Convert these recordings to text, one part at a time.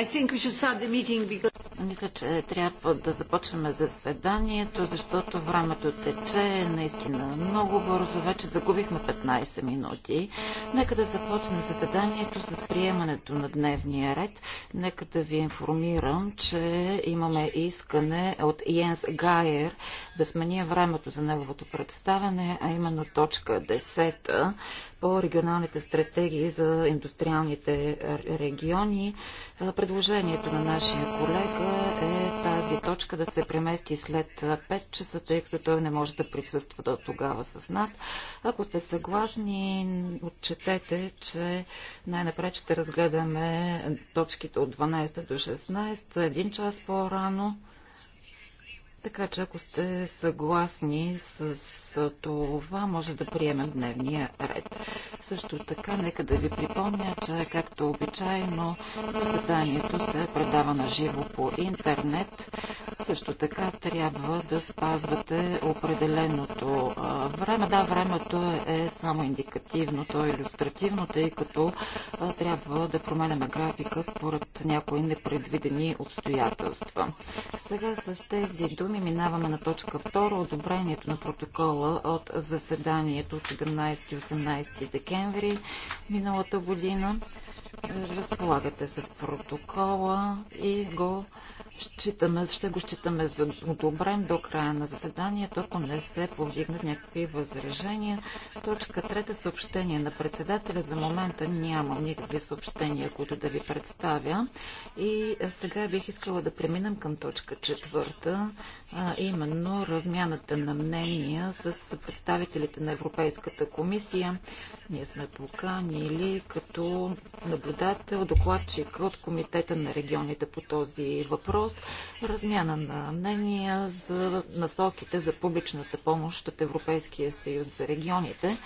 Because... Мисля, че трябва да започваме заседанието, защото времето тече наистина много бързо. Вече загубихме 15 минути. Нека да започнем заседанието с приемането на дневния ред. Нека да ви информирам, че имаме искане от Йенс Гайер да сменя времето за неговото представяне, а именно точка 10 по регионалните стратегии за индустриалните региони. Предложението на нашия колега е тази точка да се премести след 5 часа, тъй като той не може да присъства до тогава с нас. Ако сте съгласни, отчетете, че най-напред ще разгледаме точките от 12 до 16, един час по-рано така че ако сте съгласни с това, може да приемем дневния ред. Също така, нека да ви припомня, че както обичайно заседанието се предава на живо по интернет. Също така трябва да спазвате определеното време. Да, времето е само индикативно, то е иллюстративно, тъй като трябва да променяме графика според някои непредвидени обстоятелства. Сега с тези думи думи. Минаваме на точка 2. Одобрението на протокола от заседанието от 17-18 декември миналата година. Разполагате с протокола и го считаме, ще го считаме за одобрен до края на заседанието, ако не се повдигнат някакви възражения. Точка 3. Съобщение на председателя. За момента нямам никакви съобщения, които да ви представя. И сега бих искала да преминем към точка четвърта а именно размяната на мнения с представителите на Европейската комисия. Ние сме поканили като наблюдател, докладчик от Комитета на регионите по този въпрос, размяна на мнения за насоките за публичната помощ от Европейския съюз за регионите.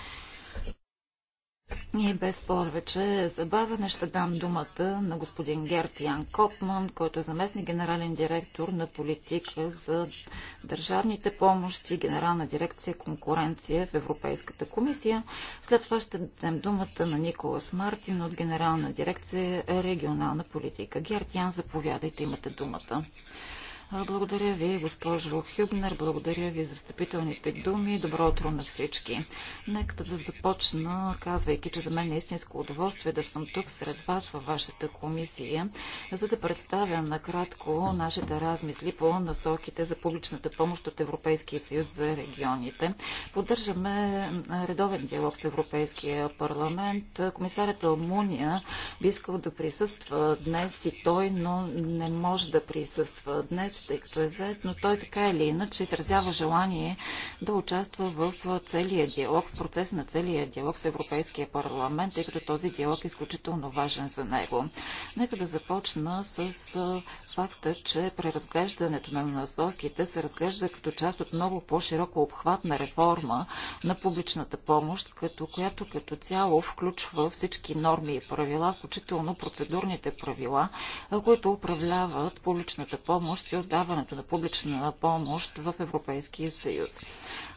Ние без повече забавяне ще дам думата на господин Герт Ян Копман, който е заместник генерален директор на политика за държавните помощи, генерална дирекция конкуренция в Европейската комисия. След това ще дадем думата на Николас Мартин от генерална дирекция регионална политика. Герт Ян, заповядайте, имате думата. Благодаря ви, госпожо Хюбнер. Благодаря ви за встъпителните думи. Добро утро на всички. Нека да започна, казвайки, че за мен е истинско удоволствие да съм тук сред вас във вашата комисия, за да представя накратко нашите размисли по насоките за публичната помощ от Европейския съюз за регионите. Поддържаме редовен диалог с Европейския парламент. Комисарят Алмуния би искал да присъства днес и той, но не може да присъства днес Гьобелс, тъй като е заед, но той така или иначе изразява желание да участва в целия диалог, в процес на целия диалог с Европейския парламент, тъй като този диалог е изключително важен за него. Нека да започна с факта, че преразглеждането на насоките се разглежда като част от много по-широко обхватна реформа на публичната помощ, като която като цяло включва всички норми и правила, включително процедурните правила, които управляват публичната помощ и раздаването на публична помощ в Европейския съюз.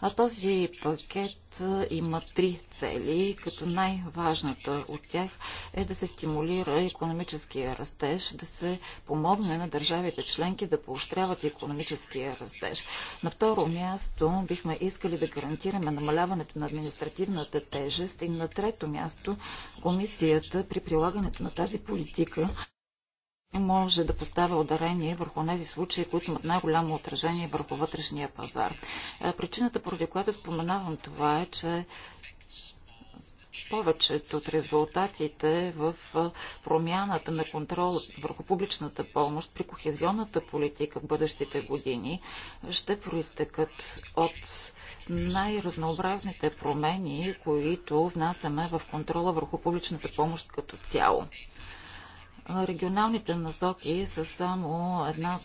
А този пакет има три цели, като най-важната от тях е да се стимулира економическия растеж, да се помогне на държавите членки да поощряват економическия растеж. На второ място бихме искали да гарантираме намаляването на административната тежест и на трето място комисията при прилагането на тази политика може да поставя ударение върху тези случаи, които имат най-голямо отражение върху вътрешния пазар. Е, причината, поради която споменавам това е, че повечето от резултатите в е, промяната на контрол върху публичната помощ при кохезионната политика в бъдещите години ще проистекат от най-разнообразните промени, които внасяме в контрола върху публичната помощ като цяло регионалните насоки са само една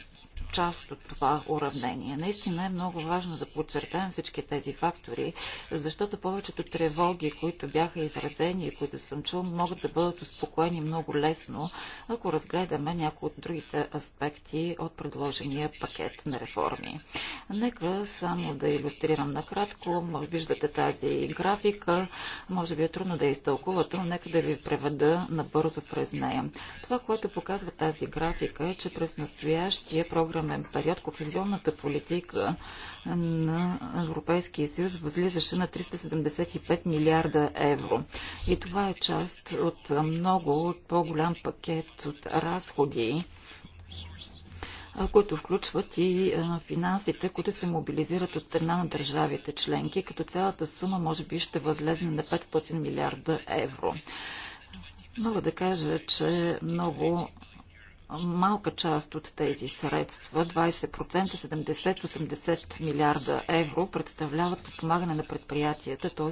част от това уравнение. Наистина е много важно да подчертаем всички тези фактори, защото повечето тревоги, които бяха изразени и които съм чул, могат да бъдат успокоени много лесно, ако разгледаме някои от другите аспекти от предложения пакет на реформи. Нека само да иллюстрирам накратко. Виждате тази графика. Може би е трудно да изтълкувате, но нека да ви преведа набързо през нея. Това, което показва тази графика е, че през настоящия програм програмен период кохезионната политика на Европейския съюз възлизаше на 375 милиарда евро. И това е част от много по-голям пакет от разходи, които включват и финансите, които се мобилизират от страна на държавите членки, като цялата сума може би ще възлезе на 500 милиарда евро. Мога да кажа, че много малка част от тези средства, 20%, 70-80 милиарда евро, представляват подпомагане на предприятията, т.е.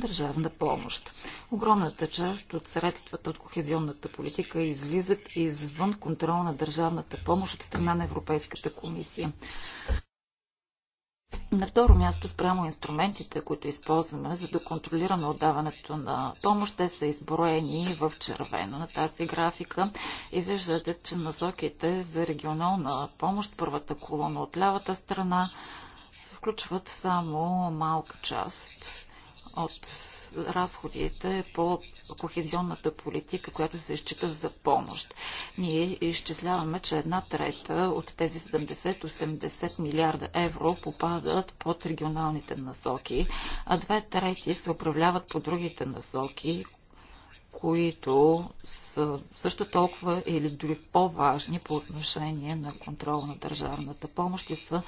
държавна помощ. Огромната част от средствата от кохезионната политика излизат извън контрол на държавната помощ от страна на Европейската комисия. На второ място, спрямо инструментите, които използваме, за да контролираме отдаването на помощ, те са изброени в червено на тази графика и виждате, че насоките за регионална помощ, първата колона от лявата страна, включват само малка част от разходите по кохезионната политика, която се изчита за помощ. Ние изчисляваме, че една трета от тези 70-80 милиарда евро попадат под регионалните насоки, а две трети се управляват по другите насоки, които са също толкова или дори по-важни по отношение на контрол на държавната помощ и са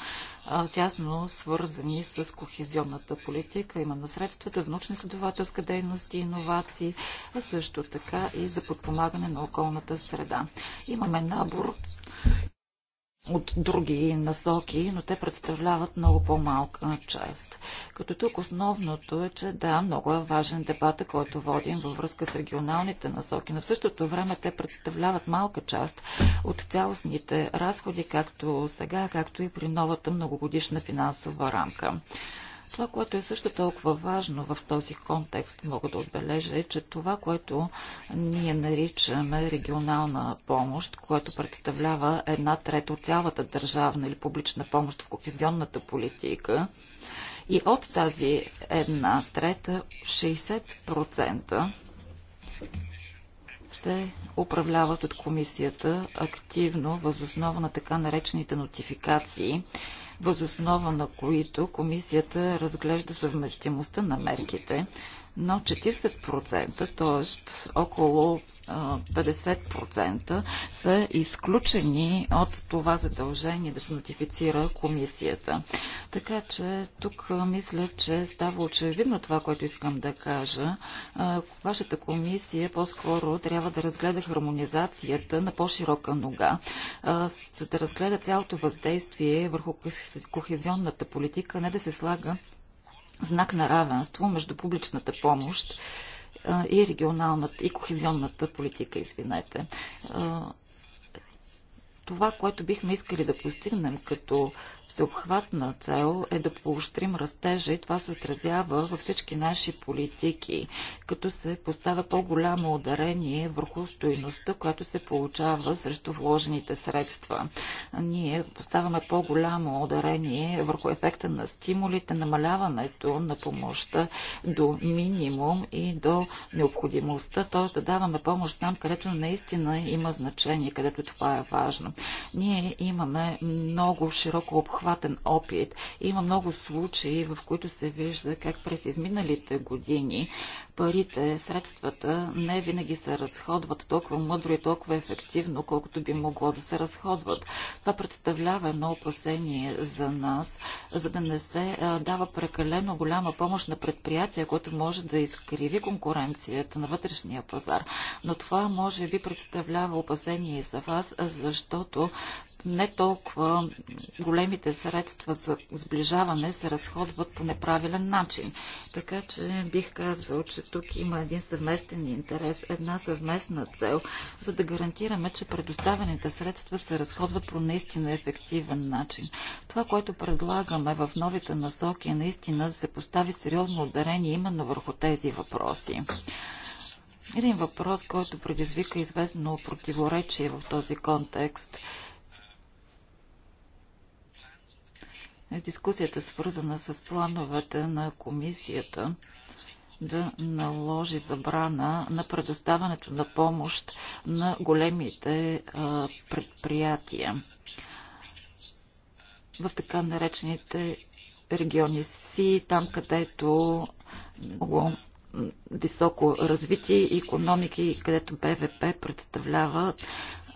а, тясно свързани с кохезионната политика, именно средствата за научно-изследователска дейност и иновации, а също така и за подпомагане на околната среда. Имаме набор от други насоки, но те представляват много по-малка част. Като тук основното е, че да, много е важен дебат, който водим във връзка с регионалните насоки, но в същото време те представляват малка част от цялостните разходи, както сега, както и при новата многогодишна финансова рамка. Това, което е също толкова важно в този контекст, мога да отбележа, е, че това, което ние наричаме регионална помощ, което представлява една трета от цялата държавна или публична помощ в кохезионната политика, и от тази една трета 60% се управляват от комисията активно възоснова на така наречените нотификации, възоснова на които комисията разглежда съвместимостта на мерките, но 40%, т.е. около 50% са изключени от това задължение да се нотифицира комисията. Така че тук мисля, че става очевидно това, което искам да кажа. Вашата комисия по-скоро трябва да разгледа хармонизацията на по-широка нога, да разгледа цялото въздействие върху кохезионната политика, не да се слага знак на равенство между публичната помощ и регионалната, и кохезионната политика, извинете. Това, което бихме искали да постигнем като всеобхватна цел е да поощрим растежа и това се отразява във всички наши политики, като се поставя по-голямо ударение върху стоиността, която се получава срещу вложените средства. Ние поставяме по-голямо ударение върху ефекта на стимулите, намаляването на помощта до минимум и до необходимостта, т.е. да даваме помощ там, където наистина има значение, където това е важно. Ние имаме много широко обхват всеобхватен опит. Има много случаи, в които се вижда как през изминалите години парите, средствата не винаги се разходват толкова мъдро и толкова ефективно, колкото би могло да се разходват. Това представлява едно опасение за нас, за да не се дава прекалено голяма помощ на предприятия, което може да изкриви конкуренцията на вътрешния пазар. Но това може би представлява опасение и за вас, защото не толкова големите европейските средства за сближаване се разходват по неправилен начин. Така че бих казал, че тук има един съвместен интерес, една съвместна цел, за да гарантираме, че предоставените средства се разходват по наистина ефективен начин. Това, което предлагаме в новите насоки, е наистина да се постави сериозно ударение именно върху тези въпроси. Един въпрос, който предизвика известно противоречие в този контекст – дискусията свързана с плановете на комисията да наложи забрана на предоставането на помощ на големите предприятия в така наречените региони си, там където много високо и економики, където БВП представлява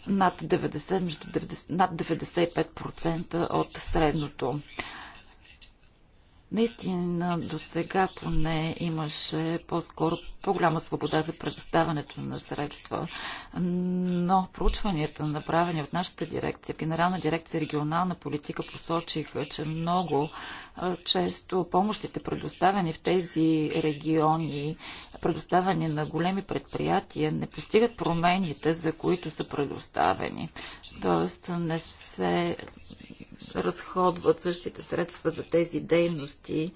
над 90, между 90, над 95% от средното. Наистина до сега поне имаше по-скоро по-голяма свобода за предоставянето на средства, но проучванията, направени от нашата дирекция, Генерална дирекция регионална политика, посочиха, че много често помощите, предоставени в тези региони, предоставени на големи предприятия, не постигат промените, за които са предоставени. Тоест не се разходват същите средства за тези дейности,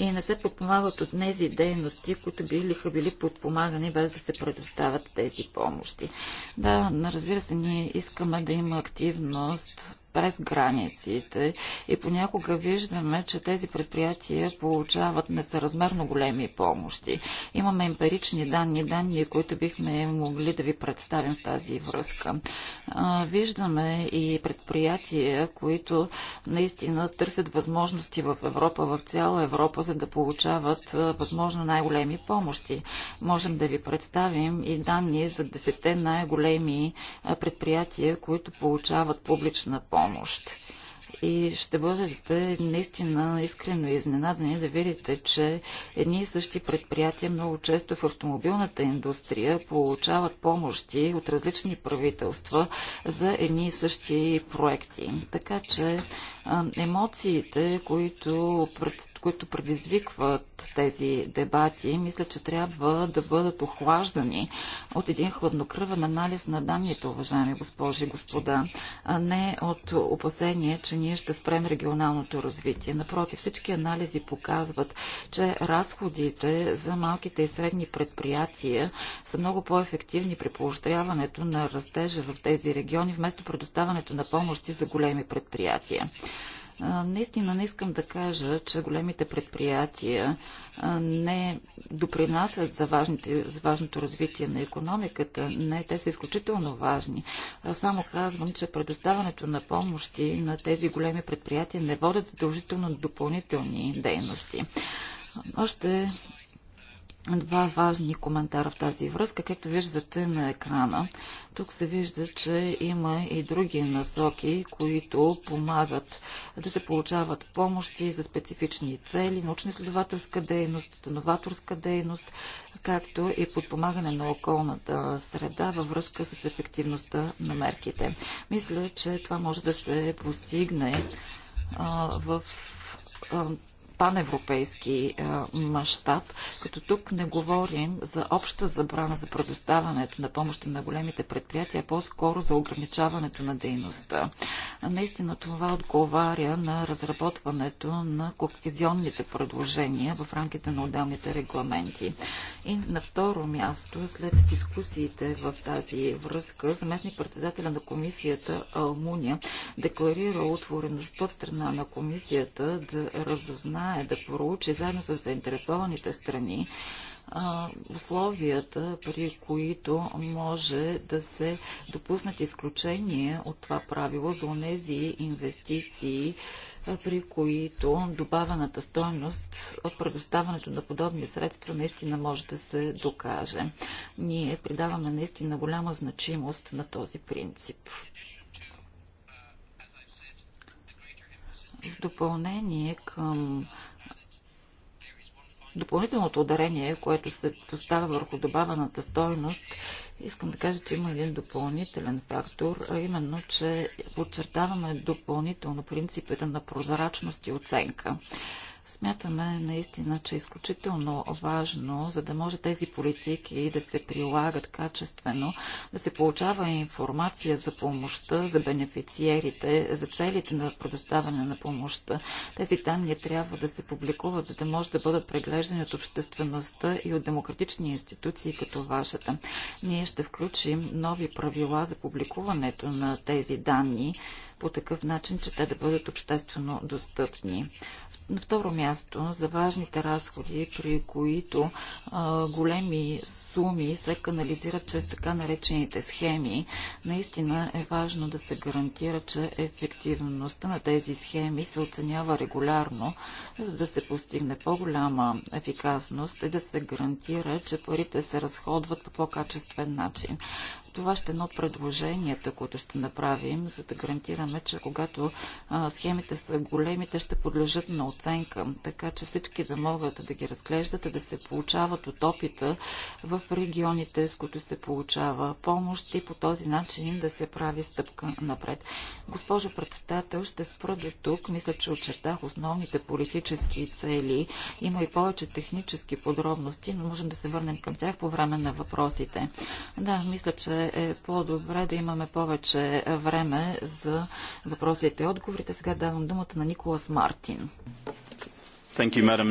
и не се подпомагат от тези дейности, които биха били подпомагани без да се предоставят тези помощи. Да, разбира се, ние искаме да има активност през границите и понякога виждаме, че тези предприятия получават несъразмерно големи помощи. Имаме емпирични данни, данни, които бихме могли да ви представим в тази връзка. Виждаме и предприятия, които наистина търсят възможности в Европа, в цяла Европа, за да получават възможно най-големи помощи. Можем да ви представим и данни за десете най-големи предприятия, които получават публична помощ помощ. И ще бъдете наистина искрено изненадани да видите, че едни и същи предприятия много често в автомобилната индустрия получават помощи от различни правителства за едни и същи проекти. Така че емоциите, които пред които предизвикват тези дебати, мисля, че трябва да бъдат охлаждани от един хладнокръвен анализ на данните, уважаеми госпожи и господа, а не от опасение, че ние ще спрем регионалното развитие. Напротив, всички анализи показват, че разходите за малките и средни предприятия са много по-ефективни при поощряването на растежа в тези региони, вместо предоставането на помощи за големи предприятия. Наистина не искам да кажа, че големите предприятия не допринасят за, важните, за важното развитие на економиката. Не, те са изключително важни. Само казвам, че предоставането на помощи на тези големи предприятия не водят задължително допълнителни дейности. Още Два важни коментара в тази връзка. Както виждате на екрана, тук се вижда, че има и други насоки, които помагат да се получават помощи за специфични цели, научно-изследователска дейност, новаторска дейност, както и подпомагане на околната среда във връзка с ефективността на мерките. Мисля, че това може да се постигне а, в а, паневропейски е, мащаб, като тук не говорим за обща забрана за предоставянето на помощи на големите предприятия, а по-скоро за ограничаването на дейността. Наистина това отговаря на разработването на кохезионните предложения в рамките на отделните регламенти. И на второ място, след дискусиите в тази връзка, заместник председателя на комисията Алмуния декларира отвореността от страна на комисията да разузнае знае, да проучи заедно с заинтересованите страни условията, при които може да се допуснат изключение от това правило за онези инвестиции, при които добавената стойност от предоставането на подобни средства наистина може да се докаже. Ние придаваме наистина голяма значимост на този принцип. допълнение към допълнителното ударение, което се поставя върху добавената стойност, искам да кажа, че има един допълнителен фактор, а именно, че подчертаваме допълнително принципите на прозрачност и оценка. Смятаме наистина, че е изключително важно, за да може тези политики да се прилагат качествено, да се получава информация за помощта, за бенефициерите, за целите на предоставяне на помощта. Тези данни трябва да се публикуват, за да може да бъдат преглеждани от обществеността и от демократични институции като вашата. Ние ще включим нови правила за публикуването на тези данни, по такъв начин, че те да бъдат обществено достъпни. На второ място, за важните разходи, при които а, големи суми се канализират чрез така наречените схеми, наистина е важно да се гарантира, че ефективността на тези схеми се оценява регулярно, за да се постигне по-голяма ефикасност и да се гарантира, че парите се разходват по по-качествен начин. Това ще е едно от предложенията, които ще направим, за да гарантираме, че когато а, схемите са големи, те ще подлежат на оценка, така че всички да могат да ги разглеждат и да се получават от опита в регионите, с които се получава помощ и по този начин да се прави стъпка напред. Госпожо председател, ще спра до тук. Мисля, че очертах основните политически цели. Има и повече технически подробности, но можем да се върнем към тях по време на въпросите. Да, мисля, че е по-добре да имаме повече време за въпросите и отговорите. Сега давам думата на Николас Мартин. Thank you, madam.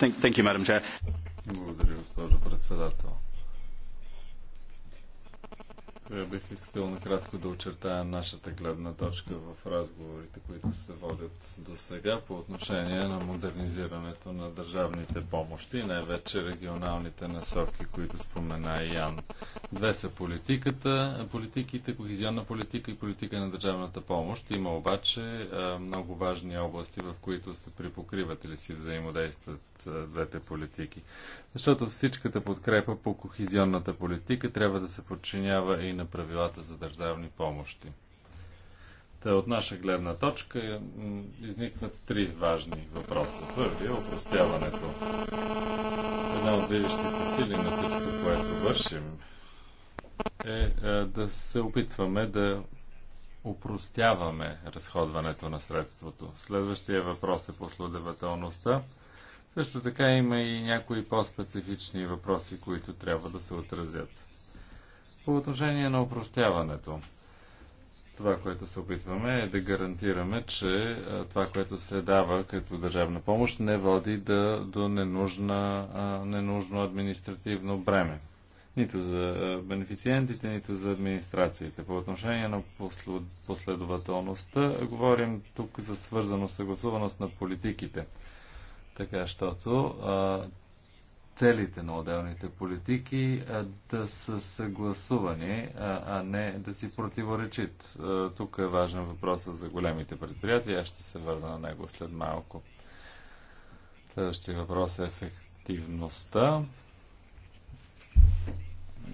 Thank, thank you, madam Благодаря, госпожо председател бих искал накратко да очертая нашата гледна точка в разговорите, които се водят до сега по отношение на модернизирането на държавните помощи, най-вече регионалните насоки, които спомена и Ян. Две са политиката, политиките, кохезионна политика и политика на държавната помощ. Има обаче много важни области, в които се припокриват или си взаимодействат двете политики. Защото всичката подкрепа по кохезионната политика трябва да се подчинява и на правилата за държавни помощи. Та от наша гледна точка изникват три важни въпроса. Първият е опростяването. Една от движещите сили на всичко, което вършим, е, е да се опитваме да упростяваме разходването на средството. Следващия въпрос е последователността. Също така има и някои по-специфични въпроси, които трябва да се отразят. По отношение на упростяването, това, което се опитваме е да гарантираме, че това, което се дава като държавна помощ, не води да, до ненужна, ненужно административно бреме. Нито за бенефициентите, нито за администрациите. По отношение на последователността, говорим тук за свързаност, съгласуваност на политиките. Така, защото целите на отделните политики да са съгласувани, а не да си противоречат. Тук е важен въпросът за големите предприятия. Аз ще се върна на него след малко. Следващия въпрос е ефективността.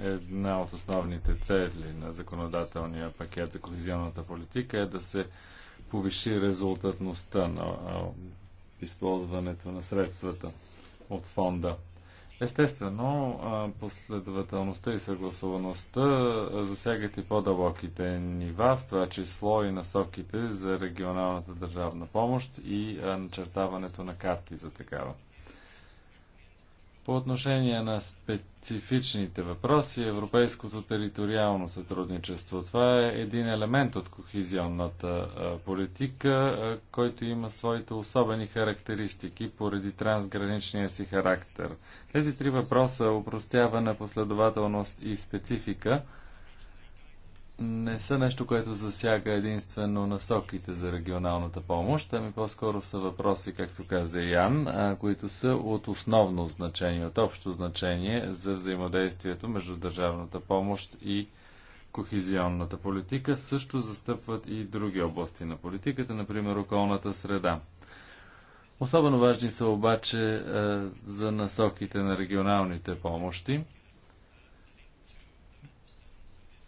Една от основните цели на законодателния пакет за кохезионната политика е да се повиши резултатността на използването на средствата от фонда. Естествено, последователността и съгласуваността засягат и по-дълбоките нива, в това число и насоките за регионалната държавна помощ и начертаването на карти за такава. По отношение на специфичните въпроси, европейското териториално сътрудничество. Това е един елемент от кохизионната политика, който има своите особени характеристики поради трансграничния си характер. Тези три въпроса упростяване, последователност и специфика – не са нещо, което засяга единствено насоките за регионалната помощ, ами по-скоро са въпроси, както каза Ян, а, които са от основно значение, от общо значение за взаимодействието между държавната помощ и кохезионната политика. Също застъпват и други области на политиката, например околната среда. Особено важни са обаче а, за насоките на регионалните помощи –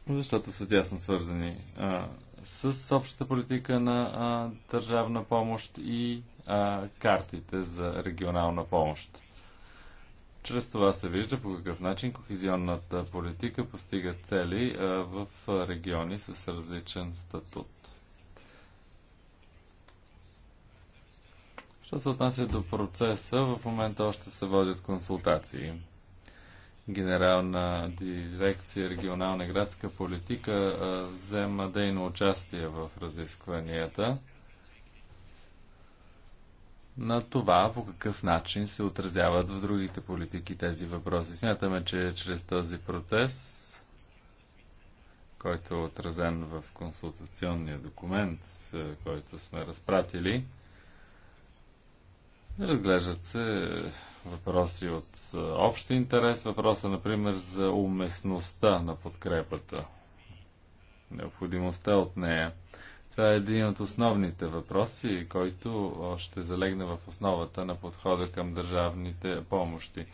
защото са тясно свързани а, с общата политика на а, държавна помощ и а, картите за регионална помощ. Чрез това се вижда по какъв начин кохезионната политика постига цели а, в региони с различен статут. Що се отнася до процеса, в момента още се водят консултации. Генерална дирекция регионална градска политика взема дейно участие в разискванията на това по какъв начин се отразяват в другите политики тези въпроси. Смятаме, че чрез този процес, който е отразен в консултационния документ, който сме разпратили, разглеждат се въпроси от общ интерес, въпроса, например, за уместността на подкрепата, необходимостта от нея. Това е един от основните въпроси, който ще залегне в основата на подхода към държавните помощи.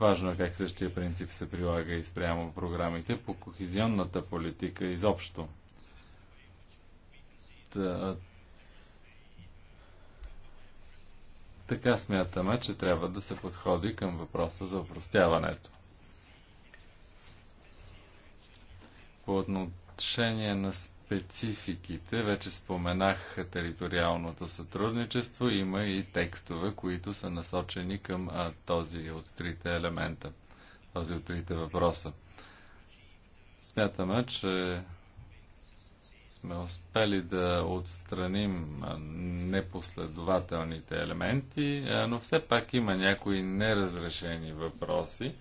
Важно е как същия принцип се прилага и спрямо програмите по кохезионната политика изобщо Така смятаме, че трябва да се подходи към въпроса за опростяването. По отношение на спецификите, вече споменах териториалното сътрудничество, има и текстове, които са насочени към а, този от трите елемента, този от трите въпроса. Смятаме, че сме успели да отстраним непоследователните елементи, но все пак има някои неразрешени въпроси,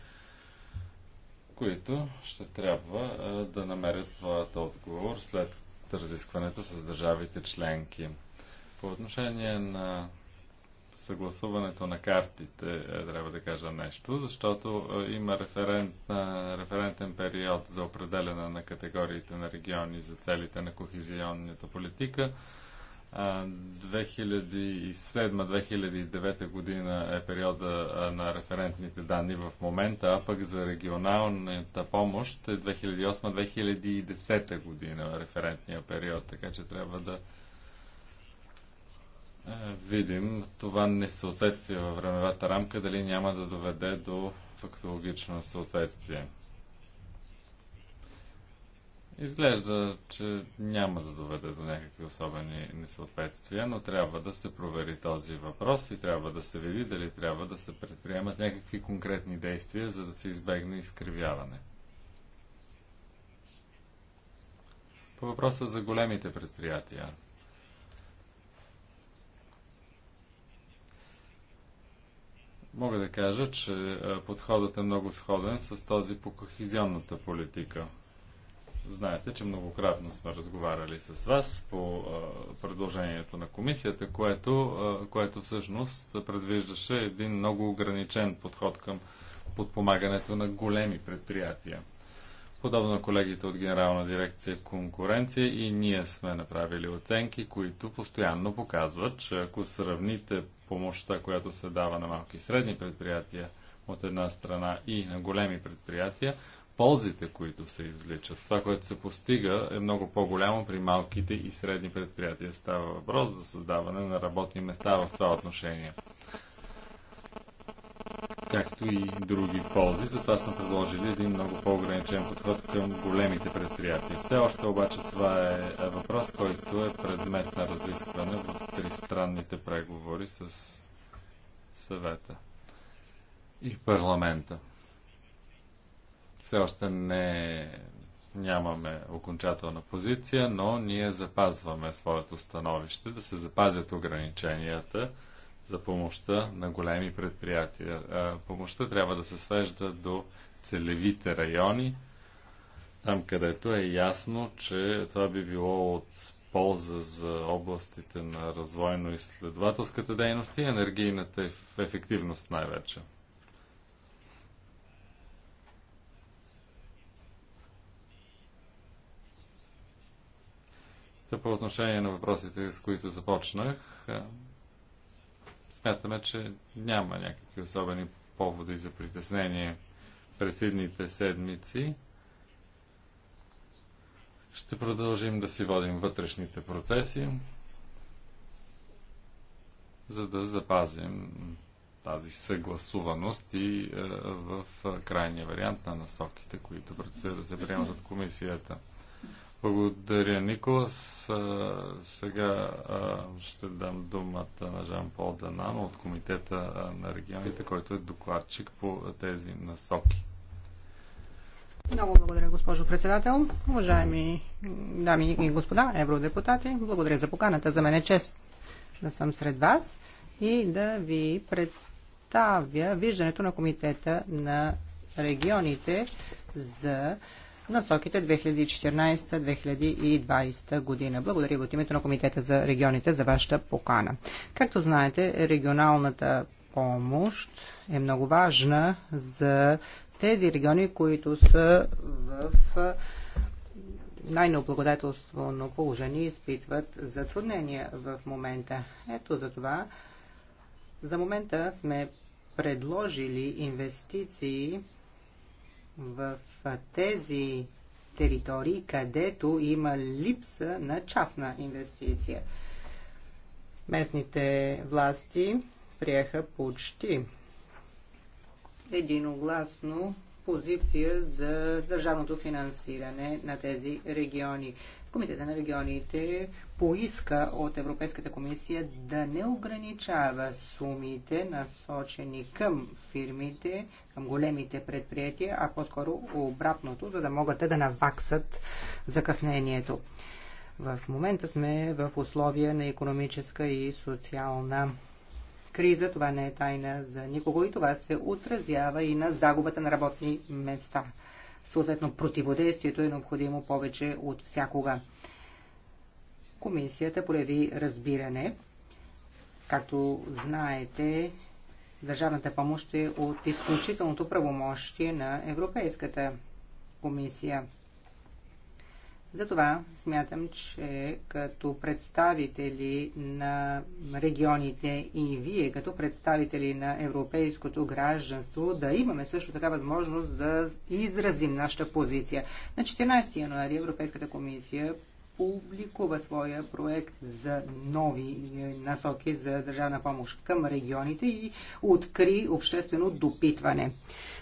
които ще трябва да намерят своят отговор след разискването с държавите членки. По отношение на съгласуването на картите е, трябва да кажа нещо, защото е, има референт, е, референтен период за определена на категориите на региони за целите на кохезионната политика. 2007-2009 година е периода на референтните данни в момента, а пък за регионалната помощ е 2008-2010 година референтния период, така че трябва да е, видим това несъответствие във времевата рамка, дали няма да доведе до фактологично съответствие. Изглежда, че няма да доведе до някакви особени несъответствия, но трябва да се провери този въпрос и трябва да се види дали трябва да се предприемат някакви конкретни действия, за да се избегне изкривяване. По въпроса за големите предприятия. Мога да кажа, че подходът е много сходен с този по кохизионната политика. Знаете, че многократно сме разговаряли с вас по предложението на комисията, което, което всъщност предвиждаше един много ограничен подход към подпомагането на големи предприятия. Подобно на колегите от Генерална дирекция конкуренция и ние сме направили оценки, които постоянно показват, че ако сравните помощта, която се дава на малки и средни предприятия от една страна и на големи предприятия, ползите, които се извличат, това, което се постига, е много по-голямо при малките и средни предприятия. Става въпрос за създаване на работни места в това отношение както и други ползи. Затова сме предложили един много по-ограничен подход към големите предприятия. Все още обаче това е, е въпрос, който е предмет на разискване в тристранните преговори с съвета и парламента. Все още не нямаме окончателна позиция, но ние запазваме своето становище да се запазят ограниченията – за помощта на големи предприятия. Помощта трябва да се свежда до целевите райони, там където е ясно, че това би било от полза за областите на развойно-изследователската дейност и енергийната ефективност най-вече. По отношение на въпросите, с които започнах, Смятаме, че няма някакви особени поводи за притеснение през идните седмици. Ще продължим да си водим вътрешните процеси, за да запазим тази съгласуваност и е, в е, крайния вариант на насоките, които предстоят да се приемат от комисията. Благодаря, Николас. Сега ще дам думата на Жан-Пол Данан от Комитета на регионите, който е докладчик по тези насоки. Много благодаря, госпожо председател. Уважаеми дами и господа, евродепутати, благодаря за поканата. За мен е чест да съм сред вас и да ви представя виждането на Комитета на регионите за насоките 2014-2020 година. Благодаря от името на Комитета за регионите за вашата покана. Както знаете, регионалната помощ е много важна за тези региони, които са в най необлагодателствено положение и изпитват затруднения в момента. Ето за това за момента сме предложили инвестиции в тези територии, където има липса на частна инвестиция. Местните власти приеха почти единогласно позиция за държавното финансиране на тези региони. Комитета на регионите поиска от Европейската комисия да не ограничава сумите насочени към фирмите, към големите предприятия, а по-скоро обратното, за да могат да наваксат закъснението. В момента сме в условия на економическа и социална криза, това не е тайна за никого и това се отразява и на загубата на работни места. Съответно, противодействието е необходимо повече от всякога. Комисията прояви разбиране. Както знаете, държавната помощ е от изключителното правомощие на Европейската комисия. Затова смятам, че като представители на регионите и вие, като представители на европейското гражданство, да имаме също така възможност да изразим нашата позиция. На 14 януари Европейската комисия публикува своя проект за нови е, насоки за държавна помощ към регионите и откри обществено допитване.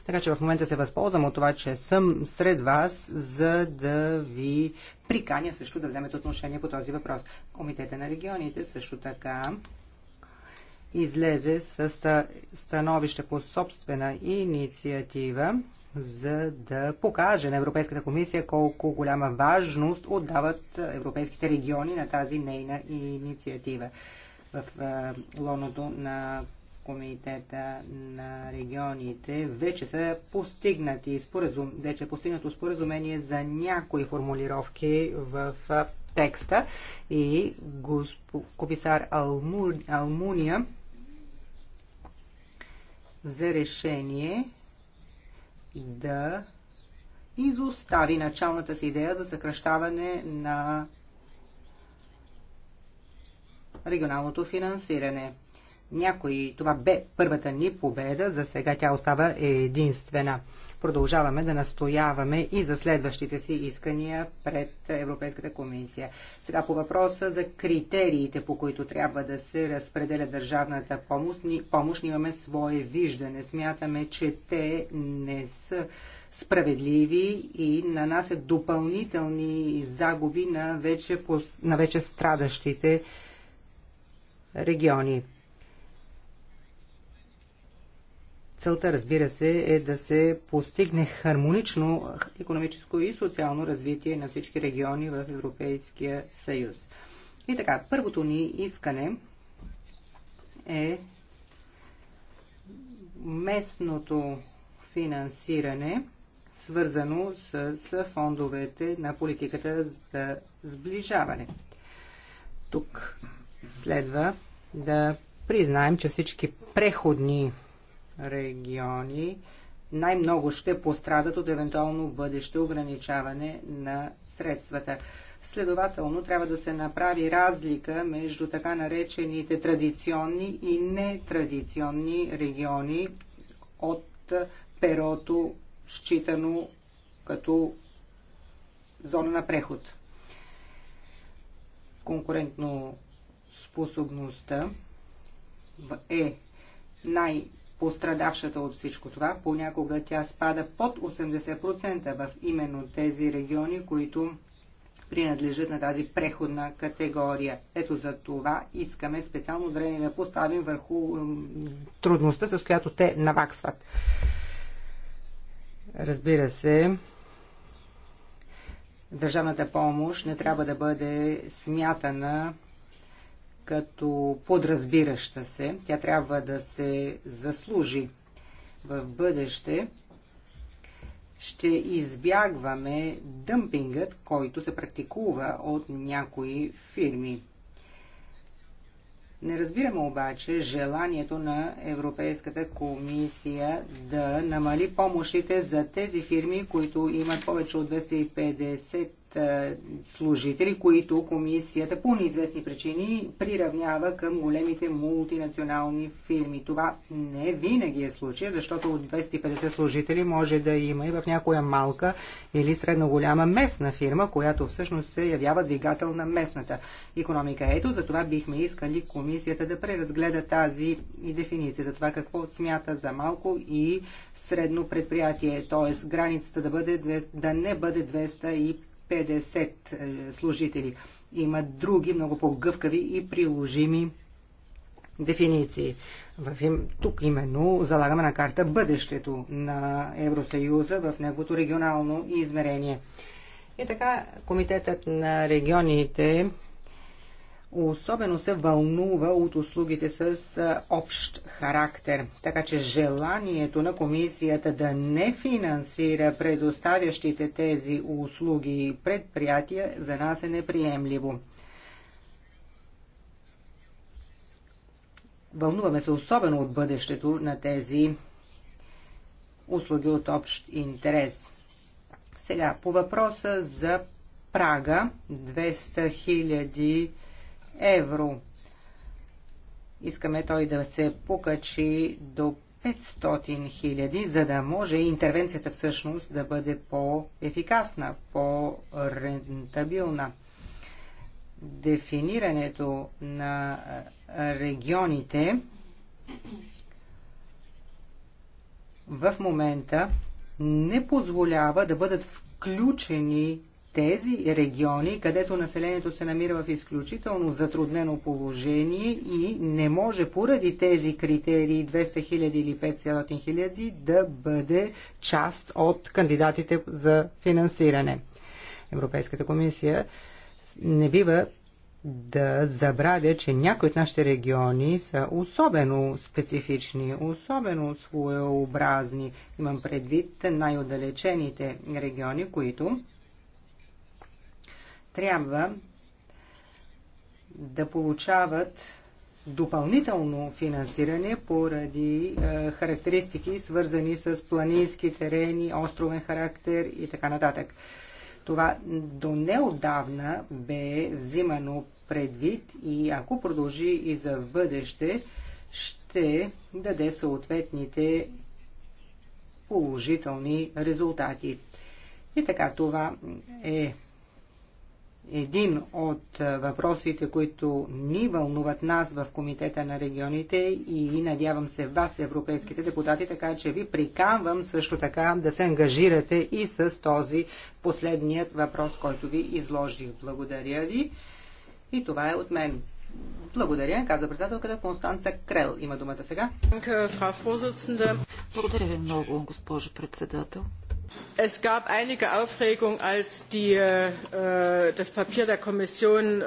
Така че в момента се възползвам от това, че съм сред вас, за да ви приканя също да вземете отношение по този въпрос. Комитета на регионите също така излезе с становище по собствена инициатива за да покаже на Европейската комисия колко голяма важност отдават европейските региони на тази нейна инициатива в е, лоното на Комитета на регионите вече са постигнати споразум, вече е постигнато споразумение за някои формулировки в е, текста и госп... комисар Алму... Алмуния за решение да изостави началната си идея за съкръщаване на регионалното финансиране. Някои, това бе първата ни победа, за сега тя остава единствена продължаваме да настояваме и за следващите си искания пред Европейската комисия. Сега по въпроса за критериите, по които трябва да се разпределя държавната помощ, ни, помощ имаме свое виждане. Смятаме, че те не са справедливи и нанасят допълнителни загуби на вече, на вече страдащите региони. Целта, разбира се, е да се постигне хармонично економическо и социално развитие на всички региони в Европейския съюз. И така, първото ни искане е местното финансиране, свързано с фондовете на политиката за сближаване. Тук следва да признаем, че всички преходни региони най-много ще пострадат от евентуално бъдеще ограничаване на средствата. Следователно, трябва да се направи разлика между така наречените традиционни и нетрадиционни региони от перото, считано като зона на преход. Конкурентно способността е най- пострадавшата от всичко това. Понякога тя спада под 80% в именно тези региони, които принадлежат на тази преходна категория. Ето за това искаме специално зрение да поставим върху трудността, с която те наваксват. Разбира се, държавната помощ не трябва да бъде смятана като подразбираща се. Тя трябва да се заслужи в бъдеще. Ще избягваме дъмпингът, който се практикува от някои фирми. Не разбираме обаче желанието на Европейската комисия да намали помощите за тези фирми, които имат повече от 250 е, служители, които комисията по неизвестни причини приравнява към големите мултинационални фирми. Това не винаги е случай, защото от 250 служители може да има и в някоя малка или средно голяма местна фирма, която всъщност се явява двигател на местната економика. Ето, за това бихме искали комисията да преразгледа тази и дефиниция за това какво смята за малко и средно предприятие, т.е. границата да, бъде, да не бъде 250 50 е, служители. Има други, много по-гъвкави и приложими дефиниции. В им, тук именно залагаме на карта бъдещето на Евросъюза в неговото регионално измерение. И така, Комитетът на регионите особено се вълнува от услугите с общ характер. Така че желанието на комисията да не финансира предоставящите тези услуги и предприятия за нас е неприемливо. Вълнуваме се особено от бъдещето на тези услуги от общ интерес. Сега, по въпроса за прага 200 000 евро. Искаме той да се покачи до 500 000, за да може интервенцията всъщност да бъде по-ефикасна, по-рентабилна. Дефинирането на регионите в момента не позволява да бъдат включени тези региони, където населението се намира в изключително затруднено положение и не може поради тези критерии 200 000 или 500 000 да бъде част от кандидатите за финансиране. Европейската комисия не бива да забравя, че някои от нашите региони са особено специфични, особено своеобразни. Имам предвид най-отдалечените региони, които трябва да получават допълнително финансиране поради е, характеристики, свързани с планински терени, островен характер и така нататък. Това до неодавна бе взимано предвид и ако продължи и за в бъдеще, ще даде съответните положителни резултати. И така това е един от въпросите, които ни вълнуват нас в Комитета на регионите и надявам се вас, европейските депутати, така че ви приканвам също така да се ангажирате и с този последният въпрос, който ви изложих. Благодаря ви и това е от мен. Благодаря, каза председателката Констанца Крел. Има думата сега. Благодаря ви много, госпожо председател. Es gab einige Aufregung, als äh, äh, das Papier der Kommission.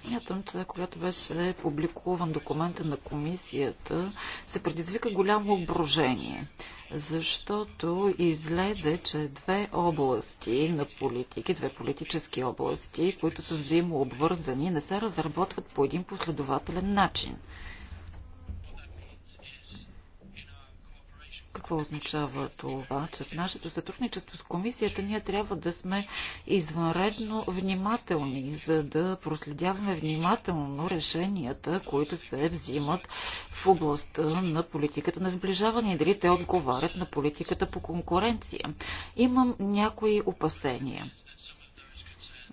Смятам, че когато беше публикуван документа на комисията, се предизвика голямо ображение, защото излезе, че две области на политики, две политически области, които са взаимообвързани, не се разработват по един последователен начин – Какво означава това? Че в нашето сътрудничество с комисията ние трябва да сме извънредно внимателни, за да проследяваме внимателно решенията, които се взимат в областта на политиката на сближаване и дали те отговарят на политиката по конкуренция. Имам някои опасения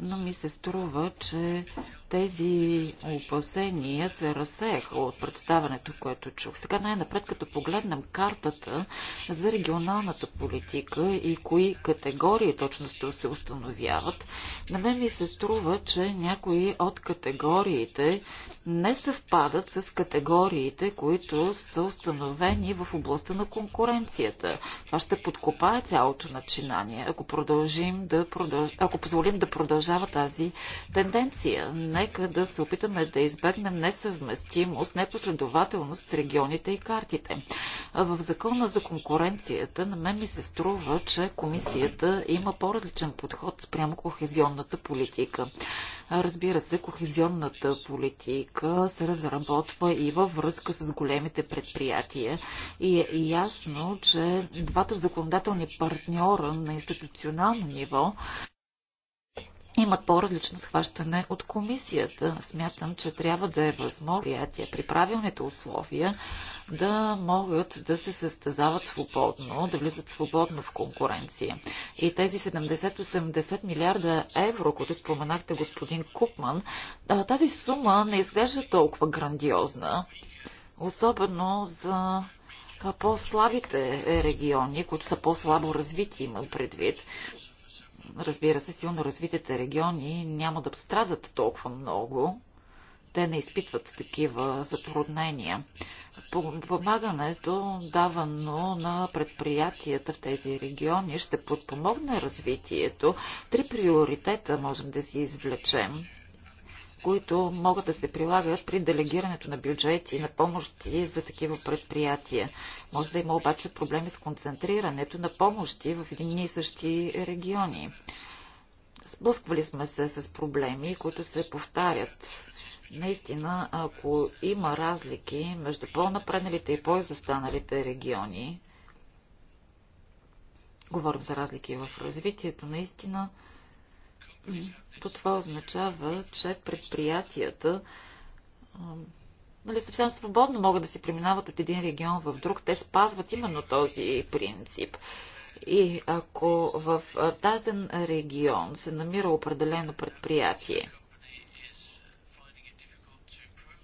но ми се струва, че тези опасения се разсеяха от представането, което чух. Сега най-напред, като погледнем картата за регионалната политика и кои категории точно се установяват, на мен ми се струва, че някои от категориите не съвпадат с категориите, които са установени в областта на конкуренцията. Това ще подкопае цялото начинание, ако, продължим да продълж... ако позволим да продължава тази тенденция нека да се опитаме да избегнем несъвместимост, непоследователност с регионите и картите. В закона за конкуренцията на мен ми се струва, че комисията има по-различен подход спрямо кохезионната политика. Разбира се, кохезионната политика се разработва и във връзка с големите предприятия и е ясно, че двата законодателни партньора на институционално ниво имат по-различно схващане от комисията. Смятам, че трябва да е възможно при правилните условия да могат да се състезават свободно, да влизат свободно в конкуренция. И тези 70-80 милиарда евро, които споменахте господин Купман, тази сума не изглежда толкова грандиозна, особено за по-слабите региони, които са по-слабо развити, имам предвид разбира се, силно развитите региони няма да страдат толкова много. Те не изпитват такива затруднения. Помагането, давано на предприятията в тези региони, ще подпомогне развитието. Три приоритета можем да си извлечем които могат да се прилагат при делегирането на бюджети, на помощи за такива предприятия. Може да има обаче проблеми с концентрирането на помощи в едни и същи региони. Сблъсквали сме се с проблеми, които се повтарят. Наистина, ако има разлики между по-напредналите и по-изостаналите региони, говорим за разлики в развитието, наистина, то това означава, че предприятията нали, съвсем свободно могат да се преминават от един регион в друг. Те спазват именно този принцип. И ако в даден регион се намира определено предприятие,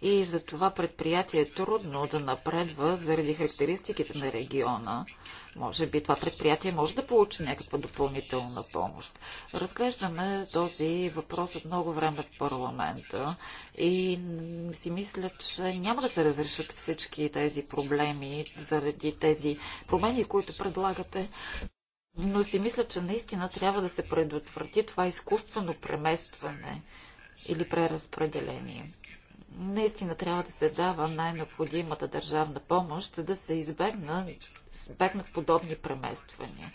и за това предприятие е трудно да напредва заради характеристиките на региона. Може би това предприятие може да получи някаква допълнителна помощ. Разглеждаме този въпрос от много време в парламента и си мисля, че няма да се разрешат всички тези проблеми заради тези промени, които предлагате. Но си мисля, че наистина трябва да се предотврати това изкуствено преместване или преразпределение наистина трябва да се дава най-необходимата държавна помощ, за да се избегнат, подобни премествания.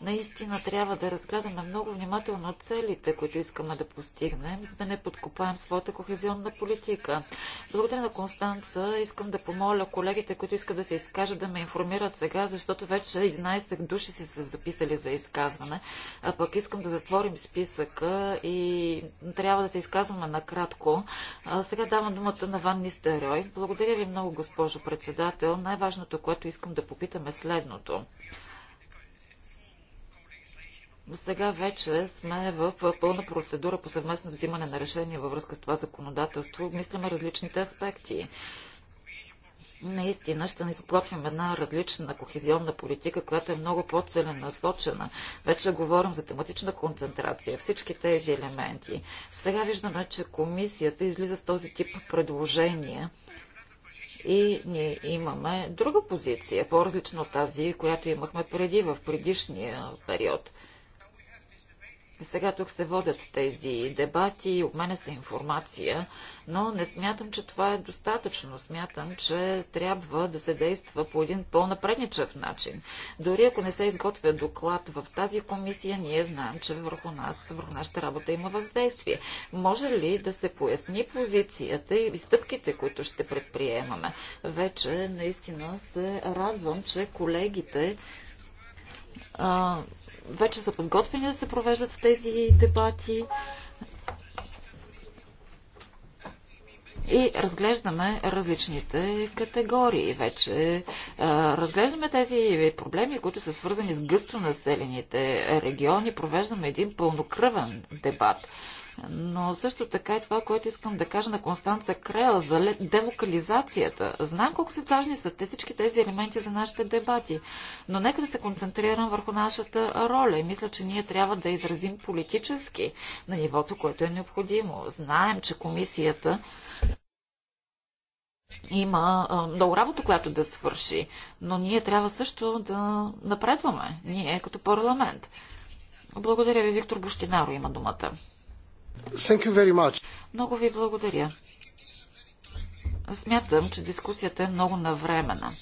Наистина трябва да разгледаме много внимателно целите, които искаме да постигнем, за да не подкопаем своята кохезионна политика. Благодаря на Констанца. Искам да помоля колегите, които искат да се изкажат, да ме информират сега, защото вече 11 души се са записали за изказване. А пък искам да затворим списъка и трябва да се изказваме накратко. А сега давам думата на Ван Нистерой. Благодаря ви много, госпожо председател. Най-важното, което искам да попитам е следното. Но сега вече сме в пълна процедура по съвместно взимане на решение във връзка с това законодателство. мисляме различните аспекти. Наистина ще ни заплатим една различна кохезионна политика, която е много по-целенасочена. Вече говорим за тематична концентрация, всички тези елементи. Сега виждаме, че комисията излиза с този тип предложения и ние имаме друга позиция, по-различна от тази, която имахме преди в предишния период. Сега тук се водят тези дебати и обменя се информация, но не смятам, че това е достатъчно. Смятам, че трябва да се действа по един по-напредничав начин. Дори ако не се изготвя доклад в тази комисия, ние знаем, че върху нас, върху нашата работа има въздействие. Може ли да се поясни позицията и стъпките, които ще предприемаме? Вече наистина се радвам, че колегите а, вече са подготвени да се провеждат тези дебати и разглеждаме различните категории вече. Разглеждаме тези проблеми, които са свързани с гъсто населените региони. Провеждаме един пълнокръвен дебат. Но също така е това, което искам да кажа на Констанца Крел за делокализацията. Знам колко са важни са те всички тези елементи за нашите дебати, но нека да се концентрирам върху нашата роля и мисля, че ние трябва да изразим политически на нивото, което е необходимо. Знаем, че комисията има много работа, която да свърши, но ние трябва също да напредваме, ние като парламент. Благодаря ви, Виктор Бощинаро има думата. Thank you very much. Много ви благодаря. Смятам, че дискусията е много навремена.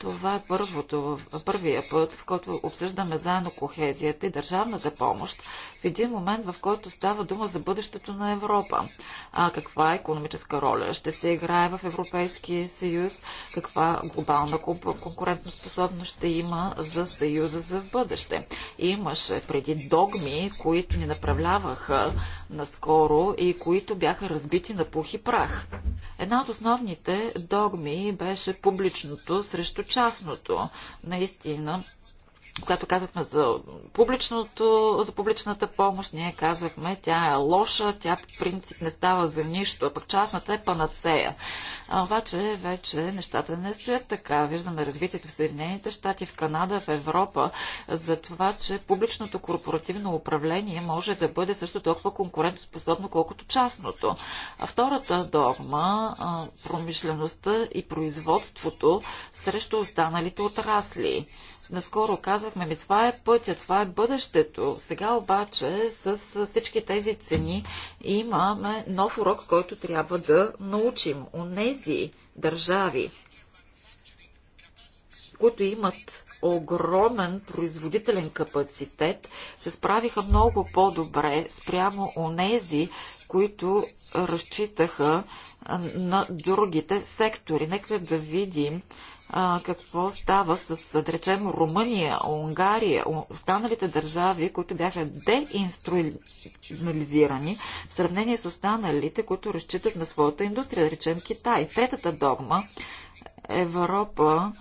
Това е първото, първия път, в който обсъждаме заедно кохезията и държавната помощ в един момент, в който става дума за бъдещето на Европа. А каква економическа роля ще се играе в Европейския съюз, каква глобална конкурентоспособност ще има за съюза за бъдеще. Имаше преди догми, които ни направляваха наскоро и които бяха разбити на пух и прах. Една от основните догми беше публичното срещу частното. Наистина, когато казахме за, публичното, за публичната помощ, ние казахме, тя е лоша, тя по принцип не става за нищо, а пък частната е панацея. А, обаче вече нещата не стоят така. Виждаме развитието в Съединените щати, в Канада, в Европа, за това, че публичното корпоративно управление може да бъде също толкова конкурентоспособно, колкото частното. А втората догма, промишлеността и производството срещу останалите отрасли. Наскоро казвахме, ми това е пътя, това е бъдещето. Сега обаче с всички тези цени имаме нов урок, който трябва да научим. Онези държави, които имат огромен производителен капацитет, се справиха много по-добре спрямо онези, които разчитаха на другите сектори. Нека да видим а, какво става с, да речем, Румъния, Унгария, останалите държави, които бяха деинструализирани в сравнение с останалите, които разчитат на своята индустрия, да речем Китай. Третата догма Европа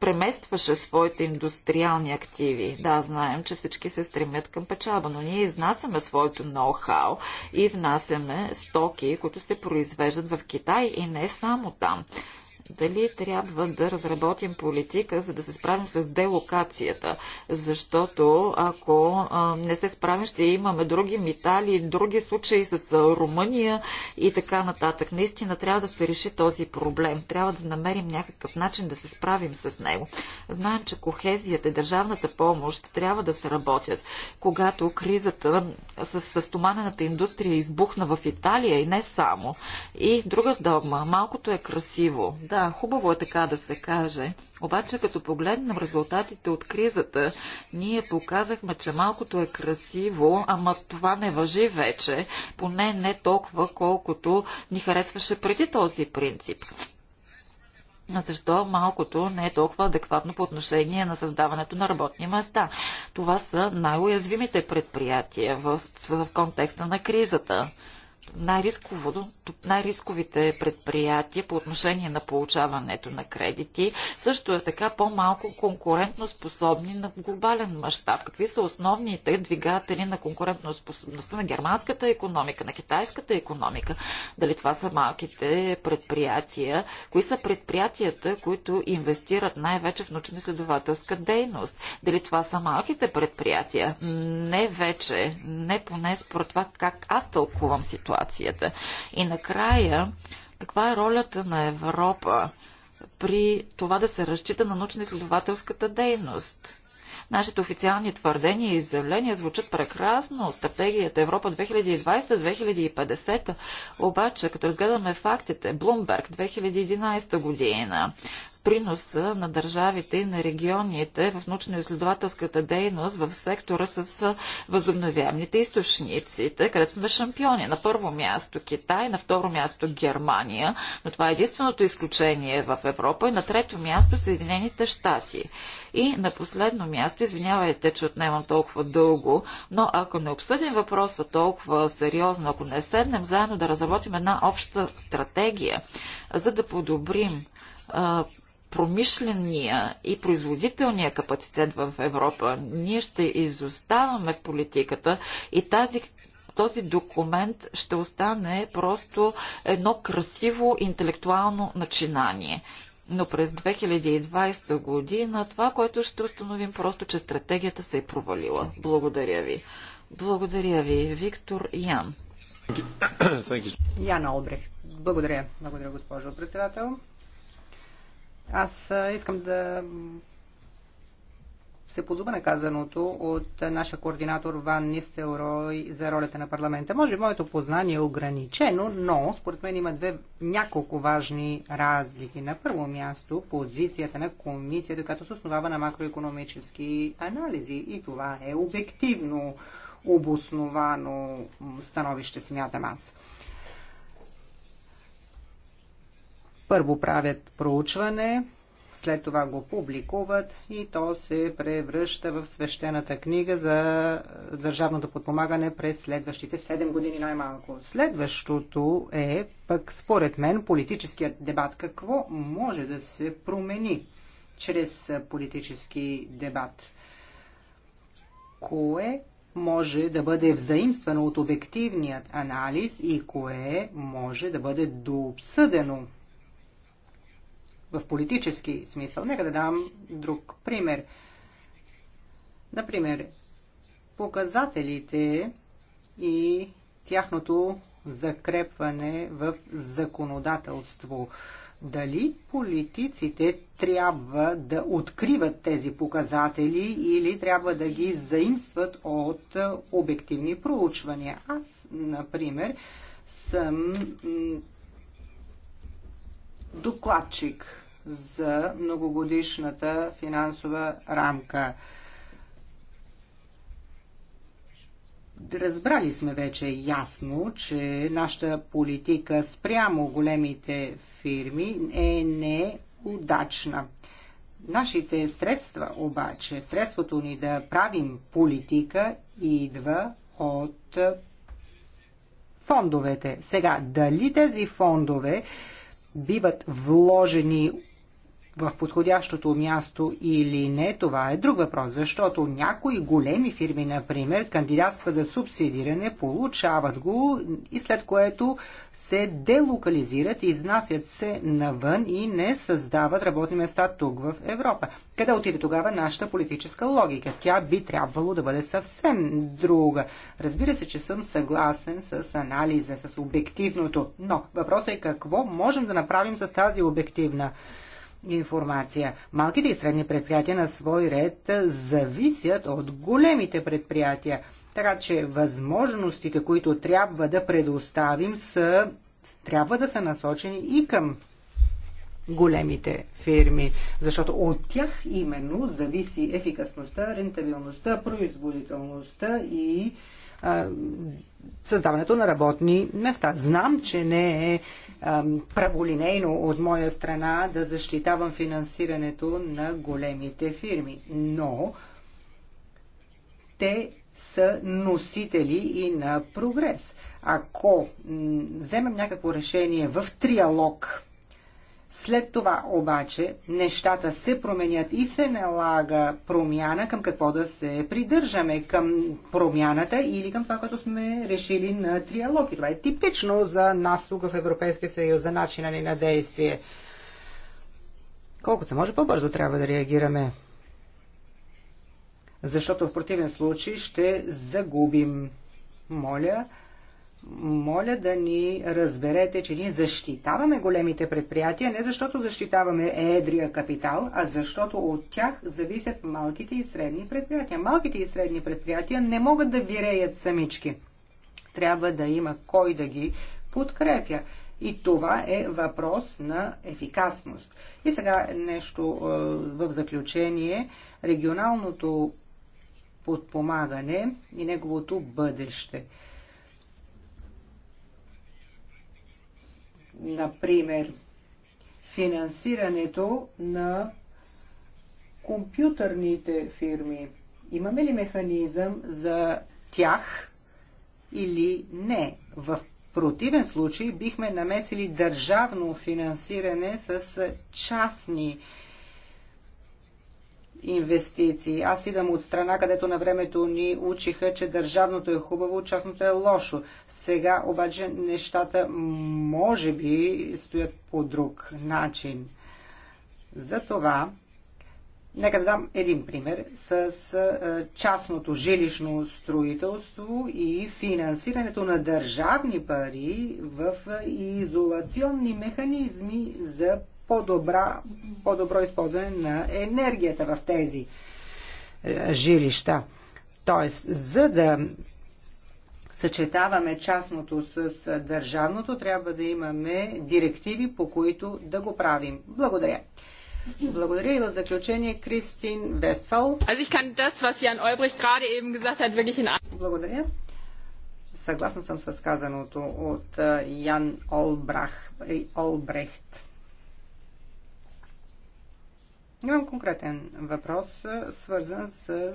преместваше своите индустриални активи. Да, знаем, че всички се стремят към печалба, но ние изнасяме своето ноу-хау и внасяме стоки, които се произвеждат в Китай и не само там дали трябва да разработим политика, за да се справим с делокацията. Защото ако не се справим, ще имаме други метали, други случаи с Румъния и така нататък. Наистина трябва да се реши този проблем. Трябва да намерим някакъв начин да се справим с него. Знаем, че кохезията и държавната помощ трябва да се работят. Когато кризата с, с стоманената индустрия избухна в Италия и не само. И друга догма. Малкото е красиво. Да, да, хубаво е така да се каже. Обаче, като погледнем резултатите от кризата, ние показахме, че малкото е красиво, ама това не въжи вече, поне не толкова, колкото ни харесваше преди този принцип. Защо малкото не е толкова адекватно по отношение на създаването на работни места? Това са най-уязвимите предприятия в, в контекста на кризата най-рисковите предприятия по отношение на получаването на кредити, също е така по-малко конкурентно способни на глобален мащаб. Какви са основните двигатели на способността на германската економика, на китайската економика? Дали това са малките предприятия? Кои са предприятията, които инвестират най-вече в научно-изследователска дейност? Дали това са малките предприятия? Не вече, не поне според това как аз тълкувам ситуацията ситуацията. И накрая, каква е ролята на Европа при това да се разчита на научно-изследователската дейност? Нашите официални твърдения и изявления звучат прекрасно. Стратегията Европа 2020-2050. Обаче, като разгледаме фактите, Блумберг 2011 година, приноса на държавите и на регионите в научно-изследователската дейност в сектора с възобновяемите източници, където сме шампиони. На първо място Китай, на второ място Германия, но това е единственото изключение в Европа и на трето място Съединените щати. И на последно място, извинявайте, че отнемам толкова дълго, но ако не обсъдим въпроса толкова сериозно, ако не седнем заедно да разработим една обща стратегия, за да подобрим промишления и производителния капацитет в Европа, ние ще изоставаме в политиката и тази този документ ще остане просто едно красиво интелектуално начинание. Но през 2020 година това, което ще установим просто, че стратегията се е провалила. Благодаря ви. Благодаря ви, Виктор Ян. Ян Олбрех. Благодаря. Благодаря, госпожо председател. Аз искам да се позова на казаното от нашия координатор Ван Нистелрой за ролята на парламента. Може би моето познание е ограничено, но според мен има две няколко важни разлики. На първо място позицията на комисията, която се основава на макроекономически анализи и това е обективно обосновано становище, смятам аз. Първо правят проучване, след това го публикуват и то се превръща в свещената книга за държавното подпомагане през следващите 7 години най-малко. Следващото е пък според мен политическият дебат. Какво може да се промени чрез политически дебат? Кое може да бъде взаимствано от обективният анализ и кое може да бъде дообсъдено в политически смисъл. Нека да дам друг пример. Например, показателите и тяхното закрепване в законодателство. Дали политиците трябва да откриват тези показатели или трябва да ги заимстват от обективни проучвания? Аз, например, съм докладчик за многогодишната финансова рамка. Разбрали сме вече ясно, че нашата политика спрямо големите фирми е неудачна. Нашите средства обаче, средството ни да правим политика идва от фондовете. Сега, дали тези фондове биват вложени в подходящото място или не, това е друг въпрос, защото някои големи фирми, например, кандидатства за субсидиране, получават го и след което се делокализират, изнасят се навън и не създават работни места тук в Европа. Къде отиде тогава нашата политическа логика? Тя би трябвало да бъде съвсем друга. Разбира се, че съм съгласен с анализа, с обективното, но въпросът е какво можем да направим с тази обективна информация. Малките и средни предприятия на свой ред зависят от големите предприятия. Така че възможностите, които трябва да предоставим, са, трябва да са насочени и към големите фирми, защото от тях именно зависи ефикасността, рентабилността, производителността и а, създаването на работни места. Знам, че не е праволинейно от моя страна да защитавам финансирането на големите фирми, но те са носители и на прогрес. Ако вземем някакво решение в триалог след това обаче нещата се променят и се налага промяна към какво да се придържаме, към промяната или към това, което сме решили на триалог. И това е типично за нас тук в Европейския съюз, за начина ни на действие. Колкото се може по-бързо трябва да реагираме. Защото в противен случай ще загубим. Моля, моля да ни разберете, че ние защитаваме големите предприятия, не защото защитаваме едрия капитал, а защото от тях зависят малките и средни предприятия. Малките и средни предприятия не могат да виреят самички. Трябва да има кой да ги подкрепя. И това е въпрос на ефикасност. И сега нещо е, в заключение. Регионалното подпомагане и неговото бъдеще. Например, финансирането на компютърните фирми. Имаме ли механизъм за тях или не? В противен случай бихме намесили държавно финансиране с частни фирми инвестиции. Аз идвам от страна, където на времето ни учиха, че държавното е хубаво, частното е лошо. Сега обаче нещата може би стоят по друг начин. Затова, нека да дам един пример с частното жилищно строителство и финансирането на държавни пари в изолационни механизми за по-добра, по-добро използване на енергията в тези е, жилища. Тоест, за да съчетаваме частното с държавното, трябва да имаме директиви, по които да го правим. Благодаря. Благодаря и в заключение Кристин Вестфал. Благодаря. Съгласна съм с казаното от Ян Олбрах, Олбрехт. Имам конкретен въпрос, свързан с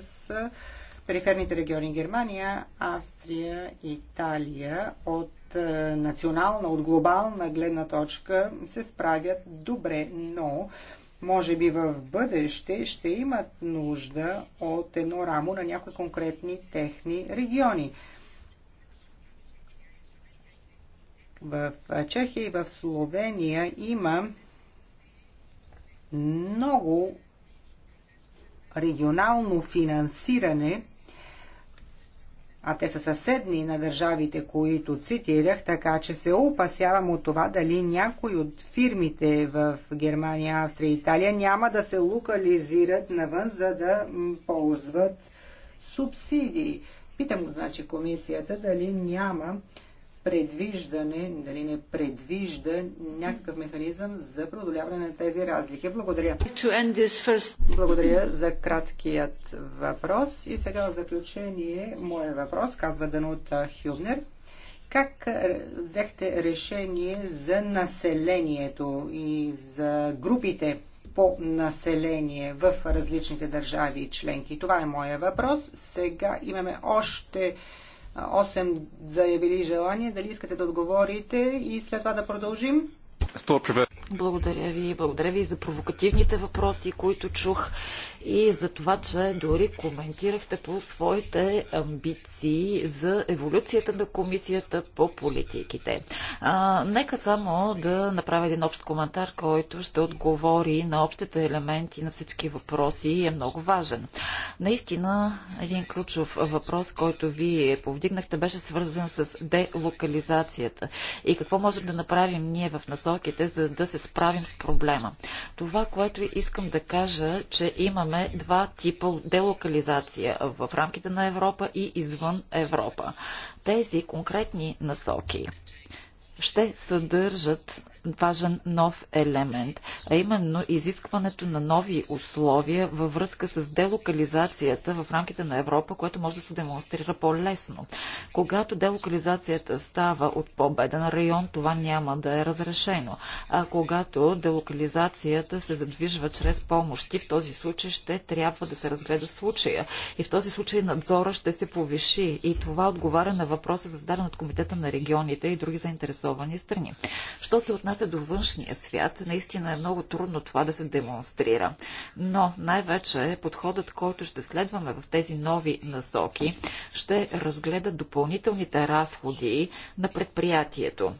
периферните региони Германия, Австрия, Италия от национална, от глобална гледна точка се справят добре, но може би в бъдеще ще имат нужда от едно рамо на някои конкретни техни региони. В Чехия и в Словения има много регионално финансиране, а те са съседни на държавите, които цитирах, така че се опасявам от това дали някои от фирмите в Германия, Австрия и Италия няма да се локализират навън, за да ползват субсидии. Питам го, значи, комисията дали няма предвиждане, дали не предвижда някакъв механизъм за преодоляване на тези разлики. Благодаря. Благодаря за краткият въпрос. И сега в заключение, моят въпрос, казва Данута Хюбнер. Как е, взехте решение за населението и за групите по население в различните държави и членки? Това е моя въпрос. Сега имаме още 8 заявили желание. Дали искате да отговорите и след това да продължим? Благодаря ви. Благодаря ви за провокативните въпроси, които чух и за това, че дори коментирахте по своите амбиции за еволюцията на комисията по политиките. А, нека само да направя един общ коментар, който ще отговори на общите елементи на всички въпроси и е много важен. Наистина, един ключов въпрос, който ви повдигнахте, беше свързан с делокализацията и какво можем да направим ние в насоките, за да се справим с проблема. Това, което искам да кажа, че имаме два типа делокализация в рамките на Европа и извън Европа. Тези конкретни насоки ще съдържат важен нов елемент, а именно изискването на нови условия във връзка с делокализацията в рамките на Европа, което може да се демонстрира по-лесно. Когато делокализацията става от по-беден район, това няма да е разрешено. А когато делокализацията се задвижва чрез помощи, в този случай ще трябва да се разгледа случая. И в този случай надзора ще се повиши. И това отговаря на въпроса, зададен от Комитета на регионите и други заинтересовани страни. Що се отнася отнася до външния свят, наистина е много трудно това да се демонстрира. Но най-вече подходът, който ще следваме в тези нови насоки, ще разгледа допълнителните разходи на предприятието.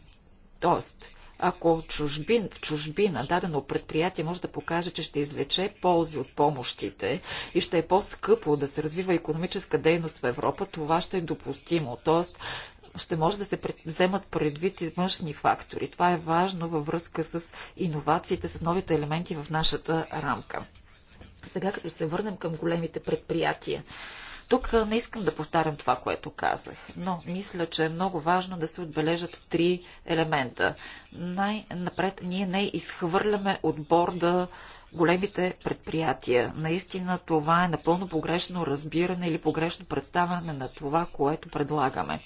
Тоест, ако чужбин, в чужбина дадено предприятие може да покаже, че ще извлече ползи от помощите и ще е по-скъпо да се развива економическа дейност в Европа, това ще е допустимо. Тоест, ще може да се вземат предвид и външни фактори. Това е важно във връзка с иновациите, с новите елементи в нашата рамка. Сега, като се върнем към големите предприятия. Тук не искам да повтарям това, което казах, но мисля, че е много важно да се отбележат три елемента. Най-напред ние не изхвърляме от борда големите предприятия. Наистина това е напълно погрешно разбиране или погрешно представяне на това, което предлагаме.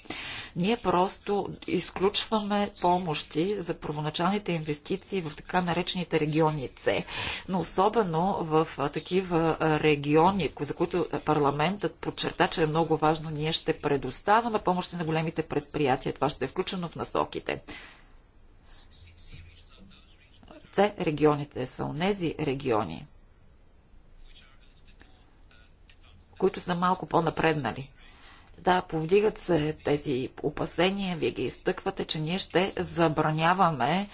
Ние просто изключваме помощи за първоначалните инвестиции в така наречените региони С, но особено в такива региони, за които парламентът подчерта, че е много важно, ние ще предоставяме помощи на големите предприятия. Това ще е включено в насоките. С регионите са онези региони, които са малко по-напреднали. Да, повдигат се тези опасения, вие ги изтъквате, че ние ще забраняваме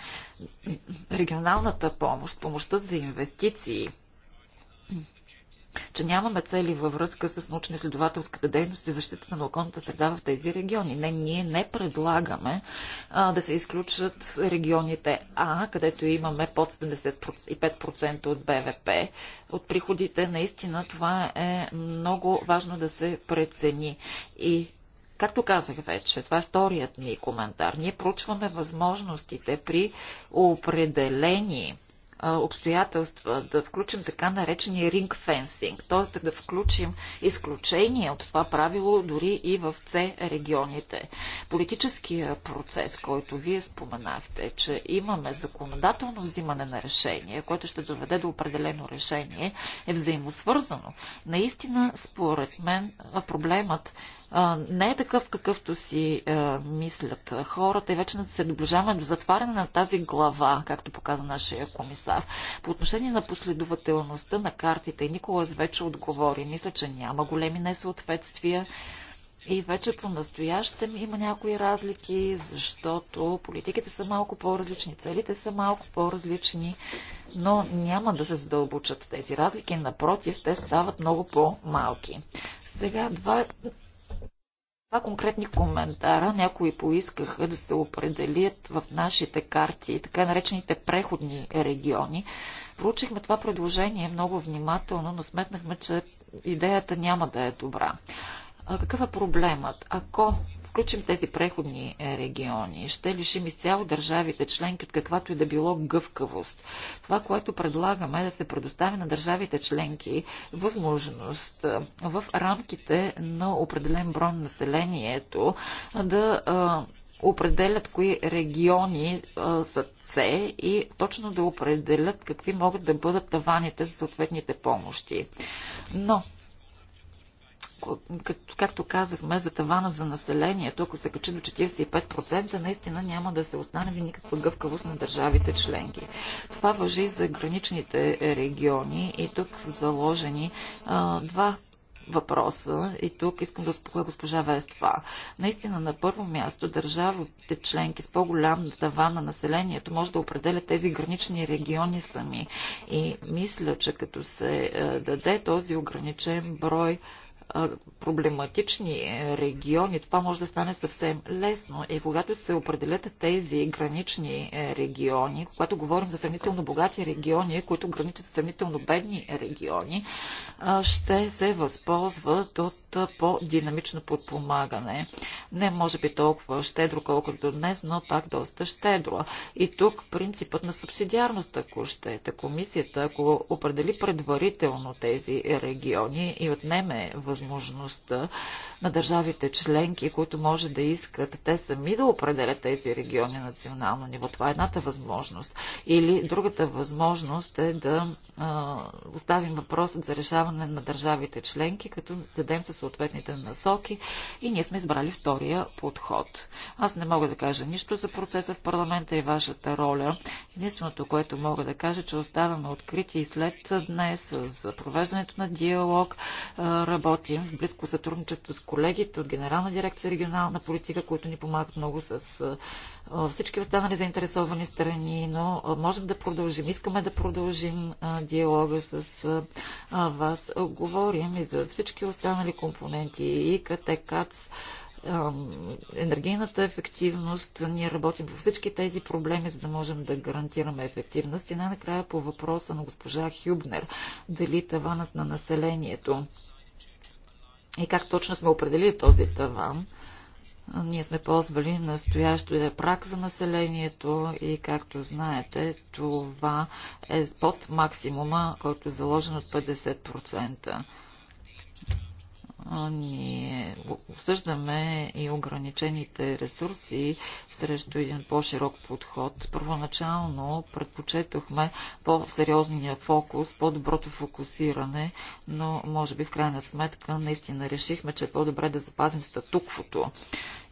регионалната помощ, помощта за инвестиции че нямаме цели във връзка с научно-изследователската дейност и защитата на околната среда в тези региони. Не, ние не предлагаме а, да се изключат регионите А, където имаме под 75% от БВП, от приходите. Наистина това е много важно да се прецени. И Както казах вече, това е вторият ми коментар. Ние проучваме възможностите при определени обстоятелства, да включим така наречения ринг фенсинг, т.е. да включим изключение от това правило дори и в С регионите. Политическия процес, който вие споменахте, че имаме законодателно взимане на решение, което ще доведе до определено решение, е взаимосвързано. Наистина, според мен, проблемът не е такъв какъвто си е, мислят хората и вече се доближаваме до затваряне на тази глава, както показа нашия комисар. По отношение на последователността на картите, Николас вече отговори. Мисля, че няма големи несъответствия. И вече по-настоящем има някои разлики, защото политиките са малко по-различни, целите са малко по-различни, но няма да се задълбочат тези разлики. Напротив, те стават много по-малки. Сега два Два конкретни коментара. Някои поискаха да се определят в нашите карти така наречените преходни региони. Проучихме това предложение много внимателно, но сметнахме, че идеята няма да е добра. А какъв е проблемът? Ако изключим тези преходни е, региони, ще лишим изцяло държавите членки от каквато и да било гъвкавост. Това, което предлагаме е да се предостави на държавите членки възможност е, в рамките на определен брой на населението е, да определят кои региони а, са С и точно да определят какви могат да бъдат таваните за съответните помощи. Но както казахме, за тавана за населението, ако се качи до 45%, наистина няма да се остане ви никаква гъвкавост на държавите членки. Това въжи и за граничните е, региони и тук са заложени а, два въпроса и тук искам да успокоя госпожа Вества. Наистина на първо място държавите членки с по-голям таван на населението може да определя тези гранични региони сами. И мисля, че като се е, даде този ограничен брой проблематични региони, това може да стане съвсем лесно. И когато се определят тези гранични е, региони, когато говорим за сравнително богати региони, които граничат с сравнително бедни региони, ще се възползват от по-динамично подпомагане. Не може би толкова щедро, колкото днес, но пак доста щедро. И тук принципът на субсидиарност, ако е. комисията, ако определи предварително тези региони и отнеме възможността възможността на държавите членки, които може да искат те сами да определят тези региони на национално ниво. Това е едната възможност. Или другата възможност е да а, оставим въпросът за решаване на държавите членки, като дадем със съответните насоки и ние сме избрали втория подход. Аз не мога да кажа нищо за процеса в парламента и вашата роля. Единственото, което мога да кажа, че оставаме открити и след днес за провеждането на диалог. Работим в близко сътрудничество с колегите колегите от Генерална дирекция регионална политика, които ни помагат много с всички останали заинтересовани страни, но можем да продължим. Искаме да продължим диалога с вас. Говорим и за всички останали компоненти и КТКАЦ енергийната ефективност. Ние работим по всички тези проблеми, за да можем да гарантираме ефективност. И най-накрая по въпроса на госпожа Хюбнер, дали таванът на населението и как точно сме определили този таван. Ние сме ползвали настоящо е прак за населението и, както знаете, това е под максимума, който е заложен от 50% ние обсъждаме и ограничените ресурси срещу един по-широк подход. Първоначално предпочетохме по-сериозния фокус, по-доброто фокусиране, но може би в крайна сметка наистина решихме, че е по-добре да запазим статуквото.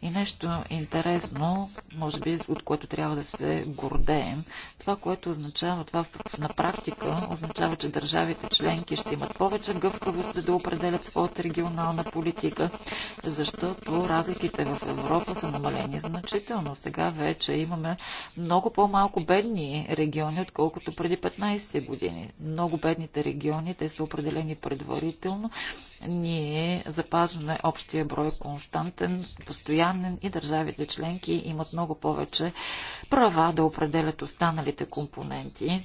И нещо интересно, може би, от което трябва да се гордеем, това, което означава, това на практика означава, че държавите членки ще имат повече гъвкавост да определят своята регионална политика, защото разликите в Европа са намалени значително. Сега вече имаме много по-малко бедни региони, отколкото преди 15 години. Много бедните региони, те са определени предварително ние запазваме общия брой константен, постоянен и държавите членки имат много повече права да определят останалите компоненти,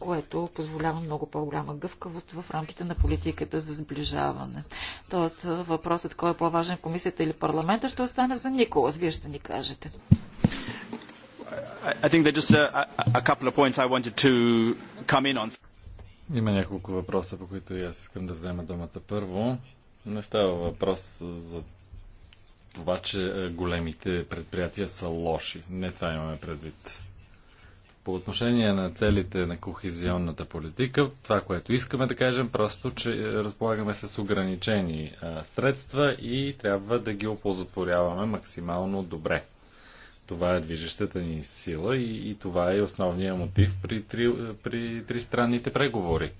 което позволява много по-голяма гъвкавост в рамките на политиката за сближаване. Тоест въпросът кой е по-важен комисията или парламента ще остане за Николас. Вие ще ни кажете. I think there just a, a couple of points I wanted to come in on. Има няколко въпроса, по които и аз искам да взема думата първо. Не става въпрос за това, че е, големите предприятия са лоши. Не това имаме предвид. По отношение на целите на кохезионната политика, това, което искаме да кажем, просто, че е, разполагаме с ограничени средства и трябва да ги оползотворяваме максимално добре. Това е движещата ни сила и, и това е основният мотив при, три, при тристранните преговори.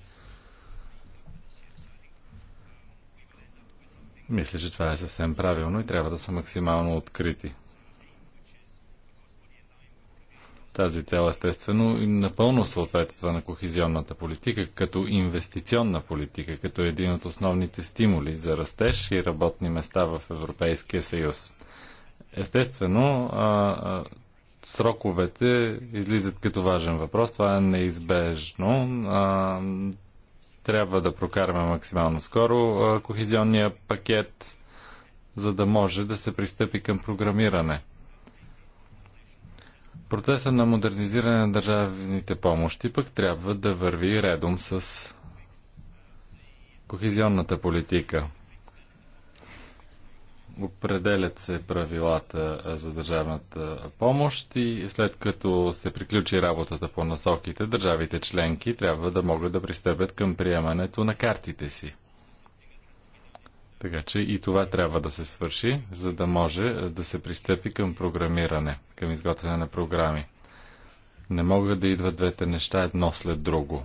Мисля, че това е съвсем правилно и трябва да са максимално открити. Тази цел естествено напълно съответства на кохезионната политика като инвестиционна политика, като един от основните стимули за растеж и работни места в Европейския съюз. Естествено, а, а, сроковете излизат като важен въпрос. Това е неизбежно. А, трябва да прокараме максимално скоро а, кохезионния пакет, за да може да се пристъпи към програмиране. Процесът на модернизиране на държавните помощи пък трябва да върви редом с кохезионната политика – Определят се правилата за държавната помощ и след като се приключи работата по насоките, държавите членки трябва да могат да пристъпят към приемането на картите си. Така че и това трябва да се свърши, за да може да се пристъпи към програмиране, към изготвяне на програми. Не могат да идват двете неща едно след друго.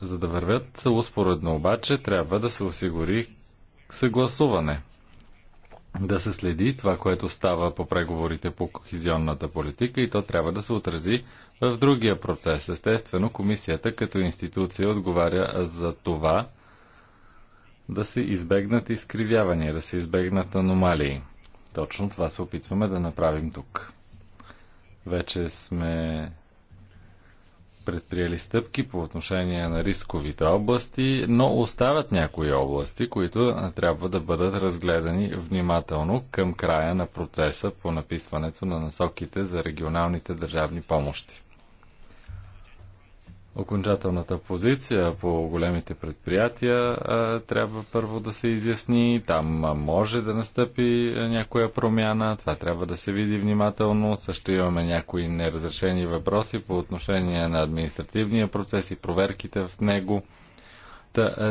За да вървят успоредно обаче, трябва да се осигури съгласуване. Да се следи това, което става по преговорите по кохизионната политика и то трябва да се отрази в другия процес. Естествено, комисията като институция отговаря за това да се избегнат изкривявания, да се избегнат аномалии. Точно това се опитваме да направим тук. Вече сме предприели стъпки по отношение на рисковите области, но остават някои области, които трябва да бъдат разгледани внимателно към края на процеса по написването на насоките за регионалните държавни помощи. Окончателната позиция по големите предприятия трябва първо да се изясни. Там може да настъпи някоя промяна. Това трябва да се види внимателно. Също имаме някои неразрешени въпроси по отношение на административния процес и проверките в него.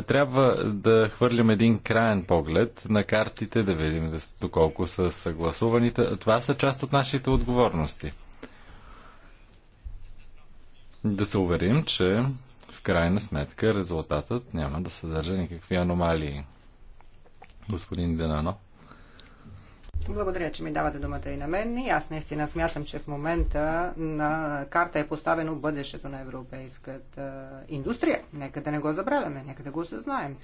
трябва да хвърлим един краен поглед на картите, да видим доколко са съгласуваните. Това са част от нашите отговорности да се уверим, че в крайна сметка резултатът няма да съдържа никакви аномалии. Господин Денано. Благодаря, че ми давате думата и на мен. И аз наистина смятам, че в момента на карта е поставено бъдещето на европейската индустрия. Нека да не го забравяме, нека да го осъзнаем.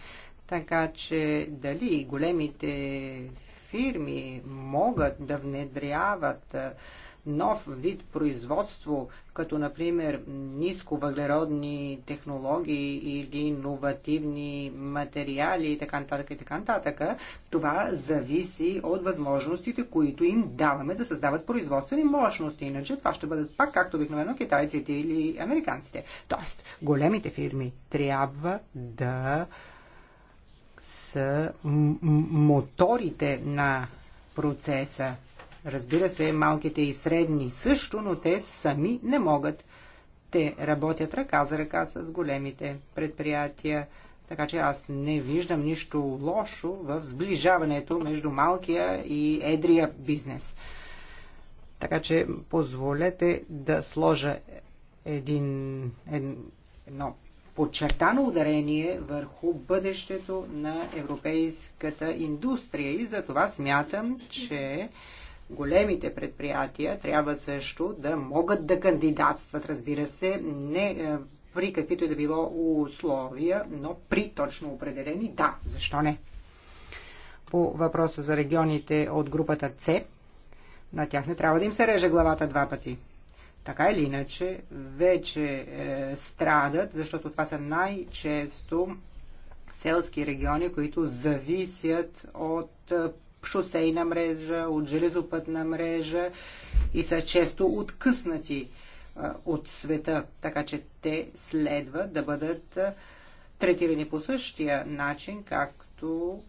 Така че дали големите фирми могат да внедряват нов вид производство, като например нисковъглеродни технологии или иновативни материали и така нататък и така нататък, това зависи от възможностите, които им даваме да създават производствени мощности. Иначе това ще бъдат пак, както обикновено, китайците или американците. Тоест, големите фирми трябва да са моторите на процеса Разбира се, малките и средни също, но те сами не могат. Те работят ръка за ръка с големите предприятия. Така че аз не виждам нищо лошо в сближаването между малкия и едрия бизнес. Така че позволете да сложа един, едно подчертано ударение върху бъдещето на европейската индустрия. И за това смятам, че големите предприятия трябва също да могат да кандидатстват, разбира се, не е, при каквито и да било условия, но при точно определени, да, защо не? По въпроса за регионите от групата С, на тях не трябва да им се реже главата два пъти. Така или иначе, вече е, страдат, защото това са най-често селски региони, които зависят от е, шосейна мрежа, от железопътна мрежа и са често откъснати от света, така че те следва да бъдат третирани по същия начин, както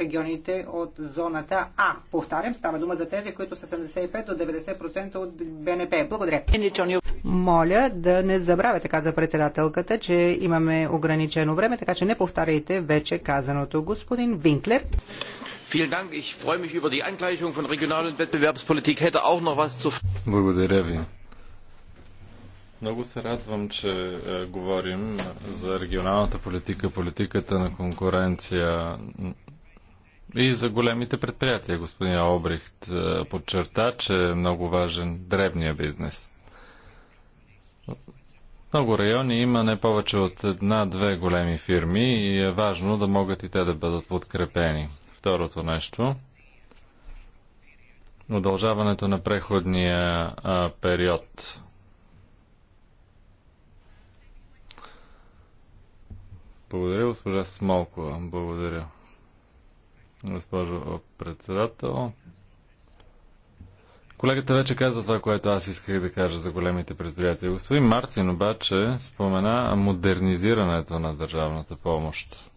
регионите от зоната А. Повтарям, става дума за тези, които са 75 до 90% от БНП. Благодаря. Моля да не забравяте, каза председателката, че имаме ограничено време, така че не повтаряйте вече казаното. Господин Винклер. Благодаря ви. Много се радвам, че е, говорим за регионалната политика, политиката на конкуренция и за големите предприятия, господин Обрихт е, подчерта, че е много важен дребния бизнес. много райони има не повече от една-две големи фирми и е важно да могат и те да бъдат подкрепени. Второто нещо удължаването на преходния а, период. Благодаря, госпожа Смолкова. Благодаря госпожо председател. Колегата вече каза това, което аз исках да кажа за големите предприятия. Господин Мартин обаче спомена модернизирането на държавната помощ.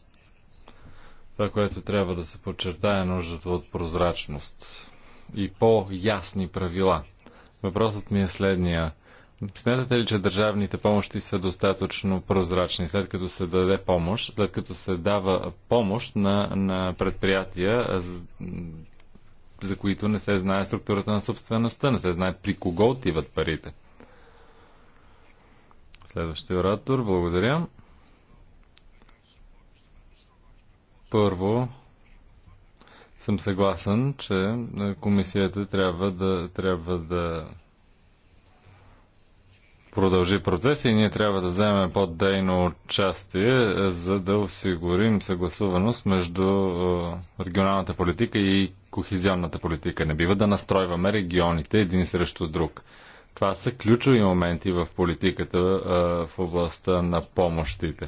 Това, което трябва да се подчертае, е нуждата от прозрачност и по-ясни правила. Въпросът ми е следния. Смятате ли, че държавните помощи са достатъчно прозрачни? След като се даде помощ, след като се дава помощ на, на предприятия, за които не се знае структурата на собствеността, не се знае при кого отиват парите. Следващия оратор, благодаря. Първо, съм съгласен, че комисията трябва да, трябва да продължи процеса и ние трябва да вземем по-дейно участие, е, за да осигурим съгласуваност между е, регионалната политика и кохезионната политика. Не бива да настройваме регионите един срещу друг. Това са ключови моменти в политиката е, в областта на помощите.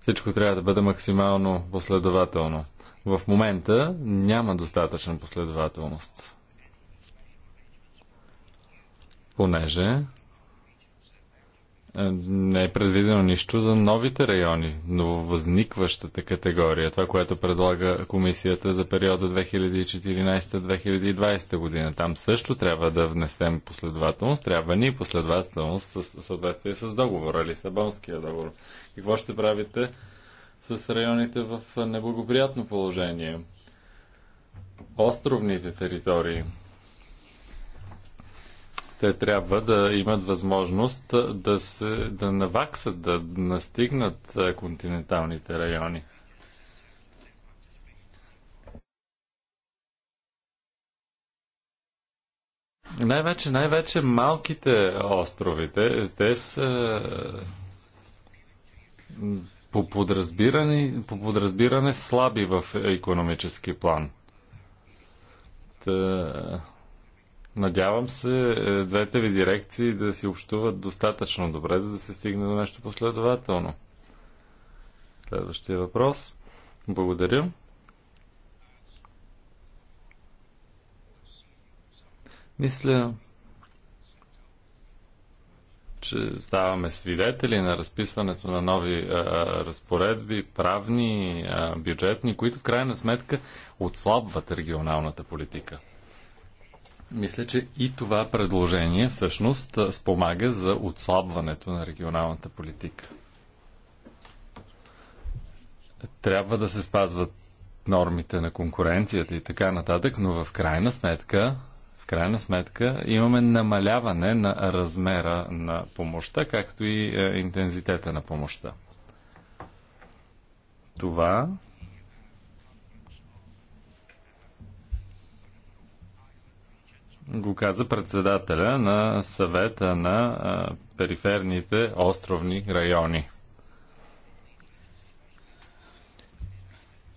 Всичко трябва да бъде максимално последователно. В момента няма достатъчна последователност понеже е, не е предвидено нищо за новите райони, но възникващата категория, това, което предлага комисията за периода 2014-2020 година. Там също трябва да внесем последователност, трябва ни последователност в съответствие с договора, Лисабонския договор. Какво ще правите с районите в неблагоприятно положение? Островните територии – те трябва да имат възможност да, се, да наваксат, да настигнат континенталните райони. Най-вече, най-вече малките островите. те, те са по подразбиране, по подразбиране слаби в економически план. Та... Надявам се е, двете ви дирекции да си общуват достатъчно добре, за да се стигне до нещо последователно. Следващия въпрос. Благодаря. Мисля, че ставаме свидетели на разписването на нови а, е, е, разпоредби, правни, а, бюджетни, които в крайна сметка отслабват регионалната политика. Мисля, че и това предложение всъщност спомага за отслабването на регионалната политика. Трябва да се спазват нормите на конкуренцията и така нататък, но в крайна сметка в крайна сметка имаме намаляване на размера на помощта, както и е, интензитета на помощта. Това го каза председателя на съвета на периферните островни райони.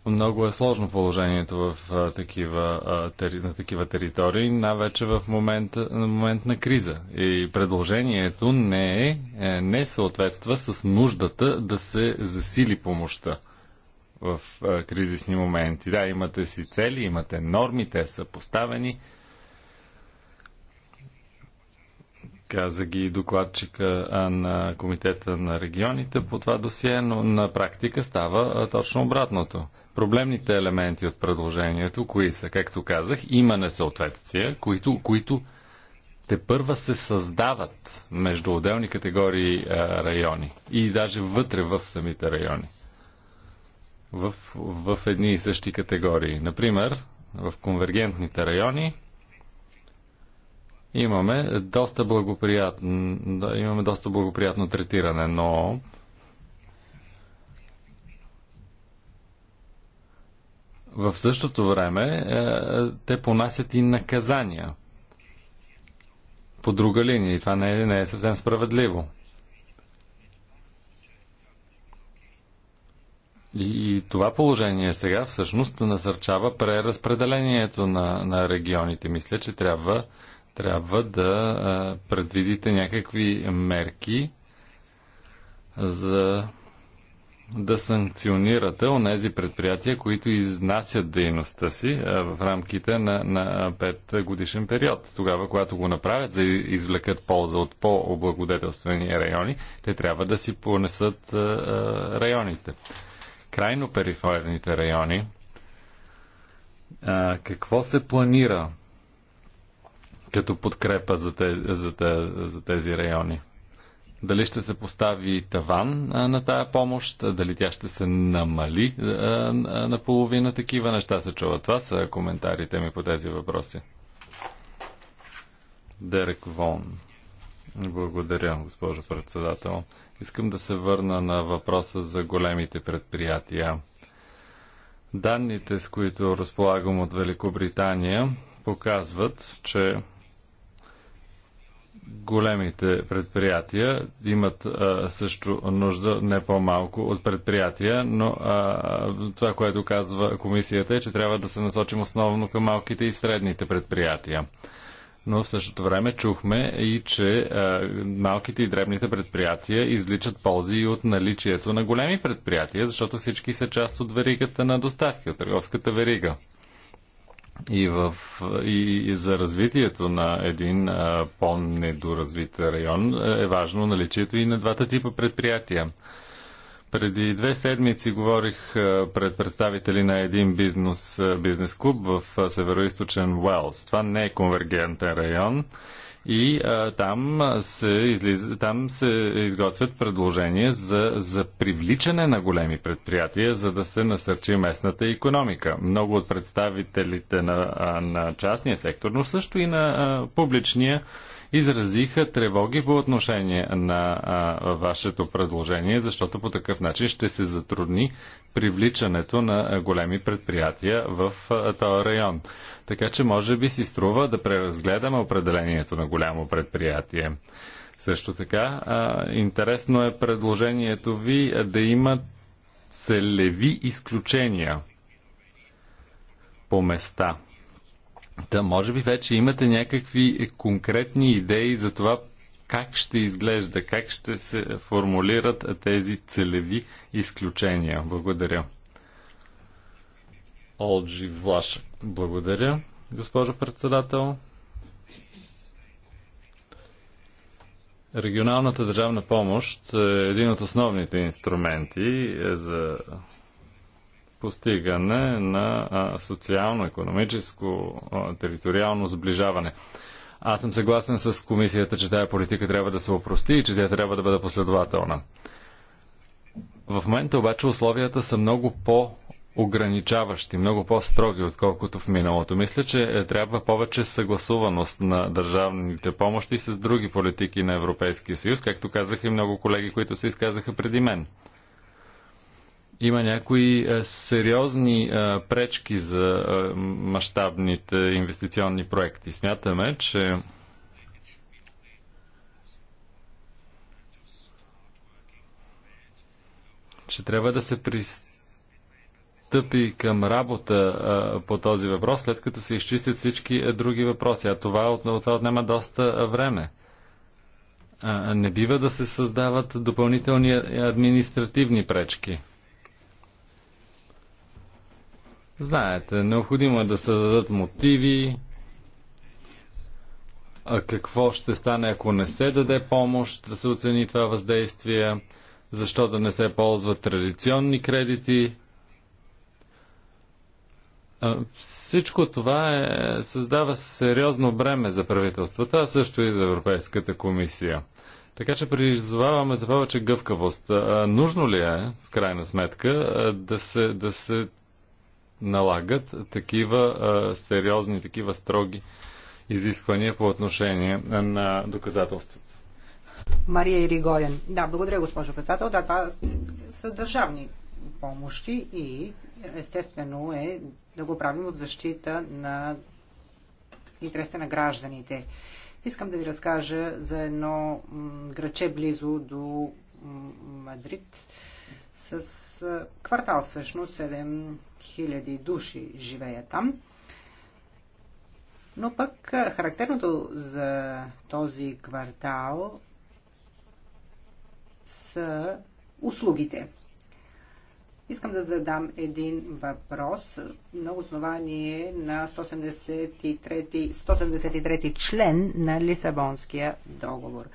Много е сложно положението в а, такива, а, тери, на такива територии, най-вече в момент, момент на криза. И предложението не, е, е, не съответства с нуждата да се засили помощта в а, кризисни моменти. Да, имате си цели, имате норми, те са поставени. каза ги докладчика на Комитета на регионите по това досие, но на практика става точно обратното. Проблемните елементи от предложението, кои са, както казах, има несъответствия, които, които те първа се създават между отделни категории райони и даже вътре в самите райони. В, в едни и същи категории. Например, в конвергентните райони – имаме доста благоприятно, да, имаме доста благоприятно третиране, но в същото време е, е, те понасят и наказания по друга линия и това не е, не е съвсем справедливо. И, и това положение сега всъщност насърчава преразпределението на, на регионите. Мисля, че трябва трябва да предвидите някакви мерки за да санкционирате онези предприятия, които изнасят дейността си в рамките на, на 5 годишен период. Тогава, когато го направят, за да извлекат полза от по-облагодетелствени райони, те трябва да си понесат районите. Крайно периферните райони. Какво се планира като подкрепа за тези, за, те, за тези райони. Дали ще се постави таван а, на тая помощ, дали тя ще се намали на половина такива неща се чува. Това са коментарите ми по тези въпроси. Дерек Вон. Благодаря, госпожо председател. Искам да се върна на въпроса за големите предприятия. Данните, с които разполагам от Великобритания, показват, че големите предприятия имат а, също нужда не по-малко от предприятия, но а, това, което казва комисията е, че трябва да се насочим основно към малките и средните предприятия. Но в същото време чухме и, че а, малките и дребните предприятия изличат ползи и от наличието на големи предприятия, защото всички са част от веригата на доставки, от търговската верига и, в, и, и за развитието на един по-недоразвит район е важно наличието и на двата типа предприятия. Преди две седмици говорих пред представители на един бизнес, бизнес клуб в северо-источен Уелс. Това не е конвергентен район и а, там, се излиз... там се изготвят предложения за, за привличане на големи предприятия, за да се насърчи местната економика. Много от представителите на, на частния сектор, но също и на а, публичния, изразиха тревоги по отношение на а, вашето предложение, защото по такъв начин ще се затрудни привличането на големи предприятия в а, този район. Така че може би си струва да преразгледаме определението на голямо предприятие. Също така, а, интересно е предложението ви да има целеви изключения по места. Да, може би вече имате някакви конкретни идеи за това как ще изглежда, как ще се формулират тези целеви изключения. Благодаря. Олджи Влашък. Благодаря, госпожо председател. Регионалната държавна помощ е един от основните инструменти е, за постигане на социално, економическо, териториално сближаване. Аз съм съгласен с комисията, че тая политика трябва да се опрости и че тя трябва да бъде последователна. В момента обаче условията са много по- ограничаващи, много по-строги, отколкото в миналото. Мисля, че е, трябва повече съгласуваност на държавните помощи с други политики на Европейския съюз, както казах и много колеги, които се изказаха преди мен. Има някои е, сериозни е, пречки за мащабните инвестиционни проекти. Смятаме, че че трябва да се пристъпи пристъпи към работа а, по този въпрос, след като се изчистят всички а, други въпроси. А това, от, това отнема доста а, време. А, не бива да се създават допълнителни административни пречки. Знаете, необходимо е да се дадат мотиви, а какво ще стане, ако не се даде помощ, да се оцени това въздействие, защо да не се ползват традиционни кредити, всичко това е, създава сериозно бреме за правителствата, а също и за Европейската комисия. Така че призоваваме за повече гъвкавост. А, нужно ли е, в крайна сметка, да се, да се налагат такива а, сериозни, такива строги изисквания по отношение на доказателствата? Мария Иригорен. Да, благодаря, госпожо председател. Да, това са държавни помощи и естествено е да го правим от защита на интересите на гражданите. Искам да ви разкажа за едно граче близо до Мадрид с квартал всъщност 7000 души живеят там. Но пък характерното за този квартал са услугите. Искам да задам един въпрос на основание на 173, 173 член на Лисабонския договор.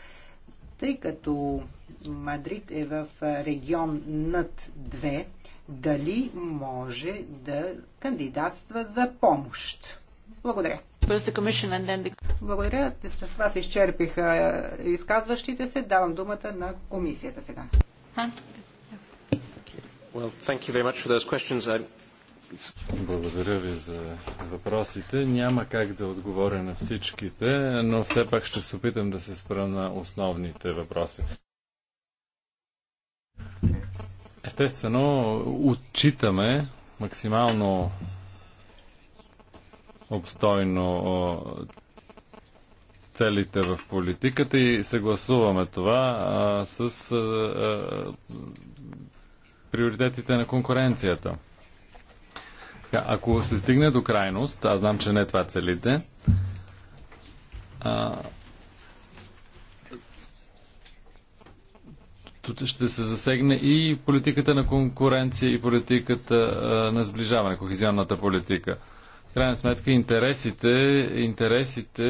Тъй като Мадрид е в регион над 2, дали може да кандидатства за помощ? Благодаря. Благодаря. С това се изчерпиха изказващите се. Давам думата на комисията сега. Благодаря ви за въпросите. Няма как да отговоря на всичките, но все пак ще се опитам да се спра на основните въпроси. Естествено, отчитаме максимално обстойно целите в политиката и съгласуваме това а, с а, а, приоритетите на конкуренцията. Ако се стигне до крайност, аз знам, че не това целите, а, ще се засегне и политиката на конкуренция, и политиката а, на сближаване, кохезионната политика крайна сметка интересите, интересите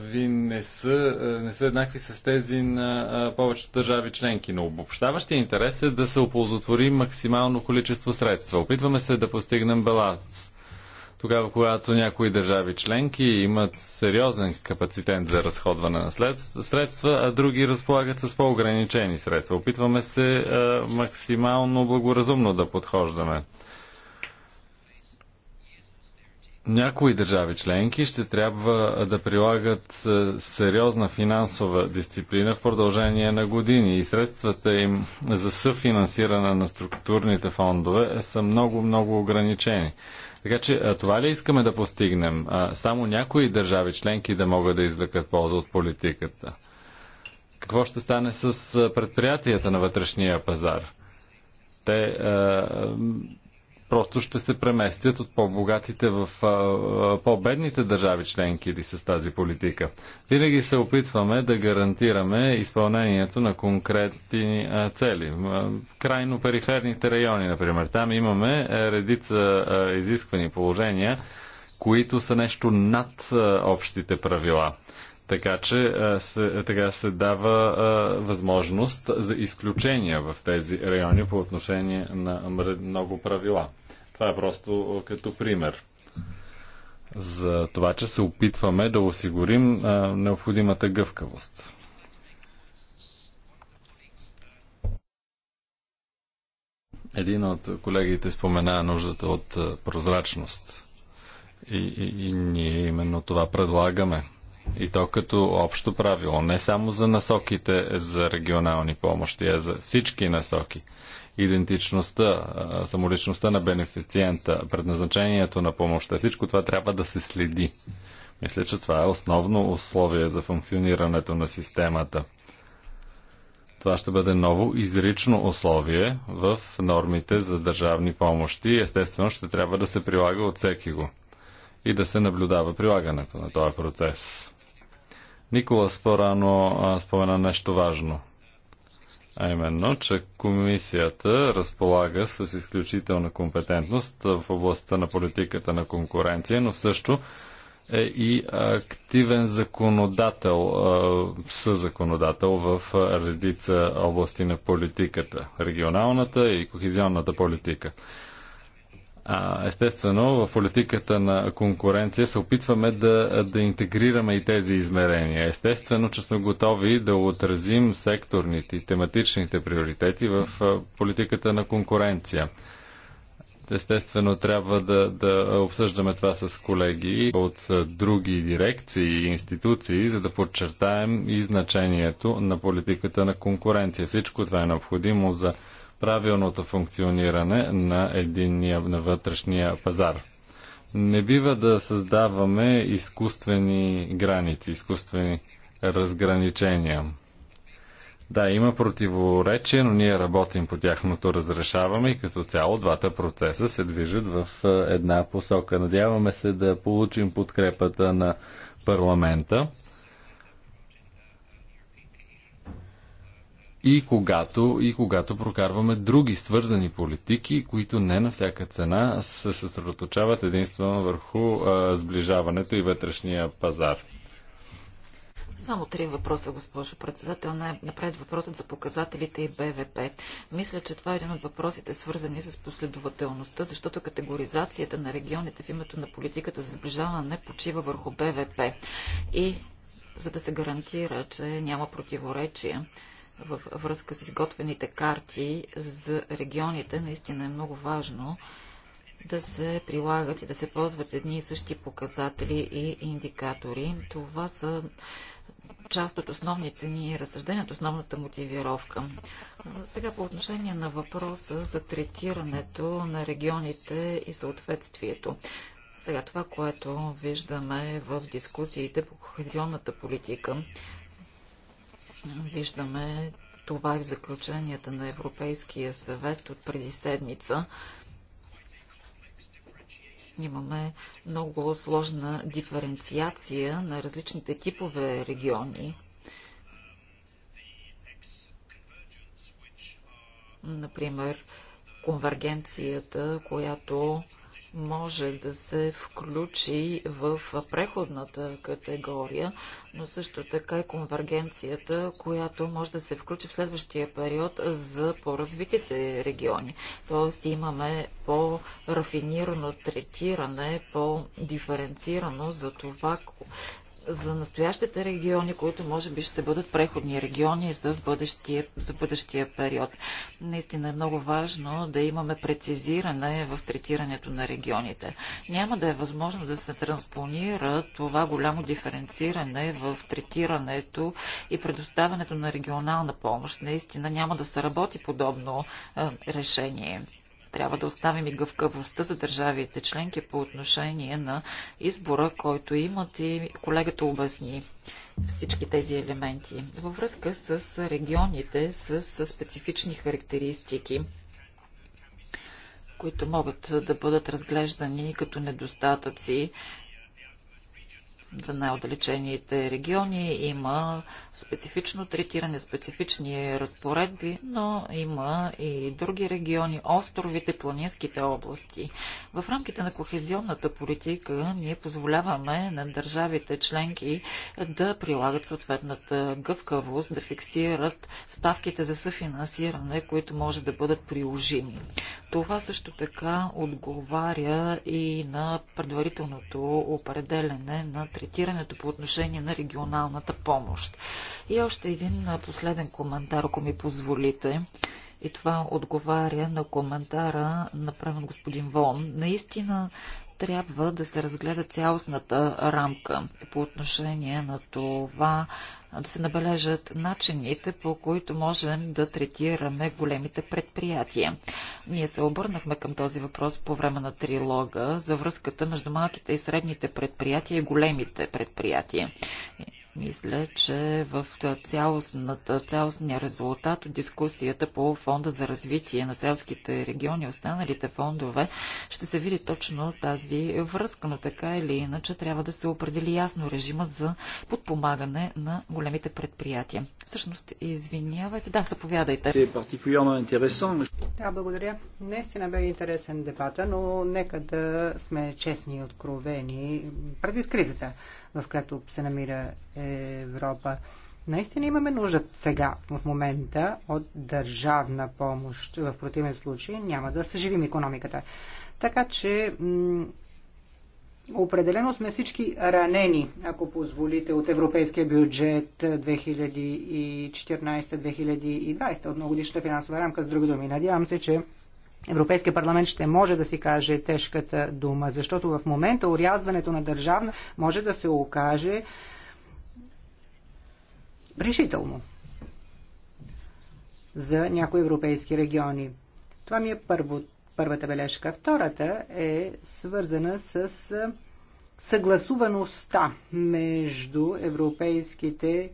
ви не са, не са еднакви с тези на повечето държави членки, но обобщаващия интерес е да се оползотвори максимално количество средства. Опитваме се да постигнем баланс. Тогава, когато някои държави членки имат сериозен капацитет за разходване на средства, а други разполагат с по-ограничени средства. Опитваме се максимално благоразумно да подхождаме някои държави членки ще трябва да прилагат е, сериозна финансова дисциплина в продължение на години и средствата им за съфинансиране на структурните фондове са много, много ограничени. Така че е, това ли искаме да постигнем? Е, само някои държави членки да могат да извлекат полза от политиката. Какво ще стане с предприятията на вътрешния пазар? Те просто ще се преместят от по-богатите в по-бедните държави членки или с тази политика. Винаги се опитваме да гарантираме изпълнението на конкретни цели. Крайно периферните райони, например, там имаме е, редица изисквани положения, които са нещо над общите правила. Така че се, така се дава а, възможност за изключения в тези райони по отношение на много правила. Това е просто като пример за това, че се опитваме да осигурим а, необходимата гъвкавост. Един от колегите спомена нуждата от прозрачност. И, и, и ние именно това предлагаме. И то като общо правило, не само за насоките за регионални помощи, а за всички насоки идентичността, самоличността на бенефициента, предназначението на помощта. Всичко това трябва да се следи. Мисля, че това е основно условие за функционирането на системата. Това ще бъде ново изрично условие в нормите за държавни помощи. Естествено, ще трябва да се прилага от всеки го и да се наблюдава прилагането на този процес. Никола спорано спомена нещо важно – а именно, че комисията разполага с изключителна компетентност в областта на политиката на конкуренция, но също е и активен законодател, съзаконодател в редица области на политиката, регионалната и кохезионната политика. А, естествено, в политиката на конкуренция се опитваме да, да интегрираме и тези измерения. Естествено, че сме готови да отразим секторните и тематичните приоритети в политиката на конкуренция. Естествено, трябва да, да обсъждаме това с колеги от други дирекции и институции, за да подчертаем и значението на политиката на конкуренция. Всичко това е необходимо за правилното функциониране на единния на вътрешния пазар. Не бива да създаваме изкуствени граници, изкуствени разграничения. Да, има противоречия, но ние работим по тяхното разрешаване и като цяло двата процеса се движат в е, една посока. Надяваме се да получим подкрепата на парламента и когато, и когато прокарваме други свързани политики, които не на всяка цена се съсредоточават единствено върху а, сближаването и вътрешния пазар. Само три въпроса, госпожо председател. Най-напред въпросът за показателите и БВП. Мисля, че това е един от въпросите, свързани с последователността, защото категоризацията на регионите в името на политиката за сближаване не почива върху БВП. И за да се гарантира, че няма противоречия във връзка с изготвените карти за регионите, наистина е много важно да се прилагат и да се ползват едни и същи показатели и индикатори. Това са част от основните ни разсъждения, от основната мотивировка. Сега по отношение на въпроса за третирането на регионите и съответствието. Сега това, което виждаме в дискусиите по кохезионната политика, Виждаме това и в заключенията на Европейския съвет от преди седмица. Имаме много сложна диференциация на различните типове региони. Например, конвергенцията, която може да се включи в преходната категория, но също така и конвергенцията, която може да се включи в следващия период за по-развитите региони. Тоест имаме по-рафинирано третиране, по-диференцирано за това за настоящите региони, които може би ще бъдат преходни региони за бъдещия, за бъдещия период. Наистина е много важно да имаме прецизиране в третирането на регионите. Няма да е възможно да се транспонира това голямо диференциране в третирането и предоставянето на регионална помощ. Наистина няма да се работи подобно решение. Трябва да оставим и гъвкавостта за държавите членки по отношение на избора, който имат и колегата обясни всички тези елементи. Във връзка с регионите с специфични характеристики, които могат да бъдат разглеждани като недостатъци за най-отдалечените региони има специфично третиране, специфични разпоредби, но има и други региони, островите, планинските области. В рамките на кохезионната политика ние позволяваме на държавите членки да прилагат съответната гъвкавост, да фиксират ставките за съфинансиране, които може да бъдат приложими. Това също така отговаря и на предварителното определене на третирането по отношение на регионалната помощ. И още един последен коментар, ако ми позволите. И това отговаря на коментара, направен господин Вон. Наистина трябва да се разгледа цялостната рамка по отношение на това да се набележат начините, по които можем да третираме големите предприятия. Ние се обърнахме към този въпрос по време на трилога за връзката между малките и средните предприятия и големите предприятия. Мисля, че в цялостния резултат от дискусията по Фонда за развитие на селските региони и останалите фондове ще се види точно тази връзка, но така или иначе трябва да се определи ясно режима за подпомагане на големите предприятия. Всъщност, извинявайте. Да, заповядайте. Е да, благодаря. Наистина бе интересен дебата, но нека да сме честни и откровени предвид кризата в която се намира Европа. Наистина имаме нужда сега, в момента, от държавна помощ. В противен случай няма да съживим економиката. Така че Определено сме всички ранени, ако позволите, от европейския бюджет 2014-2020, от многодишната финансова рамка, с други думи. Надявам се, че Европейския парламент ще може да си каже тежката дума, защото в момента урязването на държавна може да се окаже решително за някои европейски региони. Това ми е първо, първата бележка. Втората е свързана с съгласуваността между европейските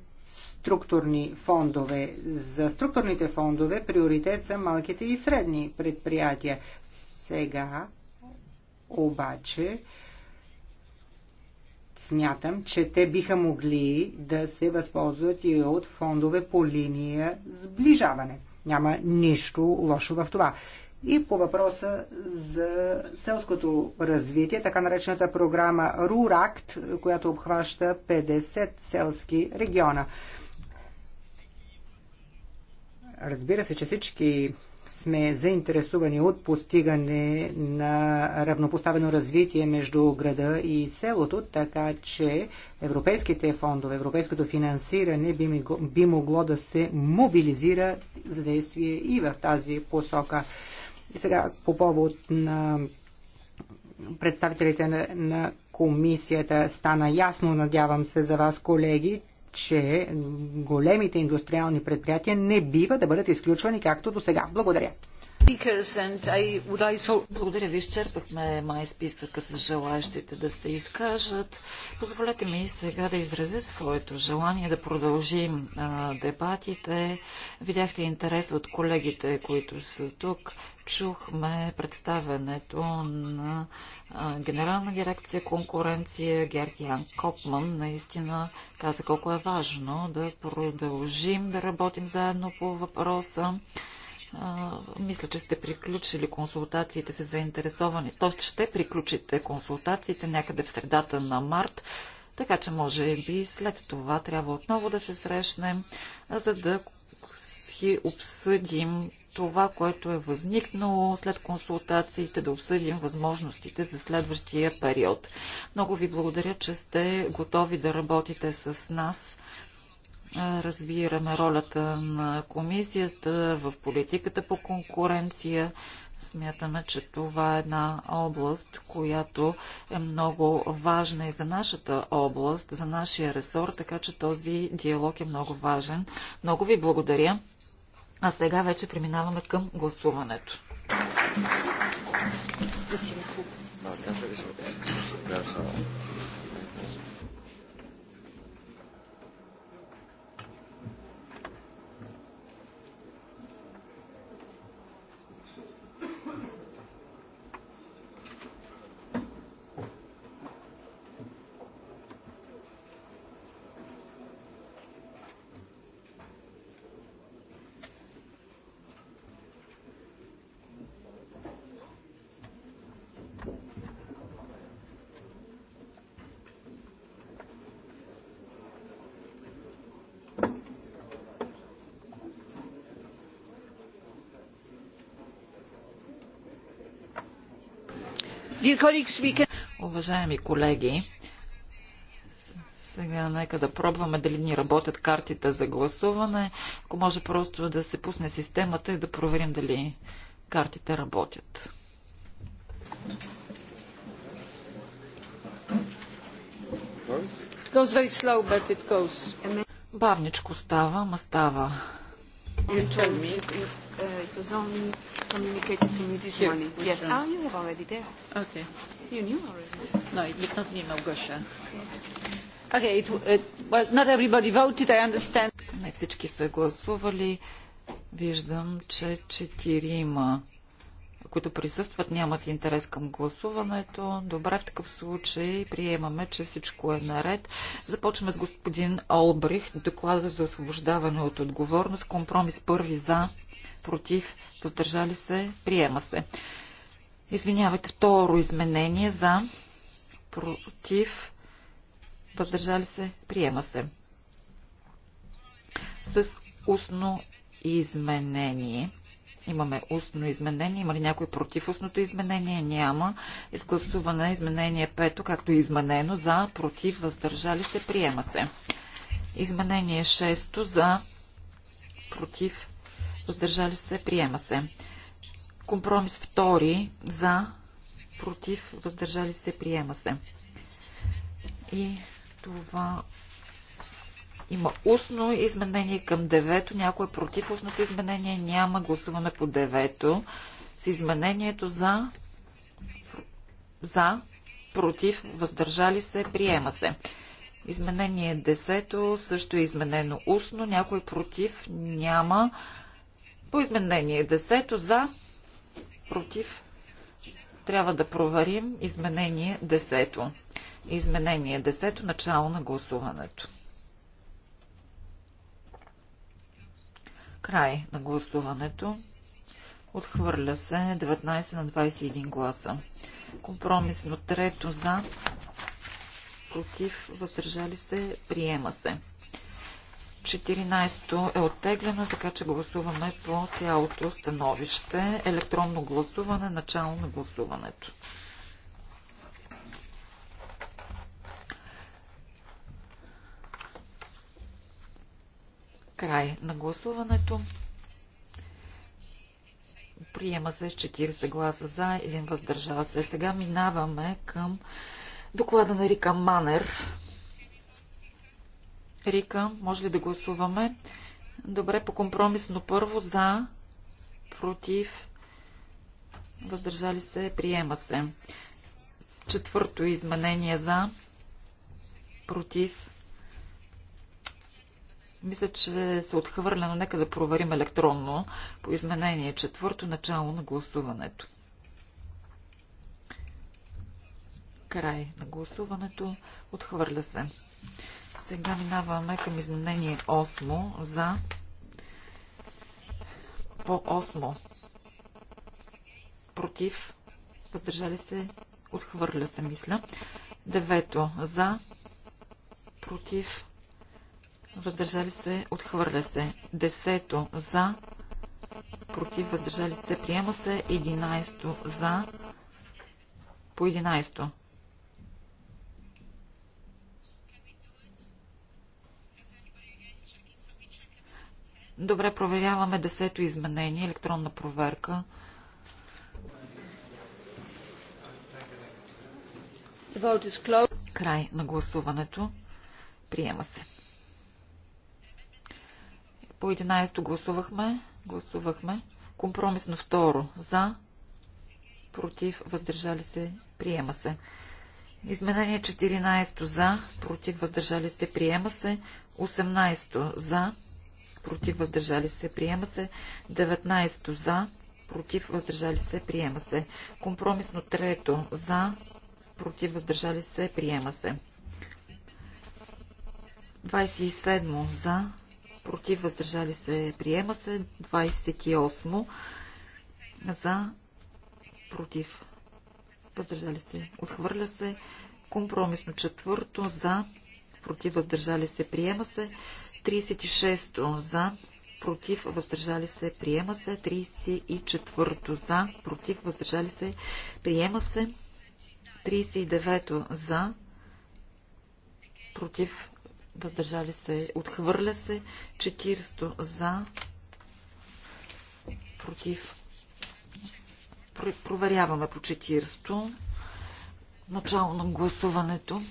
структурни фондове. За структурните фондове приоритет са малките и средни предприятия. Сега обаче смятам, че те биха могли да се възползват и от фондове по линия сближаване. Няма нищо лошо в това. И по въпроса за селското развитие, така наречената програма РУРАКТ, която обхваща 50 селски региона. Разбира се, че всички сме заинтересувани от постигане на равнопоставено развитие между града и селото, така че европейските фондове, европейското финансиране би могло, би могло да се мобилизира за действие и в тази посока. И сега по повод на представителите на, на комисията стана ясно, надявам се за вас, колеги, че големите индустриални предприятия не бива да бъдат изключвани както до сега. Благодаря. Благодаря ви, изчерпахме май списъка с желаящите да се изкажат. Позволете ми сега да изразя своето желание да продължим а, дебатите. Видяхте интерес от колегите, които са тук чухме представенето на Генерална дирекция конкуренция Гергиан Копман. Наистина каза колко е важно да продължим да работим заедно по въпроса. Мисля, че сте приключили консултациите се заинтересовани. Тоест ще приключите консултациите някъде в средата на март. Така че може би след това трябва отново да се срещнем, за да си обсъдим това, което е възникнало след консултациите, да обсъдим възможностите за следващия период. Много ви благодаря, че сте готови да работите с нас. Разбираме ролята на комисията в политиката по конкуренция. Смятаме, че това е една област, която е много важна и за нашата област, за нашия ресор, така че този диалог е много важен. Много ви благодаря. А сега вече преминаваме към гласуването. Да, Уважаеми колеги, сега нека да пробваме дали ни работят картите за гласуване. Ако може просто да се пусне системата и да проверим дали картите работят. Slow, Бавничко става, ма става. You told me if, uh was only communicated to me this Here, morning. Yes. Ah, you were already there. Okay. You knew already. No, it's not me, Małgosia. Okay, it, it, well, not everybody voted, I understand. Не всички са гласували. Виждам, че четирима, които присъстват, нямат интерес към гласуването. Добре, в такъв случай приемаме, че всичко е наред. Започваме с господин Олбрих. Доклада за освобождаване от отговорност. Компромис първи за против, въздържали се, приема се. Извинявайте, второ изменение за, против, въздържали се, приема се. С устно изменение. Имаме устно изменение. Има ли някой против устното изменение? Няма. Изгласуване изменение 5, както е изменено, за, против, въздържали се, приема се. Изменение 6 за, против, въздържали се, приема се. Компромис втори за, против, въздържали се, приема се. И това има устно изменение към девето. Някой е против устното изменение? Няма. Гласуваме по девето. С изменението за, за, против, въздържали се, приема се. Изменение десето също е изменено устно. Някой е против? Няма. По изменение 10 за, против, трябва да проверим изменение 10. Изменение 10, начало на гласуването. Край на гласуването. Отхвърля се 19 на 21 гласа. Компромисно трето за, против, въздържали се, приема се. 14 е оттеглено, така че гласуваме по цялото становище. Електронно гласуване, начало на гласуването. Край на гласуването. Приема се с 40 гласа за, един въздържава се. Сега минаваме към доклада на Рика Манер. Рика, може ли да гласуваме? Добре, по компромисно първо за, против, въздържали се, приема се. Четвърто изменение за, против. Мисля, че се отхвърля, но нека да проверим електронно по изменение четвърто начало на гласуването. Край на гласуването. Отхвърля се. Сега минаваме към изменение 8 за по 8. Против. Въздържали се. Отхвърля се, мисля. Девето. За. Против. Въздържали се. Отхвърля се. Десето. За. Против. Въздържали се. Приема се. Единайсто. За. По единайсто. Добре, проверяваме десето изменение, електронна проверка. Край на гласуването. Приема се. По 11 гласувахме. Гласувахме. Компромисно второ. За. Против. Въздържали се. Приема се. Изменение 14 за. Против. Въздържали се. Приема се. 18 за против, въздържали се, приема се. 19 за, против, въздържали се, приема се. Компромисно трето за, против, въздържали се, приема се. 27 за, против, въздържали се, приема се. 28 за, против, въздържали се, отхвърля се. Компромисно четвърто за, против, въздържали се, приема се. 36 за, против, въздържали се, приема се. 34 за, против, въздържали се, приема се. 39 за, против, въздържали се, отхвърля се. 40 за, против. Проверяваме по 40 Начало на гласуването.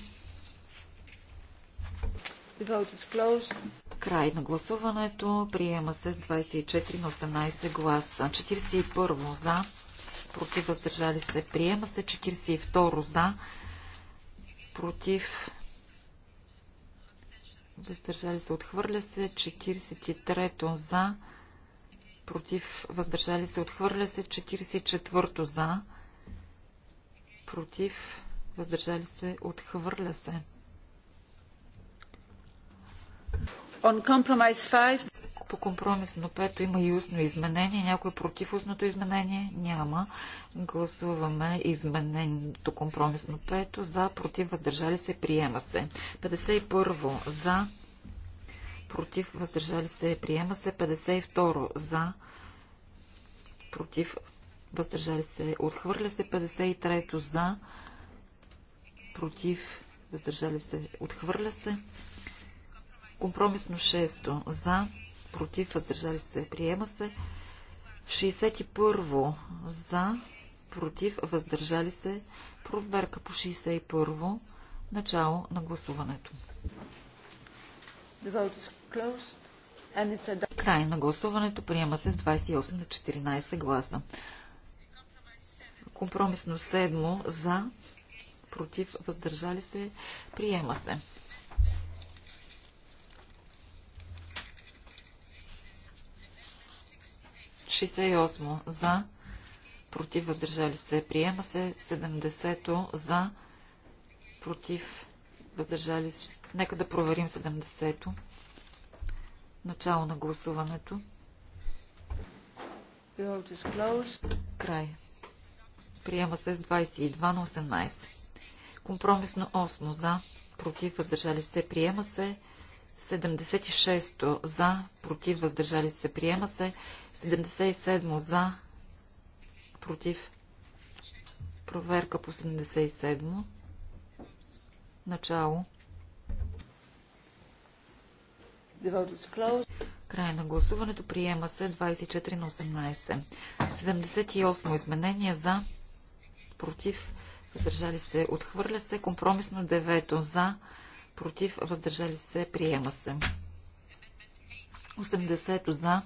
The vote is closed. Край на гласуването. Приема се с 24 на 18 гласа. 41 за. Против въздържали се. Приема се 42 за. Против въздържали се. Отхвърля се. 43 за. Против въздържали се. Отхвърля се. 44 за. Против въздържали се. Отхвърля се. По компромисно пето има и устно изменение. Някой е против устното изменение? Няма. Гласуваме Измененото компромисно пето. За, против, въздържали се, приема се. 51. За, против, въздържали се, приема се. 52. За, против, въздържали се, отхвърля се. 53. За, против, въздържали се, отхвърля се. Компромисно 6 за, против, въздържали се, приема се. 61 за, против, въздържали се, проверка по 61 начало на гласуването. Край на гласуването приема се с 28 на 14 гласа. Компромисно 7 за, против, въздържали се, приема се. 68 за, против, въздържали се, приема се. 70 за, против, въздържали се. Нека да проверим 70-то. Начало на гласуването. Край. Приема се с 22 на 18. Компромисно 8 за, против, въздържали се, приема се. 76 за, против, въздържали се, приема се. 77 за, против. Проверка по 77. Начало. Край на гласуването приема се 24 на 18. 78 изменение за, против, въздържали се, отхвърля се. Компромисно 9 за, против, въздържали се, приема се. 80 за,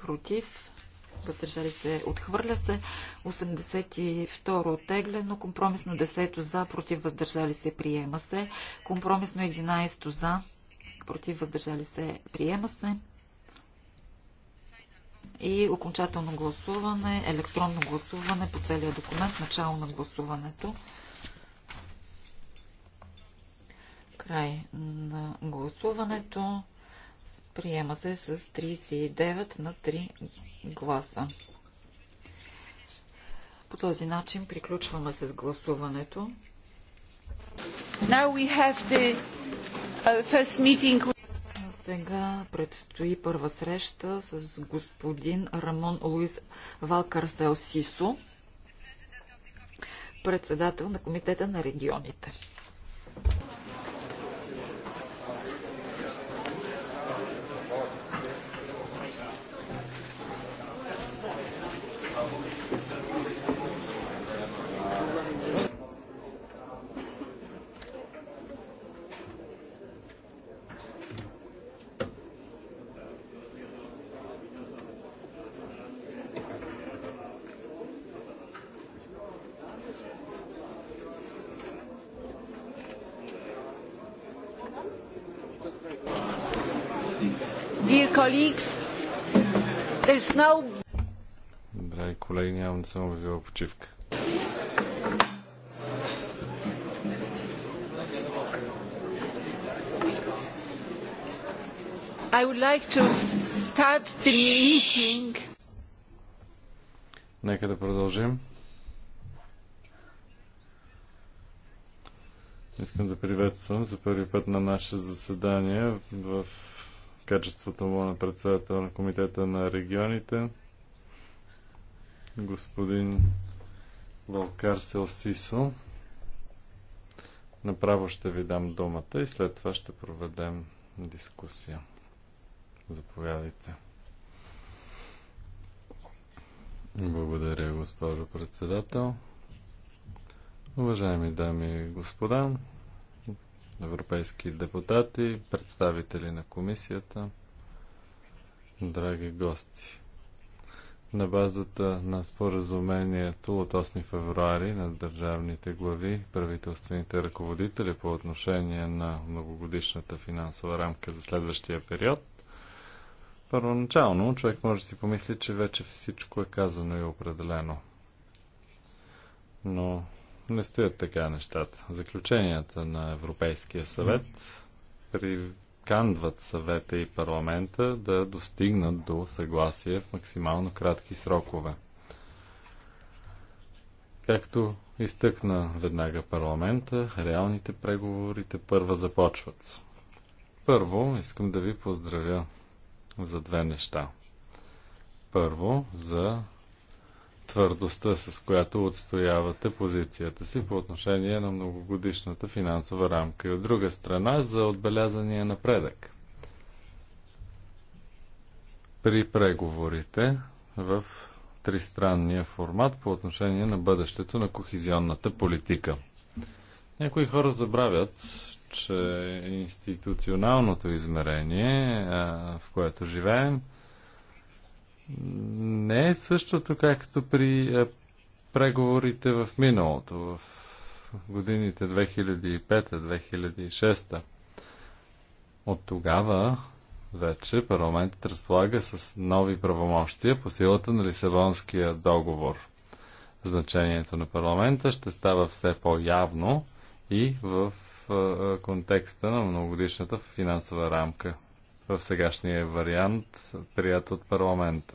против, въздържали се, отхвърля се. 82 оттеглено, компромисно 10 за, против, въздържали се, приема се. Компромисно 11 за, против, въздържали се, приема се. И окончателно гласуване, електронно гласуване по целия документ, начало на гласуването. Край на гласуването. Приема се с 39 на 3 гласа. По този начин приключваме с гласуването. Uh, сега предстои първа среща с господин Рамон Луис Валкарсел Сисо, председател на Комитета на регионите. колеги, нямам да съм обявила почивка. I would like to start the meeting. Нека да продължим. Искам да приветствам за първи път на наше заседание в качеството му на председател на Комитета на регионите господин Валкар Селсисо. Направо ще ви дам думата и след това ще проведем дискусия. Заповядайте. Благодаря, госпожо председател. Уважаеми дами и господа, европейски депутати, представители на комисията, драги гости на базата на споразумението от 8 февруари на държавните глави, правителствените ръководители по отношение на многогодишната финансова рамка за следващия период. Първоначално човек може да си помисли, че вече всичко е казано и определено. Но не стоят така нещата. Заключенията на Европейския съвет при приканват съвета и парламента да достигнат до съгласие в максимално кратки срокове. Както изтъкна веднага парламента, реалните преговорите първа започват. Първо, искам да ви поздравя за две неща. Първо, за твърдостта, с която отстоявате позицията си по отношение на многогодишната финансова рамка и от друга страна за отбелязания напредък. При преговорите в тристранния формат по отношение на бъдещето на кохизионната политика. Някои хора забравят, че институционалното измерение, в което живеем, не е същото както при е, преговорите в миналото, в годините 2005-2006. От тогава вече парламентът разполага с нови правомощия по силата на Лисабонския договор. Значението на парламента ще става все по-явно и в е, контекста на многогодишната финансова рамка в сегашния вариант, прият от парламента.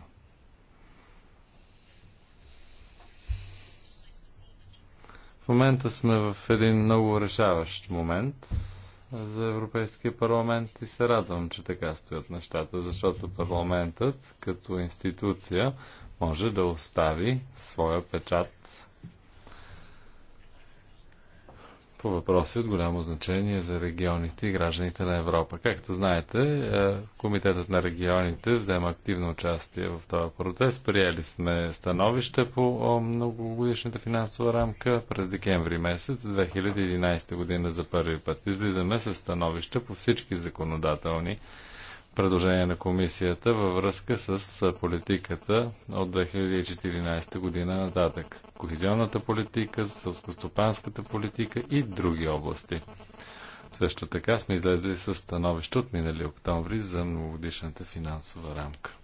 В момента сме в един много решаващ момент за Европейския парламент и се радвам, че така стоят нещата, защото парламентът като институция може да остави своя печат по въпроси от голямо значение за регионите и гражданите на Европа. Както знаете, е, Комитетът на регионите взема активно участие в този процес. Приели сме становище по многогодишната финансова рамка през декември месец 2011 година за първи път. Излизаме с становище по всички законодателни предложение на комисията във връзка с политиката от 2014 година нататък. Кохизионната политика, сълскостопанската политика и други области. Също така сме излезли с становище от минали октомври за многогодишната финансова рамка.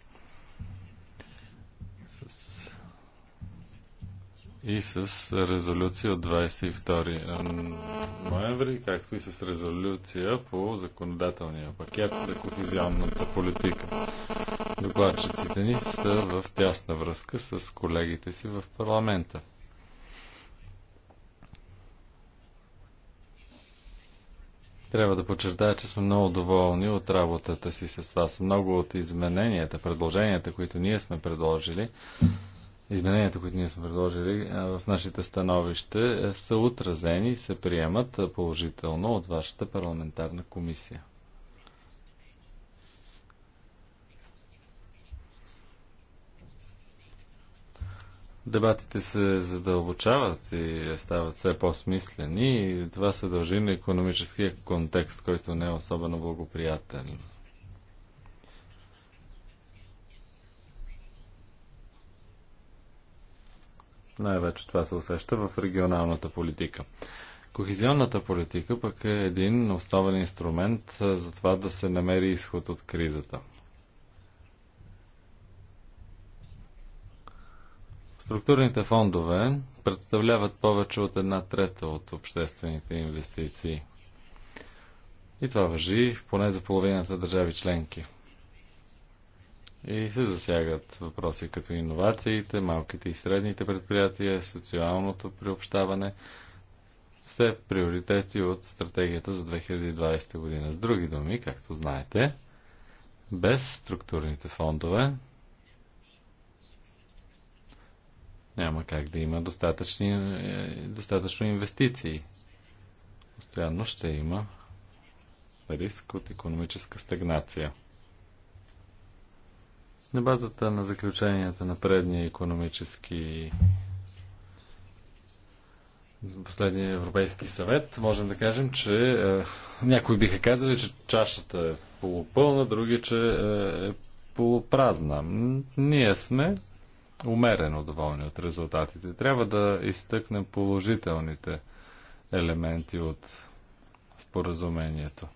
и с резолюция от 22 ноември, както и с резолюция по законодателния пакет за кохезионната политика. Докладчиците ни са в тясна връзка с колегите си в парламента. Трябва да подчертая, че сме много доволни от работата си с вас. Много от измененията, предложенията, които ние сме предложили, измененията, които ние сме предложили в нашите становище, са отразени и се приемат положително от вашата парламентарна комисия. Дебатите се задълбочават и стават все по-смислени и това се дължи на економическия контекст, който не е особено благоприятен. Най-вече това се усеща в регионалната политика. Кохезионната политика пък е един основен инструмент за това да се намери изход от кризата. Структурните фондове представляват повече от една трета от обществените инвестиции. И това въжи поне за половината държави членки – и се засягат въпроси като иновациите, малките и средните предприятия, социалното приобщаване, все приоритети от стратегията за 2020 година. С други думи, както знаете, без структурните фондове няма как да има достатъчни, е, достатъчно инвестиции. Постоянно ще има риск от економическа стагнация. На базата на заключенията на предния економически последния Европейски съвет, можем да кажем, че е, някои биха казали, че чашата е полупълна, други, че е, е полупразна. Ние сме умерено доволни от резултатите. Трябва да изтъкнем положителните елементи от споразумението.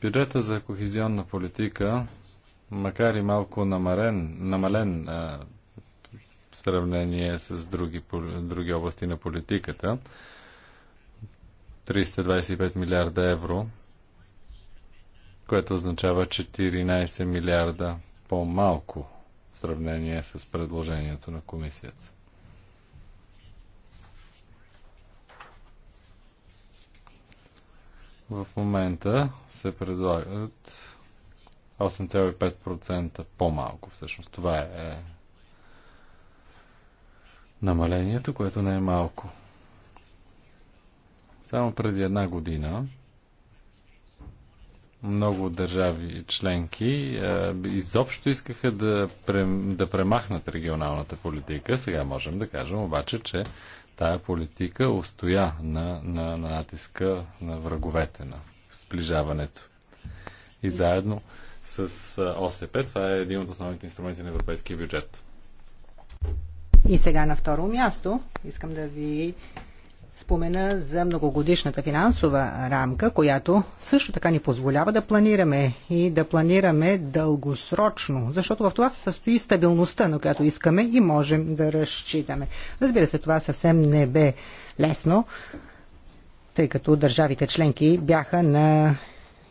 Бюджета за кохезионна политика макар и малко намален, намален а, в сравнение с други, други области на политиката. 325 милиарда евро, което означава 14 милиарда по-малко в сравнение с предложението на комисията. В момента се предлагат 8,5% по-малко всъщност. Това е, е намалението, което не е малко. Само преди една година много държави членки е, изобщо искаха да, прем, да премахнат регионалната политика. Сега можем да кажем обаче, че тая политика устоя на, на, на натиска на враговете, на сближаването. И заедно с ОСП. Това е един от основните инструменти на европейския бюджет. И сега на второ място искам да ви спомена за многогодишната финансова рамка, която също така ни позволява да планираме и да планираме дългосрочно, защото в това се състои стабилността, на която искаме и можем да разчитаме. Разбира се, това съвсем не бе лесно, тъй като държавите членки бяха на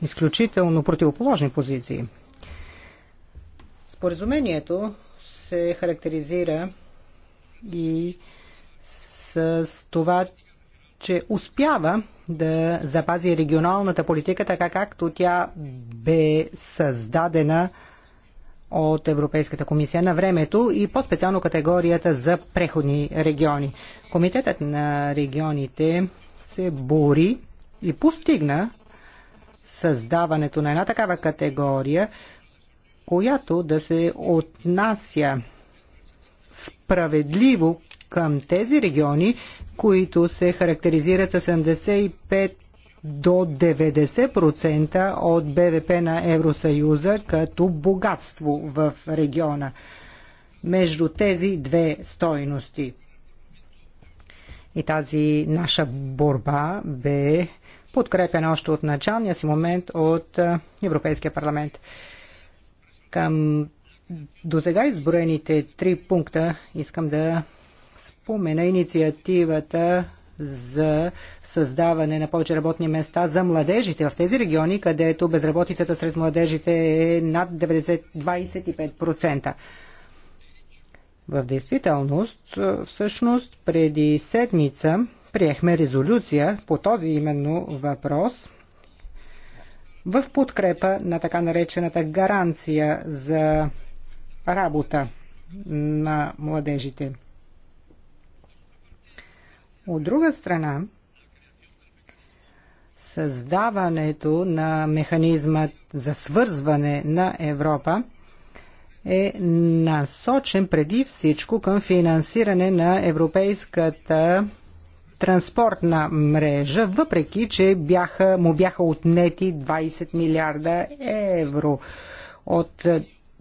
изключително противоположни позиции. Споразумението се характеризира и с това, че успява да запази регионалната политика така както тя бе създадена от Европейската комисия на времето и по-специално категорията за преходни региони. Комитетът на регионите се бори и постигна създаването на една такава категория, която да се отнася справедливо към тези региони, които се характеризират с 75 до 90% от БВП на Евросъюза като богатство в региона между тези две стойности. И тази наша борба бе подкрепен още от началния си момент от Европейския парламент. Към до сега изброените три пункта искам да спомена инициативата за създаване на повече работни места за младежите в тези региони, където безработицата сред младежите е над 90, 25%. В действителност, всъщност, преди седмица приехме резолюция по този именно въпрос в подкрепа на така наречената гаранция за работа на младежите. От друга страна, създаването на механизма за свързване на Европа е насочен преди всичко към финансиране на европейската транспортна мрежа, въпреки че бяха, му бяха отнети 20 милиарда евро от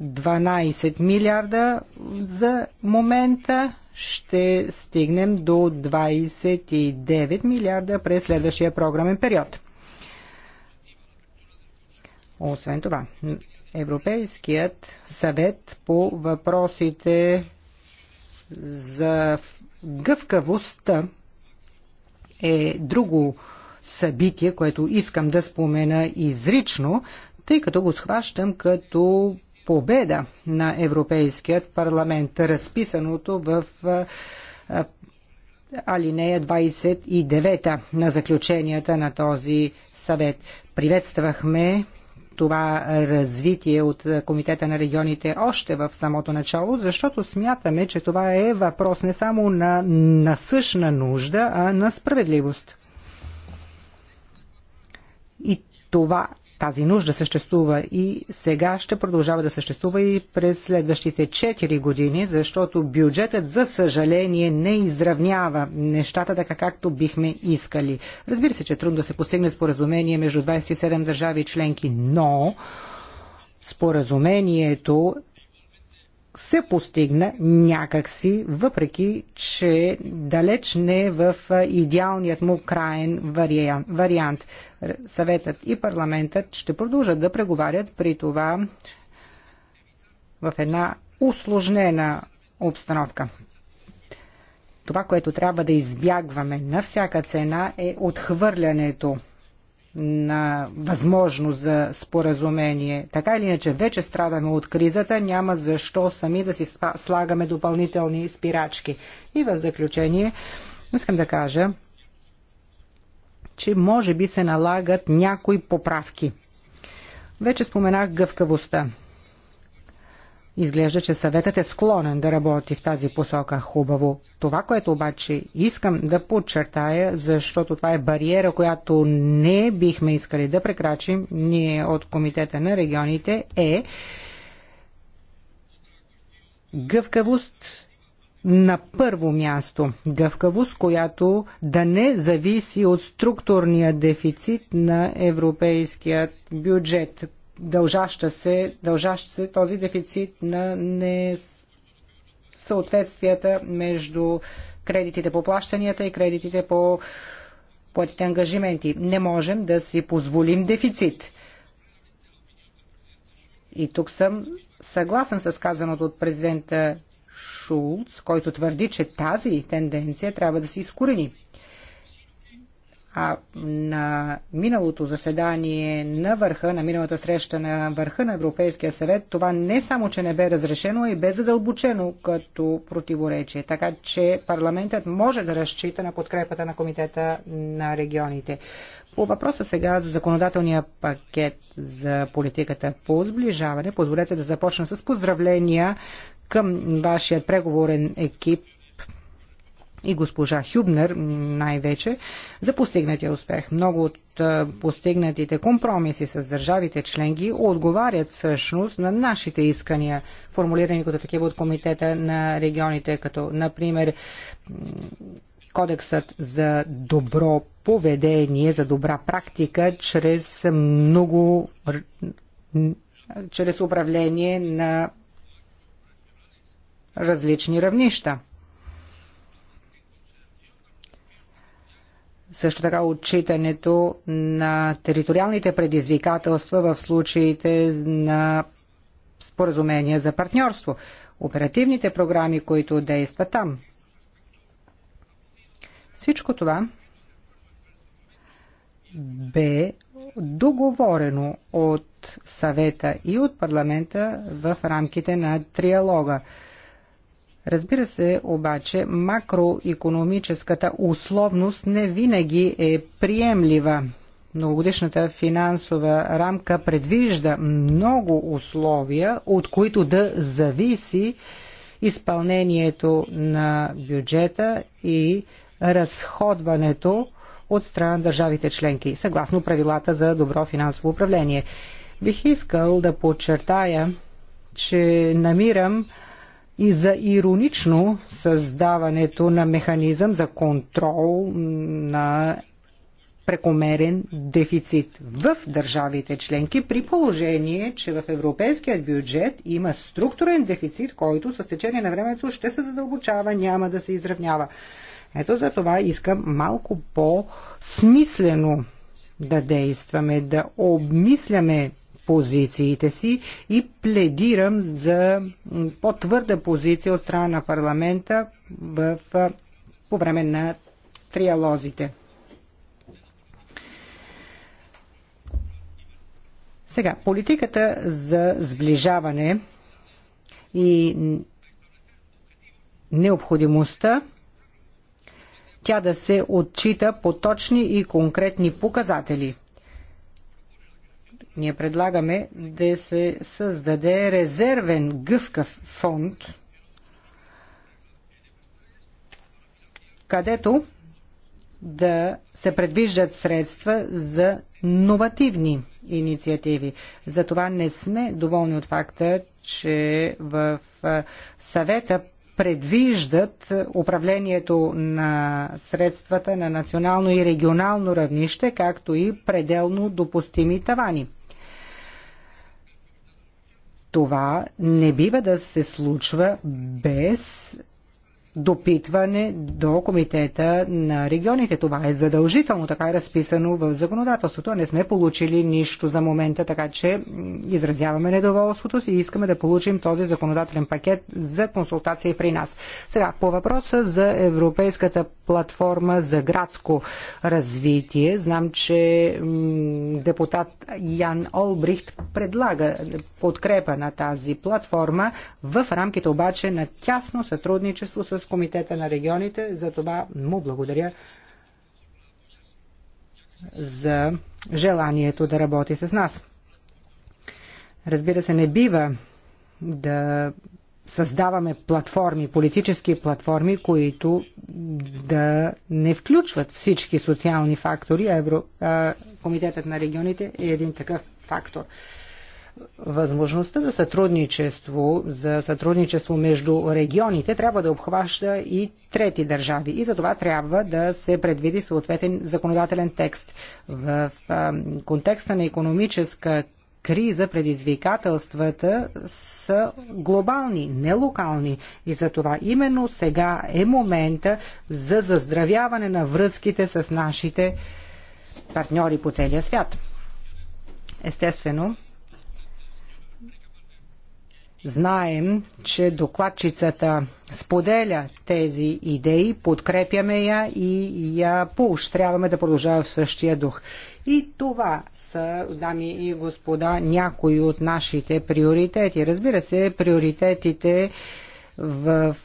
12 милиарда за момента ще стигнем до 29 милиарда през следващия програмен период. Освен това, Европейският съвет по въпросите за гъвкавостта е друго събитие, което искам да спомена изрично, тъй като го схващам като победа на Европейският парламент, разписаното в алинея 29 на заключенията на този съвет. Приветствахме това развитие от Комитета на регионите още в самото начало, защото смятаме, че това е въпрос не само на насъщна нужда, а на справедливост. И това тази нужда съществува и сега ще продължава да съществува и през следващите 4 години, защото бюджетът, за съжаление, не изравнява нещата така, както бихме искали. Разбира се, че е трудно да се постигне споразумение между 27 държави членки, но споразумението се постигна някакси, въпреки че далеч не е в идеалният му краен вариант. Съветът и парламентът ще продължат да преговарят при това в една усложнена обстановка. Това, което трябва да избягваме на всяка цена е отхвърлянето на възможност за споразумение. Така или иначе, вече страдаме от кризата, няма защо сами да си слагаме допълнителни спирачки. И в заключение, искам да кажа, че може би се налагат някои поправки. Вече споменах гъвкавостта. Изглежда, че съветът е склонен да работи в тази посока хубаво. Това, което обаче искам да подчертая, защото това е бариера, която не бихме искали да прекрачим ние от Комитета на регионите, е гъвкавост на първо място. Гъвкавост, която да не зависи от структурния дефицит на европейският бюджет дължаща се, дължащ се този дефицит на съответствията между кредитите по плащанията и кредитите по платите ангажименти. Не можем да си позволим дефицит. И тук съм съгласен с казаното от президента Шулц, който твърди, че тази тенденция трябва да се изкорени. А на миналото заседание на върха, на миналата среща на върха на Европейския съвет, това не само, че не бе разрешено, а и бе задълбочено като противоречие. Така че парламентът може да разчита на подкрепата на Комитета на регионите. По въпроса сега за законодателния пакет за политиката по сближаване, позволете да започна с поздравления към вашият преговорен екип и госпожа Хюбнер най-вече за постигнатия успех. Много от постигнатите компромиси с държавите членки отговарят всъщност на нашите искания, формулирани като такива от Комитета на регионите, като например Кодексът за добро поведение, за добра практика, чрез много чрез управление на различни равнища. също така отчитането на териториалните предизвикателства в случаите на споразумения за партньорство, оперативните програми, които действат там. Всичко това бе договорено от съвета и от парламента в рамките на триалога. Разбира се, обаче, макроекономическата условност не винаги е приемлива. Многогодишната финансова рамка предвижда много условия, от които да зависи изпълнението на бюджета и разходването от страна на държавите членки, съгласно правилата за добро финансово управление. Бих искал да подчертая, че намирам и за иронично създаването на механизъм за контрол на прекомерен дефицит в държавите членки при положение, че в европейският бюджет има структурен дефицит, който с течение на времето ще се задълбочава, няма да се изравнява. Ето за това искам малко по-смислено да действаме, да обмисляме позициите си и пледирам за по-твърда позиция от страна на парламента в, по време на триалозите. Сега, политиката за сближаване и необходимостта тя да се отчита по точни и конкретни показатели – ние предлагаме да се създаде резервен гъвкав фонд, където да се предвиждат средства за новативни инициативи. Затова не сме доволни от факта, че в съвета предвиждат управлението на средствата на национално и регионално равнище, както и пределно допустими тавани. Това не бива да се случва без допитване до комитета на регионите. Това е задължително, така е разписано в законодателството. Не сме получили нищо за момента, така че изразяваме недоволството си и искаме да получим този законодателен пакет за консултации при нас. Сега, по въпроса за Европейската платформа за градско развитие, знам, че депутат Ян Олбрихт предлага подкрепа на тази платформа в рамките обаче на тясно сътрудничество с Комитета на регионите. За това му благодаря за желанието да работи с нас. Разбира се, не бива да създаваме платформи, политически платформи, които да не включват всички социални фактори. Евро, а, Комитетът на регионите е един такъв фактор възможността за сътрудничество, за сътрудничество между регионите трябва да обхваща и трети държави. И за това трябва да се предвиди съответен законодателен текст. В контекста на економическа криза, предизвикателствата са глобални, не локални. И затова именно сега е момента за заздравяване на връзките с нашите партньори по целия свят. Естествено, Знаем, че докладчицата споделя тези идеи, подкрепяме я и я поощряваме да продължава в същия дух. И това са, дами и господа, някои от нашите приоритети. Разбира се, приоритетите в,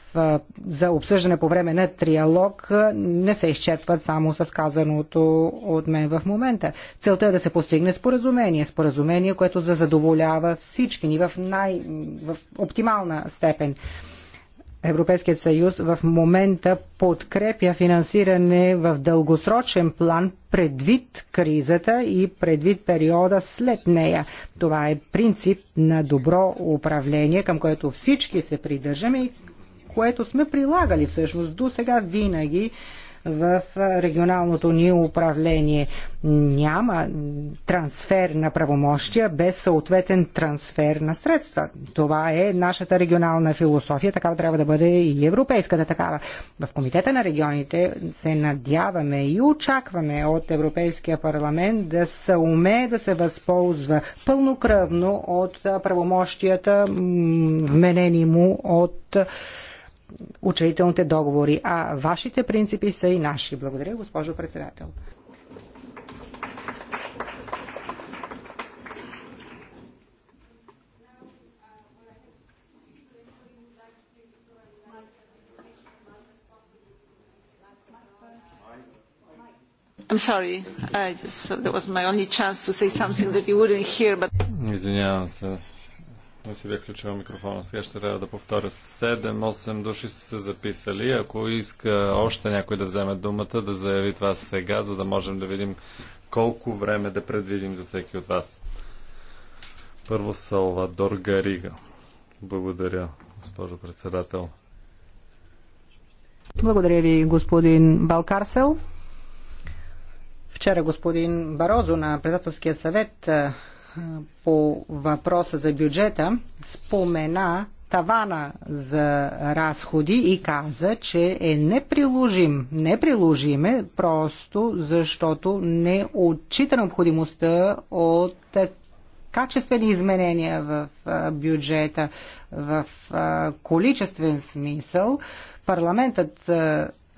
за обсъждане по време на триалог не се изчерпват само с казаното от мен в момента. Целта е да се постигне споразумение. Споразумение, което задоволява всички ни в, най, в оптимална степен. Европейският съюз в момента подкрепя финансиране в дългосрочен план предвид кризата и предвид периода след нея. Това е принцип на добро управление, към което всички се придържаме и което сме прилагали всъщност до сега винаги в регионалното ни управление. Няма трансфер на правомощия без съответен трансфер на средства. Това е нашата регионална философия, такава трябва да бъде и европейската такава. В Комитета на регионите се надяваме и очакваме от Европейския парламент да се умее да се възползва пълнокръвно от правомощията, вменени му от учредителните договори. А вашите принципи са и наши. Благодаря, госпожо председател. I'm sorry. I just, that was my only chance to say something that you wouldn't hear, but... Извинявам се. Не си бях включил микрофона. Сега ще трябва да повторя. 7-8 души са се записали. Ако иска още някой да вземе думата, да заяви това сега, за да можем да видим колко време да предвидим за всеки от вас. Първо Салвадор Гарига. Благодаря, госпожо председател. Благодаря ви, господин Балкарсел. Вчера господин Барозо на председателския съвет по въпроса за бюджета спомена тавана за разходи и каза, че е неприложим. Неприложим е просто защото не отчита необходимостта от качествени изменения в бюджета, в количествен смисъл. Парламентът,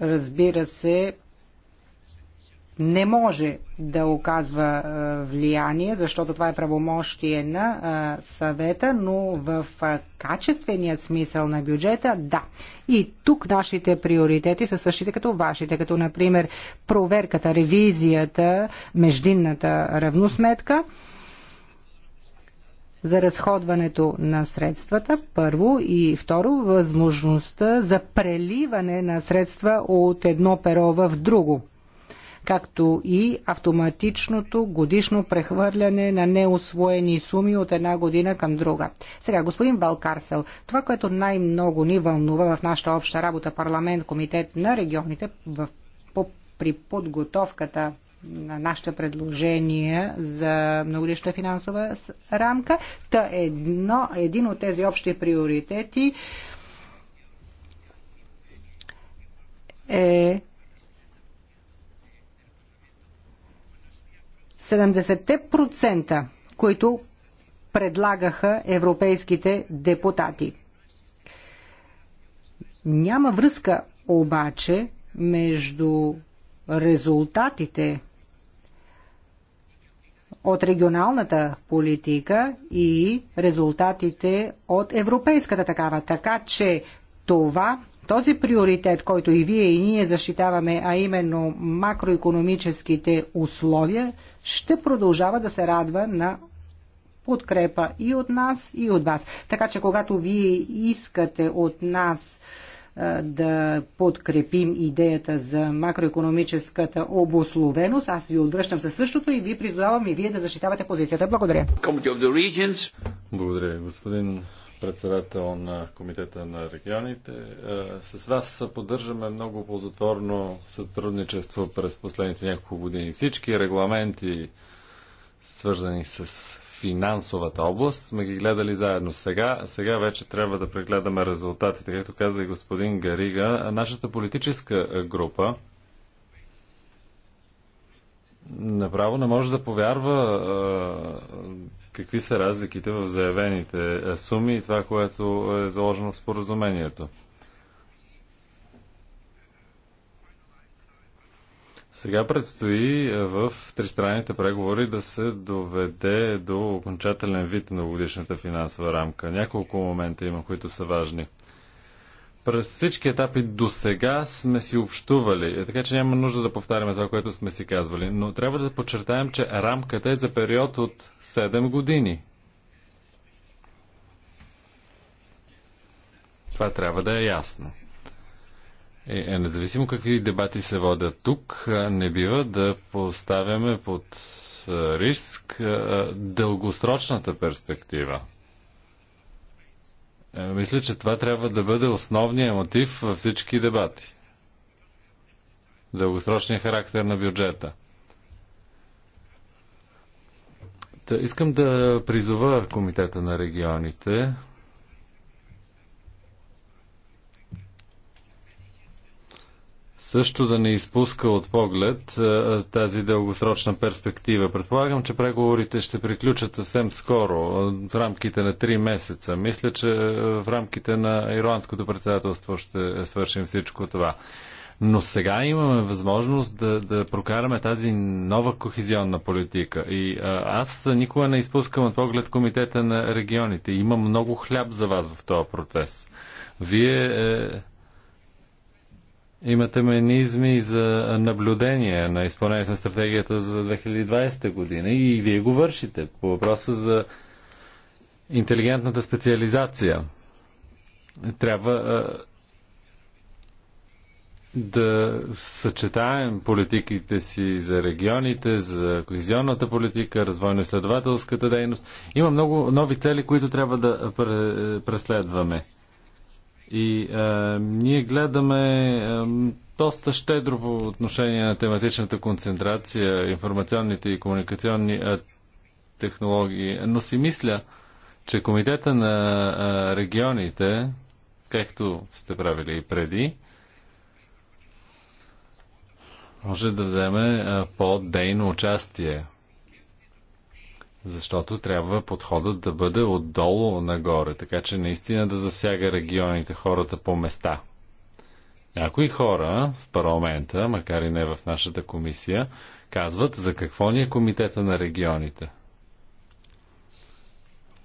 разбира се, не може да оказва влияние, защото това е правомощие на съвета, но в качествения смисъл на бюджета, да. И тук нашите приоритети са същите като вашите, като например проверката, ревизията, междинната равносметка за разходването на средствата, първо и второ, възможността за преливане на средства от едно перо в друго както и автоматичното годишно прехвърляне на неосвоени суми от една година към друга. Сега, господин Балкарсел, това, което най-много ни вълнува в нашата обща работа парламент, комитет на регионите в, по, при подготовката на нашите предложения за многодишна финансова рамка. Та едно, един от тези общи приоритети е 70%, които предлагаха европейските депутати. Няма връзка обаче между резултатите от регионалната политика и резултатите от европейската такава. Така че това този приоритет, който и вие и ние защитаваме, а именно макроекономическите условия, ще продължава да се радва на подкрепа и от нас, и от вас. Така че, когато вие искате от нас да подкрепим идеята за макроекономическата обословеност. Аз ви отвръщам със същото и ви призовавам и вие да защитавате позицията. Благодаря. Благодаря, господин председател на Комитета на регионите. Е, с вас поддържаме много ползотворно сътрудничество през последните няколко години. Всички регламенти, свързани с финансовата област, сме ги гледали заедно. Сега, сега вече трябва да прегледаме резултатите. Както каза и господин Гарига, нашата политическа група направо не може да повярва е, какви са разликите в заявените е, суми и това, което е заложено в споразумението. Сега предстои е, в тристранните преговори да се доведе до окончателен вид на годишната финансова рамка. Няколко момента има, които са важни – през всички етапи до сега сме си общували, е, така че няма нужда да повтаряме това, което сме си казвали. Но трябва да подчертаем, че рамката е за период от 7 години. Това трябва да е ясно. И, е, е, независимо какви дебати се водят тук, не бива да поставяме под риск дългосрочната перспектива. Е, мисля, че това трябва да бъде основният мотив във всички дебати. Дългосрочния характер на бюджета. Та искам да призова Комитета на регионите също да не изпуска от поглед е, тази дългосрочна перспектива. Предполагам, че преговорите ще приключат съвсем скоро, е, в рамките на 3 месеца. Мисля, че е, в рамките на ирландското председателство ще свършим всичко това. Но сега имаме възможност да, да прокараме тази нова кохезионна политика. И а, аз никога не изпускам от поглед Комитета на регионите. Има много хляб за вас в този процес. Вие. Е имате механизми за наблюдение на изпълнението на стратегията за 2020 година и вие го вършите по въпроса за интелигентната специализация. Трябва да съчетаем политиките си за регионите, за кохезионната политика, развойно-изследователската дейност. Има много нови цели, които трябва да преследваме. И а, е, ние гледаме а, е, доста щедро по отношение на тематичната концентрация, информационните и комуникационни а, е, технологии, но си мисля, че Комитета на а, регионите, както сте правили и преди, може да вземе по-дейно участие защото трябва подходът да бъде отдолу нагоре, така че наистина да засяга регионите, хората по места. Някои хора в парламента, макар и не в нашата комисия, казват за какво ни е комитета на регионите.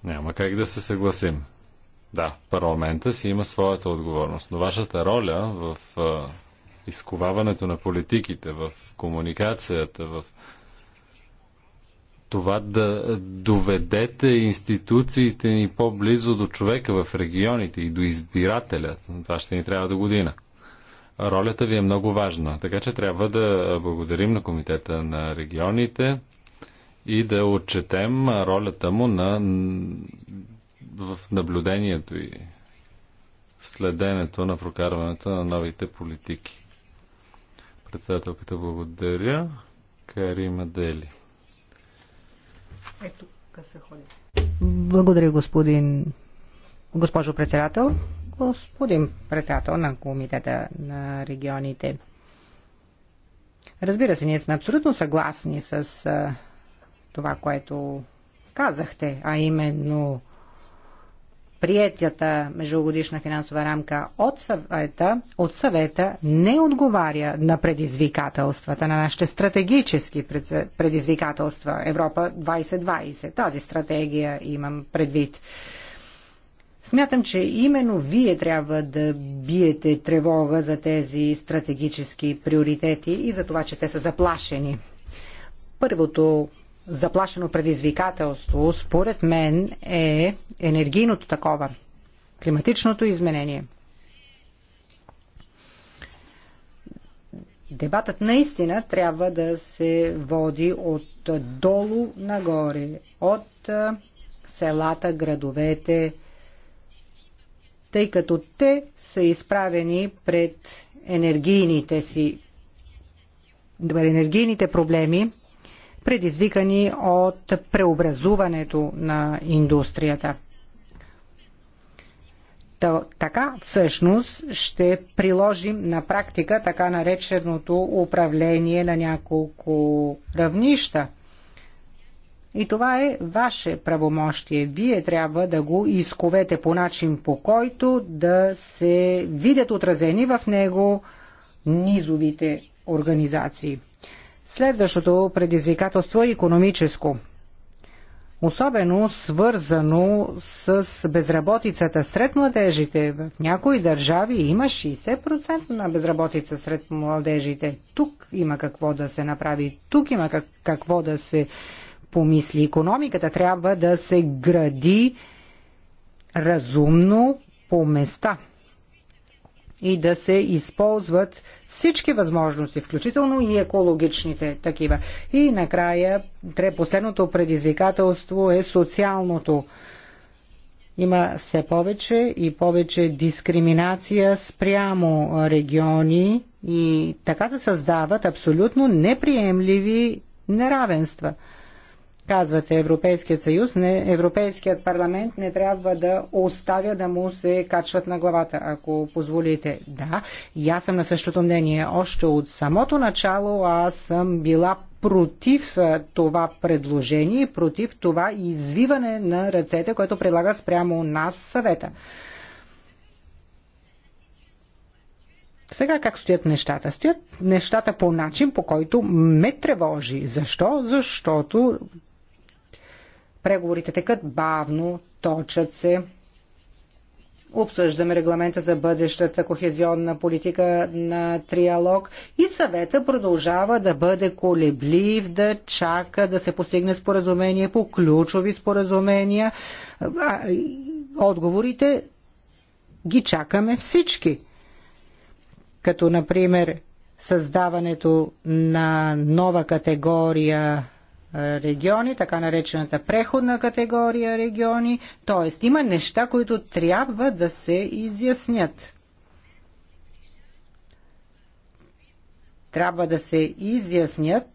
Няма как да се съгласим. Да, парламента си има своята отговорност, но вашата роля в изковаването на политиките, в комуникацията, в това да доведете институциите ни по-близо до човека в регионите и до избирателя. Това ще ни трябва до година. Ролята ви е много важна, така че трябва да благодарим на Комитета на регионите и да отчетем ролята му на... в наблюдението и следенето на прокарването на новите политики. Председателката благодаря. Карима Дели. Ето, къде се ходи. Благодаря, господин госпожо председател. Господин председател на Комитета на регионите. Разбира се, ние сме абсолютно съгласни с това, което казахте, а именно приятията междугодишна финансова рамка от съвета, от съвета не отговаря на предизвикателствата, на нашите стратегически предизвикателства Европа 2020. Тази стратегия имам предвид. Смятам, че именно вие трябва да биете тревога за тези стратегически приоритети и за това, че те са заплашени. Първото заплашено предизвикателство, според мен, е енергийното такова, климатичното изменение. Дебатът наистина трябва да се води от долу нагоре, от селата, градовете, тъй като те са изправени пред енергийните си енергийните проблеми предизвикани от преобразуването на индустрията. Така всъщност ще приложим на практика така нареченото управление на няколко равнища. И това е ваше правомощие. Вие трябва да го изковете по начин по който да се видят отразени в него низовите организации. Следващото предизвикателство е економическо особено свързано с безработицата сред младежите. В някои държави има 60% на безработица сред младежите. Тук има какво да се направи, тук има как, какво да се помисли. Економиката трябва да се гради разумно по места – и да се използват всички възможности, включително и екологичните такива. И накрая, последното предизвикателство е социалното. Има все повече и повече дискриминация спрямо региони и така се създават абсолютно неприемливи неравенства – Казвате, Европейският съюз, не, Европейският парламент не трябва да оставя да му се качват на главата, ако позволите. Да, и аз съм на същото мнение. Още от самото начало аз съм била против това предложение, против това извиване на ръцете, което предлага спрямо нас съвета. Сега как стоят нещата? Стоят нещата по начин, по който ме тревожи. Защо? Защото Преговорите текат бавно, точат се. Обсъждаме регламента за бъдещата кохезионна политика на триалог и съвета продължава да бъде колеблив, да чака да се постигне споразумение по ключови споразумения. Отговорите ги чакаме всички. Като, например, създаването на нова категория региони, така наречената преходна категория региони. Тоест има неща, които трябва да се изяснят. Трябва да се изяснят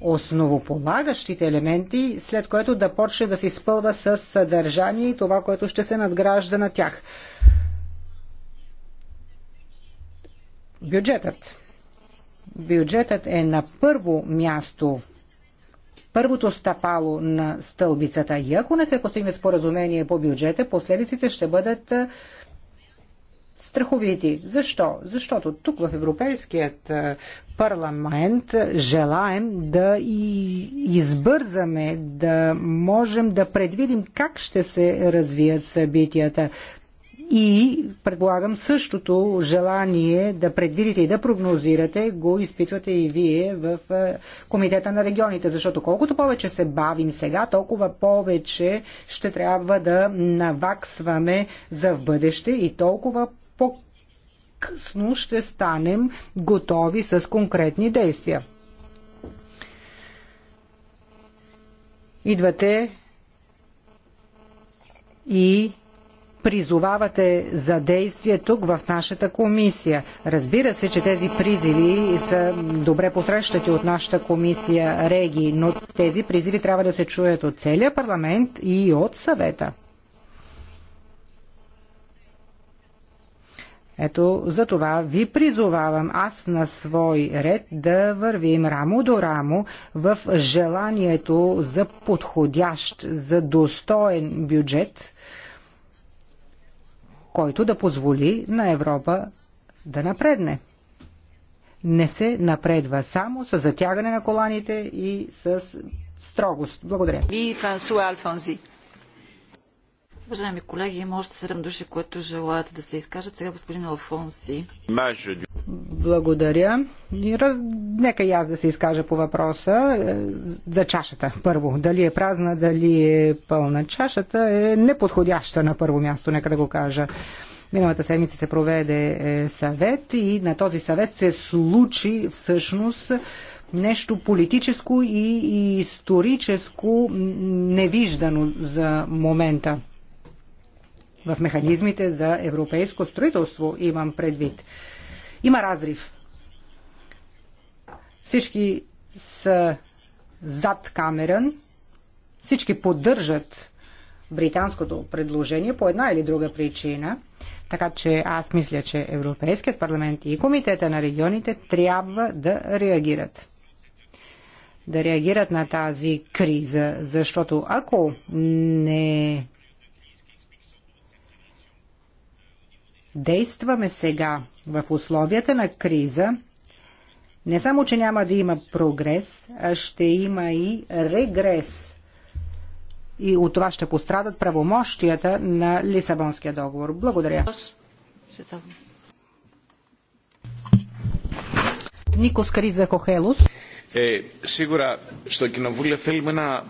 основополагащите елементи, след което да почне да се изпълва с съдържание и това, което ще се надгражда на тях. Бюджетът. Бюджетът е на първо място първото стъпало на стълбицата. И ако не се постигне споразумение по бюджета, последиците ще бъдат страховити. Защо? Защото тук в Европейският парламент желаем да и избързаме, да можем да предвидим как ще се развият събитията. И предполагам същото желание да предвидите и да прогнозирате, го изпитвате и вие в е, Комитета на регионите, защото колкото повече се бавим сега, толкова повече ще трябва да наваксваме за в бъдеще и толкова по-късно ще станем готови с конкретни действия. Идвате и призовавате за действие тук в нашата комисия. Разбира се, че тези призиви са добре посрещати от нашата комисия Реги, но тези призиви трябва да се чуят от целия парламент и от съвета. Ето, за това ви призовавам аз на свой ред да вървим рамо до рамо в желанието за подходящ, за достоен бюджет – който да позволи на Европа да напредне. Не се напредва само с затягане на коланите и с строгост. Благодаря. Уважаеми колеги, има още 7 души, които желаят да се изкажат. Сега господин Алфонси. Благодаря. Раз... Нека и аз да се изкажа по въпроса е, за чашата. Първо, дали е празна, дали е пълна. Чашата е неподходяща на първо място, нека да го кажа. Миналата седмица се проведе е, съвет и на този съвет се случи всъщност нещо политическо и историческо невиждано за момента в механизмите за европейско строителство имам предвид. Има разрив. Всички са зад Камерън, всички поддържат британското предложение по една или друга причина. Така че аз мисля, че Европейският парламент и Комитета на регионите трябва да реагират. Да реагират на тази криза, защото ако не действаме сега в условията на криза, не само, че няма да има прогрес, а ще има и регрес. И от това ще пострадат правомощията на Лисабонския договор. Благодаря. Никос Криза Кохелус. Σίγουρα στο Κοινοβούλιο θέλουμε να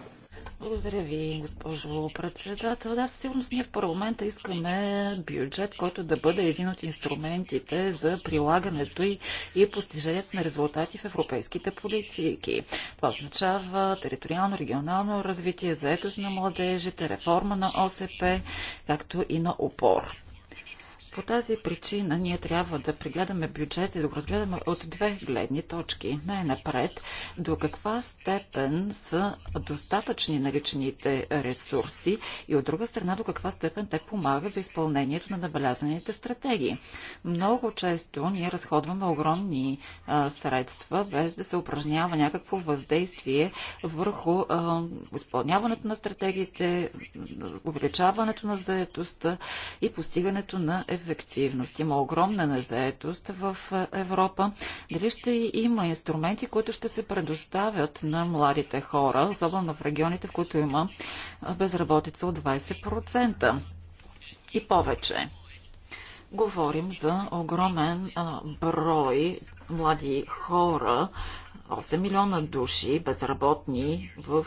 благодаря ви, госпожо председател. Да, сигурно ние в парламента искаме бюджет, който да бъде един от инструментите за прилагането и, и постижението на резултати в европейските политики. Това означава териториално, регионално развитие, заетост на младежите, реформа на ОСП, както и на опор. По тази причина ние трябва да прегледаме бюджет и да го разгледаме от две гледни точки. Най-напред, до каква степен са достатъчни наличните ресурси и от друга страна до каква степен те помагат за изпълнението на набелязаните стратегии. Много често ние разходваме огромни а, средства, без да се упражнява някакво въздействие върху а, изпълняването на стратегиите, увеличаването на заетостта и постигането на ефективност ефективност. Има огромна незаетост в Европа. Дали ще има инструменти, които ще се предоставят на младите хора, особено в регионите, в които има безработица от 20% и повече. Говорим за огромен брой млади хора, 8 милиона души безработни в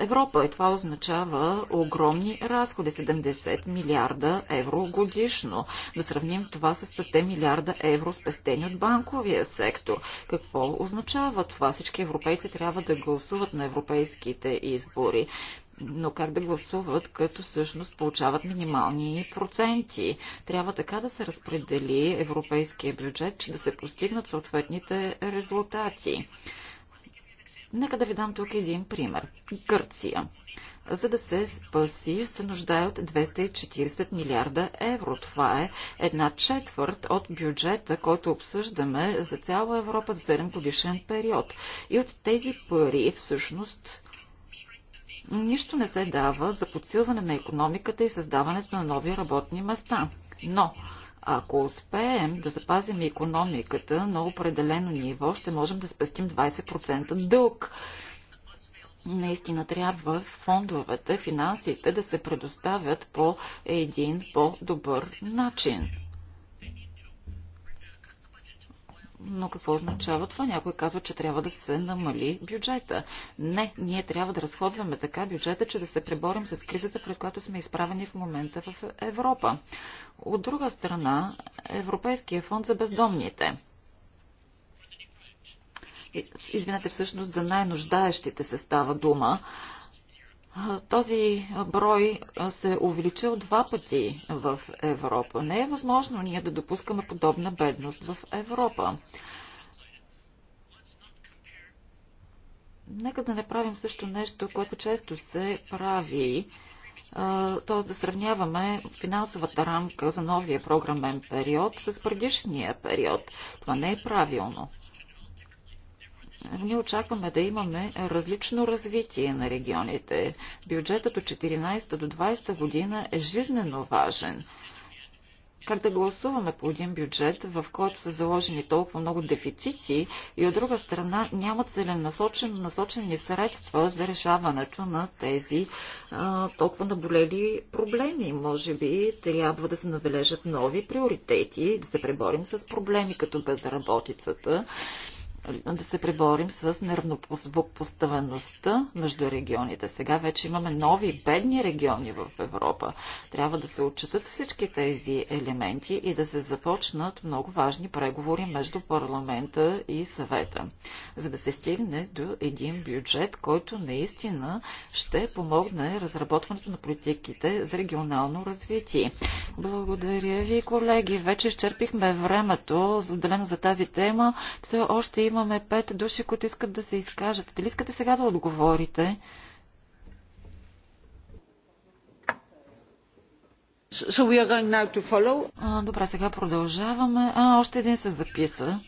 Европа и това означава огромни разходи 70 милиарда евро годишно. Да сравним това с 5 милиарда евро спестени от банковия сектор. Какво означава това? Всички европейци трябва да гласуват на европейските избори но как да гласуват, като всъщност получават минимални проценти. Трябва така да се разпредели европейския бюджет, че да се постигнат съответните резултати. Нека да ви дам тук един пример. Гърция. За да се спаси, се нуждае от 240 милиарда евро. Това е една четвърт от бюджета, който обсъждаме за цяла Европа за 7 годишен период. И от тези пари всъщност нищо не се дава за подсилване на економиката и създаването на нови работни места. Но ако успеем да запазим економиката на определено ниво, ще можем да спестим 20% дълг. Наистина трябва фондовете, финансите да се предоставят по един по-добър начин. Но какво означава това? Някой казва, че трябва да се намали бюджета. Не, ние трябва да разходваме така бюджета, че да се преборим с кризата, пред която сме изправени в момента в Европа. От друга страна, Европейския фонд за бездомните извинете, всъщност за най-нуждаещите се става дума. Този брой се е увеличил два пъти в Европа. Не е възможно ние да допускаме подобна бедност в Европа. Нека да не правим също нещо, което често се прави, т.е. да сравняваме финансовата рамка за новия програмен период с предишния период. Това не е правилно ние очакваме да имаме различно развитие на регионите. Бюджетът от 14 до 20 година е жизненно важен. Как да гласуваме по един бюджет, в който са заложени толкова много дефицити и от друга страна няма целенасочени насочени средства за решаването на тези а, толкова наболели проблеми. Може би трябва да се набележат нови приоритети, да се преборим с проблеми като безработицата да се преборим с неравнопоставеността между регионите. Сега вече имаме нови бедни региони в Европа. Трябва да се отчитат всички тези елементи и да се започнат много важни преговори между парламента и съвета, за да се стигне до един бюджет, който наистина ще помогне разработването на политиките за регионално развитие. Благодаря ви, колеги. Вече изчерпихме времето, заделено за тази тема. Все още има имаме пет души, които искат да се изкажат. Дали искате сега да отговорите? So we are going now to follow. А, добре, сега продължаваме. А, още един се записа.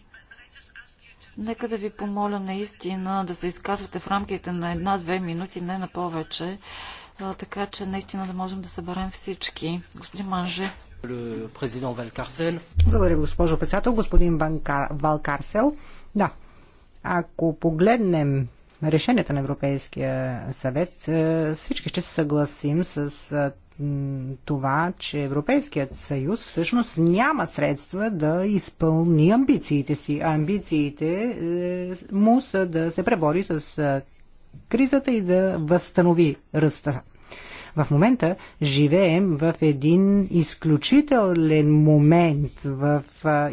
Нека да ви помоля наистина да се изказвате в рамките на една-две минути, не на повече, а, така че наистина да можем да съберем всички. Господин Манже. Благодаря, госпожо председател. Господин Валкарсел. Да, ако погледнем решенията на Европейския съвет, е, всички ще се съгласим с е, това, че Европейският съюз всъщност няма средства да изпълни амбициите си. А амбициите е, му са да се пребори с кризата и да възстанови ръста. В момента живеем в един изключителен момент в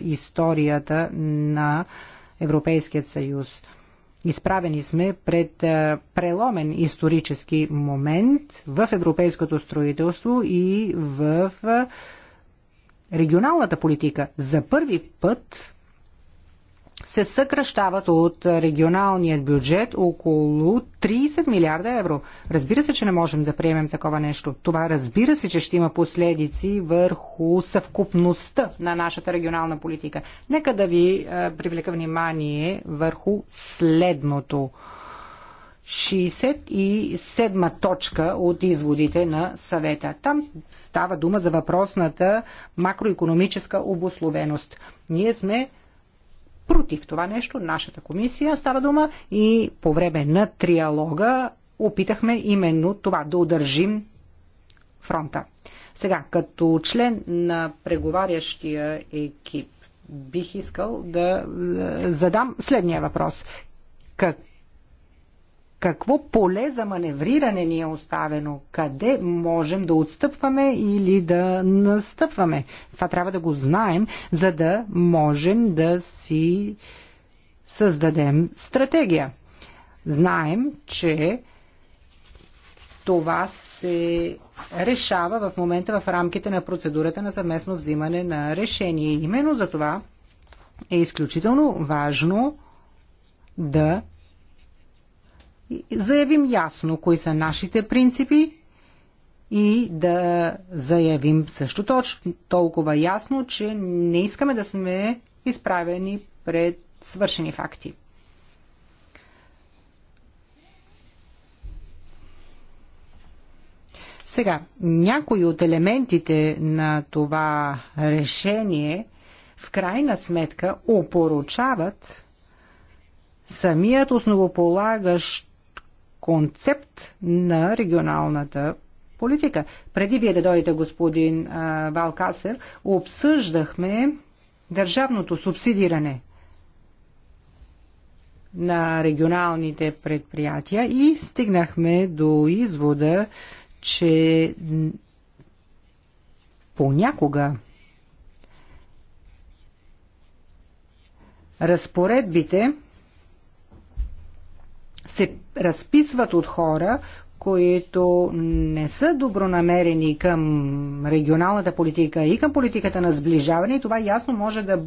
историята на Европейският съюз. Изправени сме пред преломен исторически момент в европейското строителство и в регионалната политика. За първи път се съкръщават от регионалният бюджет около 30 милиарда евро. Разбира се, че не можем да приемем такова нещо. Това разбира се, че ще има последици върху съвкупността на нашата регионална политика. Нека да ви е, привлека внимание върху следното. 67-ма точка от изводите на съвета. Там става дума за въпросната макроекономическа обословеност. Ние сме против това нещо. Нашата комисия става дума и по време на триалога опитахме именно това да удържим фронта. Сега, като член на преговарящия екип, бих искал да е, задам следния въпрос. Как какво поле за маневриране ни е оставено, къде можем да отстъпваме или да настъпваме. Това трябва да го знаем, за да можем да си създадем стратегия. Знаем, че това се решава в момента в рамките на процедурата на съвместно взимане на решение. Именно за това е изключително важно да заявим ясно кои са нашите принципи и да заявим също точно толкова ясно, че не искаме да сме изправени пред свършени факти. Сега, някои от елементите на това решение в крайна сметка опоручават самият основополагащ концепт на регионалната политика. Преди вие да дойдете, господин Валкасер, обсъждахме държавното субсидиране на регионалните предприятия и стигнахме до извода, че понякога разпоредбите се разписват от хора, които не са добронамерени към регионалната политика и към политиката на сближаване и това ясно може да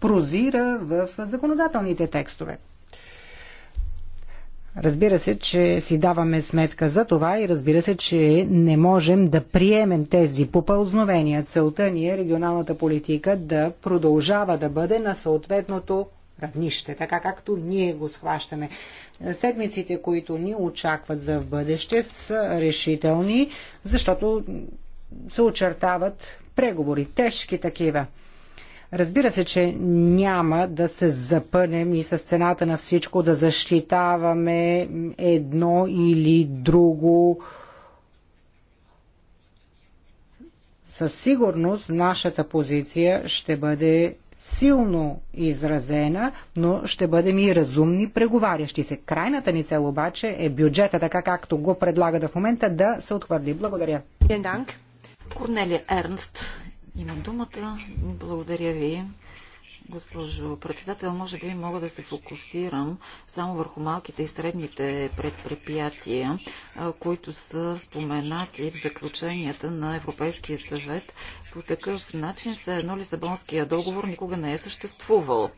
прозира в законодателните текстове. Разбира се, че си даваме сметка за това и разбира се, че не можем да приемем тези попълзновения. Целта ни е регионалната политика да продължава да бъде на съответното равнище, така както ние го схващаме. Седмиците, които ни очакват за бъдеще, са решителни, защото се очертават преговори, тежки такива. Разбира се, че няма да се запънем и с цената на всичко да защитаваме едно или друго. Със сигурност нашата позиция ще бъде силно изразена, но ще бъдем и разумни преговарящи се. Крайната ни цел обаче е бюджета, така както го предлага в момента, да се отхвърли. Благодаря. Корнелия Ернст има думата. Благодаря ви. Госпожо председател, може би мога да се фокусирам само върху малките и средните предприятия, които са споменати в заключенията на Европейския съвет. По такъв начин все едно Лисабонския договор никога не е съществувал.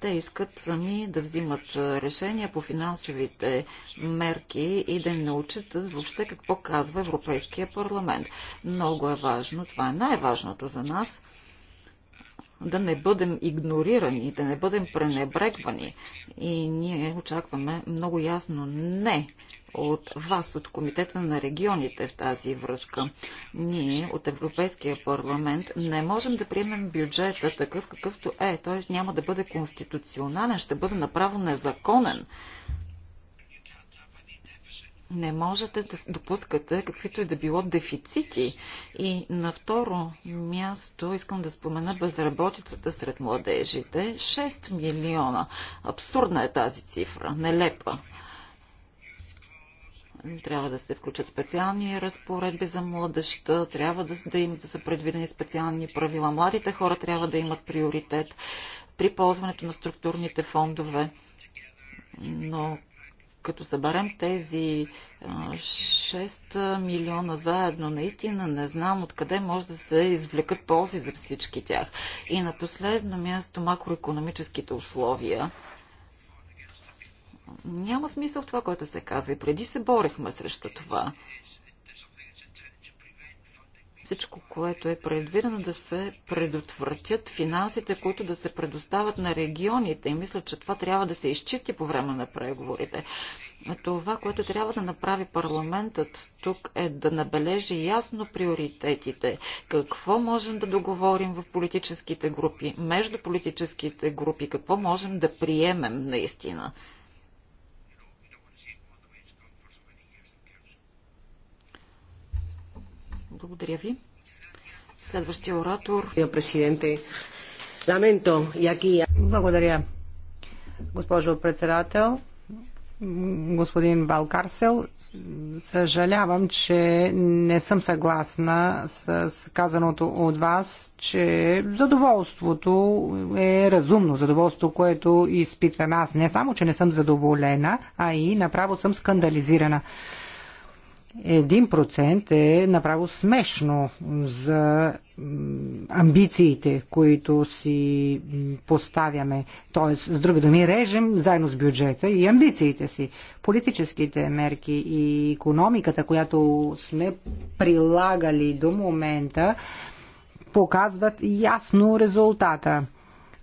Те искат сами да взимат решения по финансовите мерки и да им научат въобще какво казва Европейския парламент. Много е важно, това е най-важното за нас, да не бъдем игнорирани, да не бъдем пренебрегвани. И ние очакваме много ясно не от вас, от Комитета на регионите в тази връзка. Ние от Европейския парламент не можем да приемем бюджета такъв какъвто е. Той няма да бъде конституционален, ще бъде направо незаконен не можете да допускате каквито и да било дефицити. И на второ място искам да спомена безработицата сред младежите. 6 милиона. Абсурдна е тази цифра. Нелепа. Трябва да се включат специални разпоредби за младеща, трябва да, да им да са предвидени специални правила. Младите хора трябва да имат приоритет при ползването на структурните фондове. Но като съберем тези 6 милиона заедно, наистина не знам откъде може да се извлекат ползи за всички тях. И на последно място макроекономическите условия. Няма смисъл в това, което се казва. И преди се борехме срещу това всичко, което е предвидено да се предотвратят финансите, които да се предоставят на регионите. И мисля, че това трябва да се изчисти по време на преговорите. Това, което трябва да направи парламентът тук е да набележи ясно приоритетите. Какво можем да договорим в политическите групи, между политическите групи, какво можем да приемем наистина. Благодаря ви. Следващия оратор. Благодаря. Госпожо председател, господин Балкарсел. Съжалявам, че не съм съгласна с казаното от вас, че задоволството е разумно. Задоволство, което изпитвам аз. Не само, че не съм задоволена, а и направо съм скандализирана. 1% е направо смешно за амбициите, които си поставяме. Тоест, с друга думи, режем заедно с бюджета и амбициите си. Политическите мерки и економиката, която сме прилагали до момента, показват ясно резултата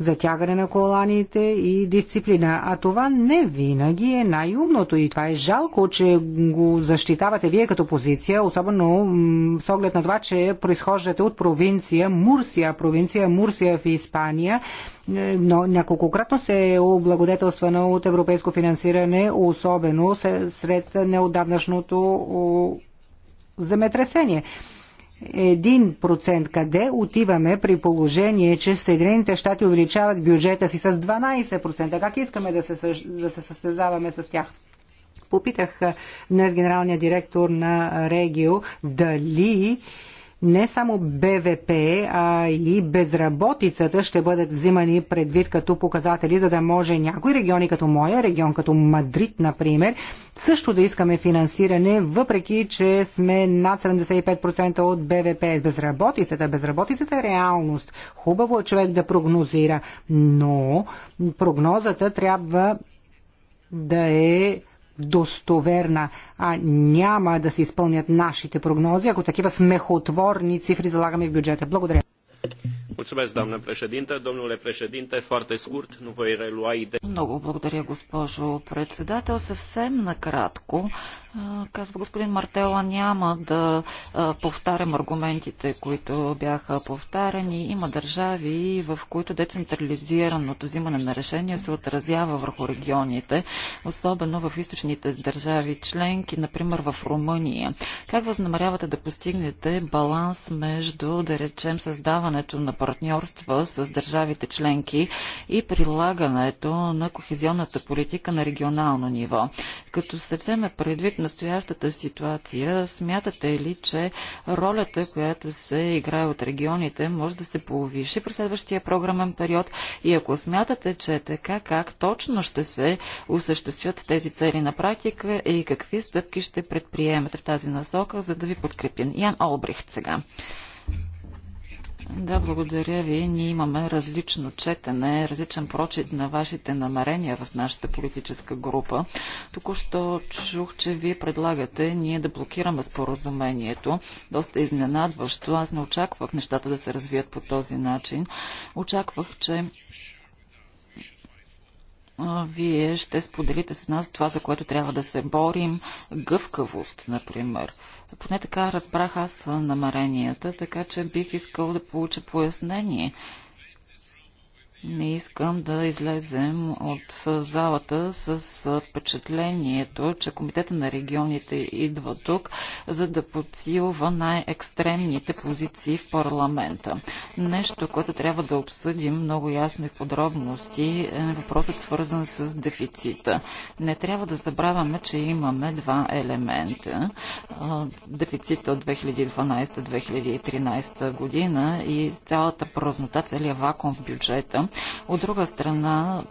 затягане на коланите и дисциплина. А това не винаги е най-умното и това е жалко, че го защитавате вие като позиция, особено с оглед на това, че произхождате от провинция Мурсия, провинция Мурсия в Испания, е, но няколкократно се е облагодетелствана от европейско финансиране, особено сред неодавнашното земетресение. 1%. Къде отиваме при положение, че Съединените щати увеличават бюджета си с 12%? Как искаме да се, да се състезаваме с тях? Попитах днес генералния директор на Регио дали не само БВП, а и безработицата ще бъдат взимани предвид като показатели, за да може някои региони като моя, регион като Мадрид, например, също да искаме финансиране, въпреки че сме над 75% от БВП. Безработицата, безработицата е реалност. Хубаво е човек да прогнозира, но прогнозата трябва да е достоверна, а няма да се изпълнят нашите прогнози, ако такива смехотворни цифри залагаме в бюджета. Благодаря. Много благодаря, госпожо председател. Съвсем накратко Казва господин Мартела, няма да повтарям аргументите, които бяха повтарени. Има държави, в които децентрализираното взимане на решения се отразява върху регионите, особено в източните държави членки, например в Румъния. Как възнамерявате да постигнете баланс между, да речем, създаването на партньорства с държавите членки и прилагането на кохезионната политика на регионално ниво? Като се вземе предвид настоящата ситуация, смятате ли, че ролята, която се играе от регионите, може да се повиши през следващия програмен период и ако смятате, че е така, как точно ще се осъществят тези цели на практика и какви стъпки ще предприемете в тази насока, за да ви подкрепим? Ян Олбрихт сега. Да, благодаря ви. Ние имаме различно четене, различен прочит на вашите намерения в нашата политическа група. Току-що чух, че вие предлагате ние да блокираме споразумението. Доста изненадващо. Аз не очаквах нещата да се развият по този начин. Очаквах, че вие ще споделите с нас това, за което трябва да се борим, гъвкавост, например. Поне така разбрах аз намеренията, така че бих искал да получа пояснение не искам да излезем от залата с впечатлението, че Комитета на регионите идва тук, за да подсилва най-екстремните позиции в парламента. Нещо, което трябва да обсъдим много ясно и в подробности е въпросът свързан с дефицита. Не трябва да забравяме, че имаме два елемента. Дефицита от 2012-2013 година и цялата празнота, целият вакуум в бюджета от друга страна,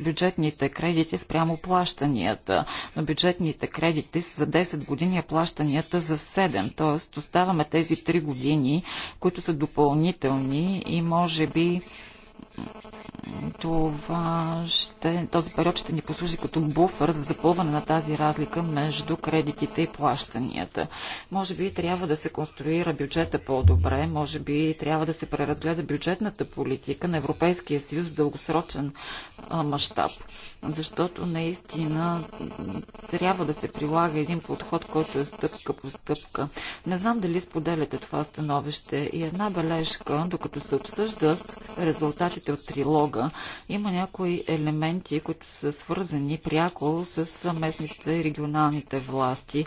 бюджетните кредити спрямо плащанията. На бюджетните кредити за 10 години, а плащанията за 7. Тоест, оставаме тези 3 години, които са допълнителни и може би това ще, този период ще ни послужи като буфер за запълване на тази разлика между кредитите и плащанията. Може би трябва да се конструира бюджета по-добре, може би трябва да се преразгледа бюджетната политика на Европейския съюз в дългосрочен мащаб. Защото наистина трябва да се прилага един подход, който е стъпка по стъпка. Не знам дали споделяте това становище и една бележка, докато се обсъждат резултатите от трилога услуга. Има някои елементи, които са свързани пряко с местните регионалните власти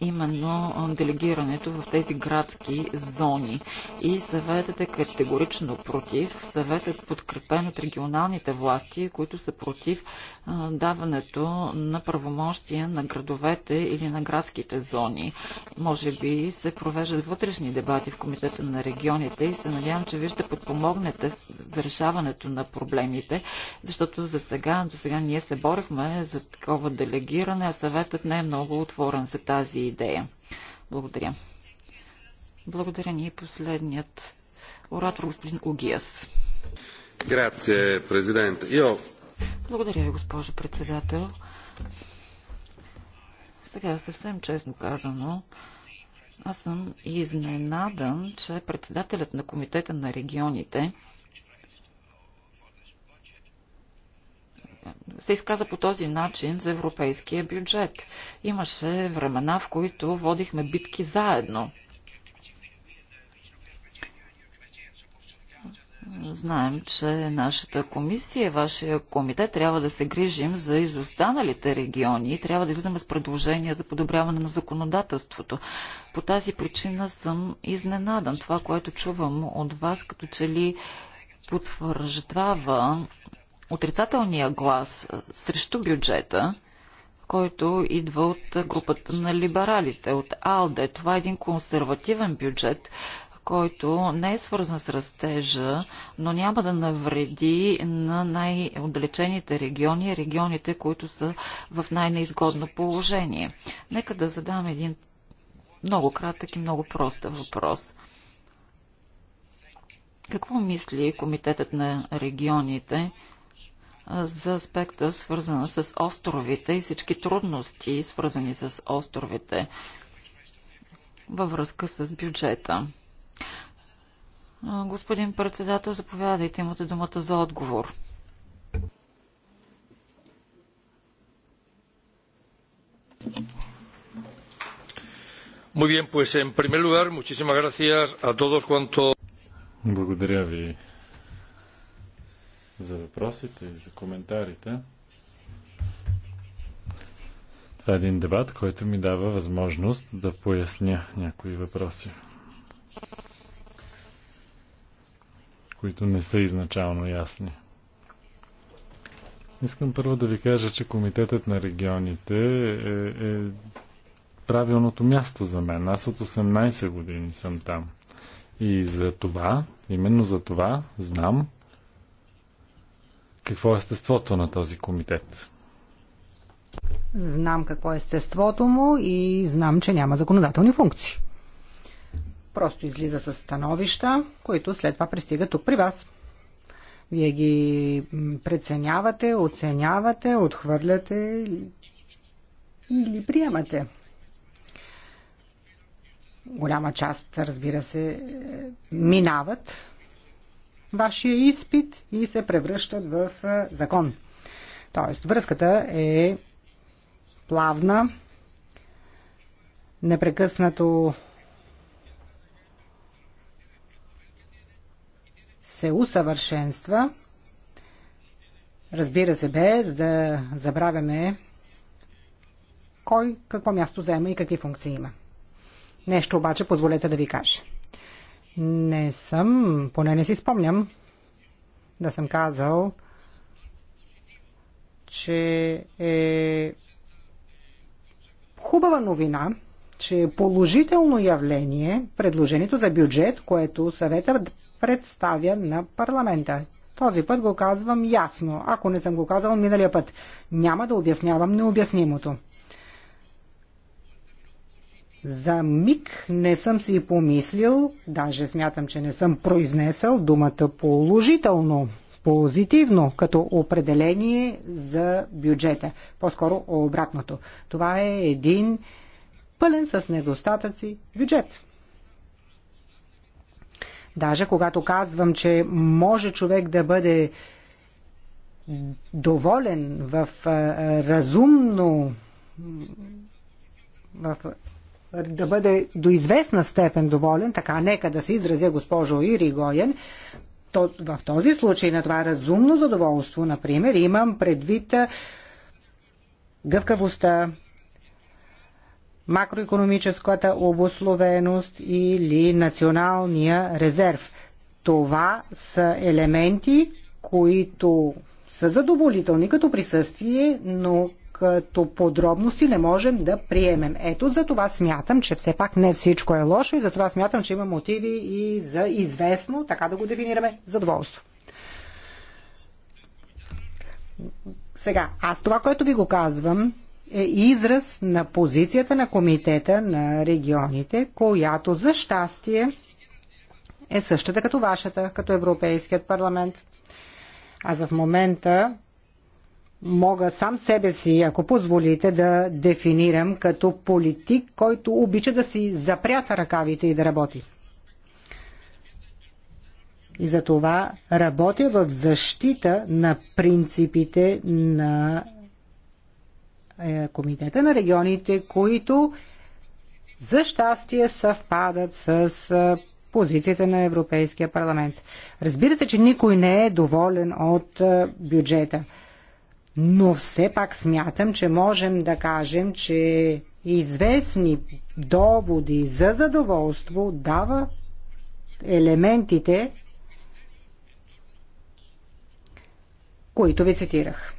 именно делегирането в тези градски зони. И съветът е категорично против. Съветът е подкрепен от регионалните власти, които са против даването на правомощия на градовете или на градските зони. Може би се провеждат вътрешни дебати в Комитета на регионите и се надявам, че вие ще подпомогнете за решаването на проблемите, защото за сега, до сега ние се борихме за такова делегиране, а съветът не е много отворен за тази тази идея. Благодаря. Благодаря ни е последният оратор, господин Огиас. Грация, президент. Йо. Благодаря ви, госпожо председател. Сега съвсем честно казано, аз съм изненадан, че председателят на Комитета на регионите се изказа по този начин за европейския бюджет. Имаше времена, в които водихме битки заедно. Знаем, че нашата комисия, вашия комитет трябва да се грижим за изостаналите региони и трябва да излизаме с предложения за подобряване на законодателството. По тази причина съм изненадан. Това, което чувам от вас, като че ли потвърждава отрицателния глас срещу бюджета, който идва от групата на либералите, от АЛДЕ. Това е един консервативен бюджет, който не е свързан с растежа, но няма да навреди на най-отдалечените региони, регионите, които са в най-неизгодно положение. Нека да задам един много кратък и много прост въпрос. Какво мисли Комитетът на регионите? за аспекта, свързана с островите и всички трудности, свързани с островите във връзка с бюджета. Господин председател, заповядайте, имате думата за отговор. Muy bien, pues en primer lugar, muchísimas gracias a todos cuantos. Благодаря ви за въпросите и за коментарите. Това е един дебат, който ми дава възможност да поясня някои въпроси, които не са изначално ясни. Искам първо да ви кажа, че Комитетът на регионите е, е правилното място за мен. Аз от 18 години съм там. И за това, именно за това, знам, какво е естеството на този комитет? Знам какво е естеството му и знам, че няма законодателни функции. Просто излиза с становища, които след това пристигат тук при вас. Вие ги преценявате, оценявате, отхвърляте или приемате. Голяма част, разбира се, минават вашия изпит и се превръщат в закон. Тоест, връзката е плавна, непрекъснато се усъвършенства, разбира се, без да забравяме кой какво място заема и какви функции има. Нещо обаче позволете да ви кажа. Не съм, поне не си спомням, да съм казал, че е хубава новина, че е положително явление предложението за бюджет, което съветът представя на парламента. Този път го казвам ясно. Ако не съм го казал миналия път, няма да обяснявам необяснимото. За миг не съм си помислил, даже смятам, че не съм произнесъл думата положително, позитивно като определение за бюджета. По-скоро обратното. Това е един пълен с недостатъци бюджет. Даже когато казвам, че може човек да бъде доволен в разумно в да бъде до известна степен доволен, така нека да се изразя госпожо Гоен, то, в този случай на това разумно задоволство, например, имам предвид гъвкавостта, макроекономическата обословеност или националния резерв. Това са елементи, които са задоволителни като присъствие, но като подробности не можем да приемем. Ето за това смятам, че все пак не всичко е лошо и за това смятам, че има мотиви и за известно, така да го дефинираме, задоволство. Сега, аз това, което ви го казвам, е израз на позицията на комитета на регионите, която за щастие е същата като вашата, като Европейският парламент. Аз в момента мога сам себе си, ако позволите, да дефинирам като политик, който обича да си запрята ръкавите и да работи. И за това работя в защита на принципите на е, Комитета на регионите, които за щастие съвпадат с е, позицията на Европейския парламент. Разбира се, че никой не е доволен от е, бюджета но все пак смятам, че можем да кажем, че известни доводи за задоволство дава елементите, които ви цитирах.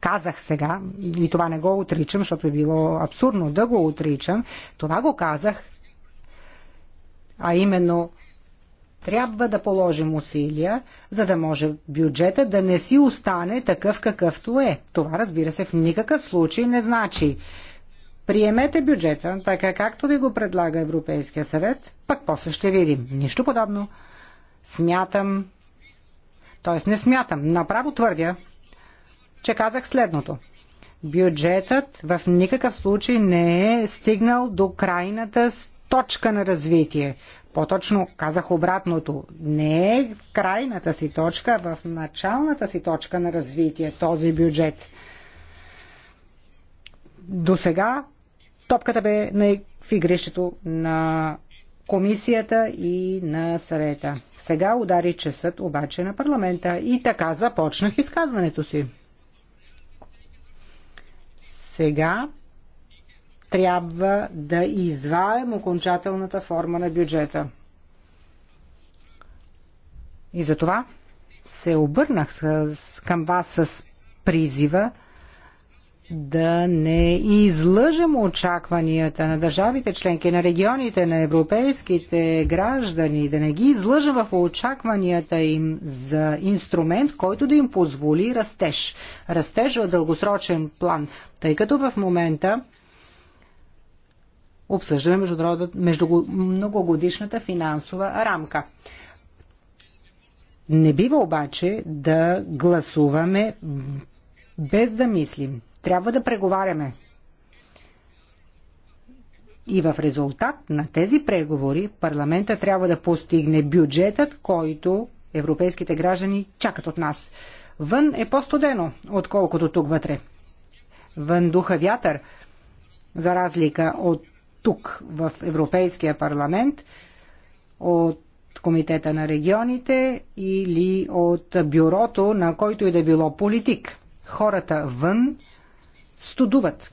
Казах сега, и това не го отричам, защото е било абсурдно да го отричам, това го казах, а именно трябва да положим усилия, за да може бюджета да не си остане такъв какъвто е. Това разбира се в никакъв случай не значи. Приемете бюджета, така както ви го предлага Европейския съвет, пък после ще видим. Нищо подобно. Смятам, т.е. не смятам, направо твърдя, че казах следното. Бюджетът в никакъв случай не е стигнал до крайната точка на развитие. По-точно казах обратното. Не е в крайната си точка, в началната си точка на развитие този бюджет. До сега топката бе на, в игрището на комисията и на съвета. Сега удари часът обаче на парламента и така започнах изказването си. Сега трябва да изваем окончателната форма на бюджета. И затова се обърнах с, към вас с призива да не излъжем очакванията на държавите членки, на регионите, на европейските граждани, да не ги излъжем в очакванията им за инструмент, който да им позволи растеж. Растеж в дългосрочен план, тъй като в момента обсъждаме между многогодишната финансова рамка. Не бива обаче да гласуваме без да мислим. Трябва да преговаряме. И в резултат на тези преговори парламента трябва да постигне бюджетът, който европейските граждани чакат от нас. Вън е по-студено, отколкото тук вътре. Вън духа вятър, за разлика от тук в Европейския парламент от Комитета на регионите или от бюрото на който и да било политик. Хората вън студуват.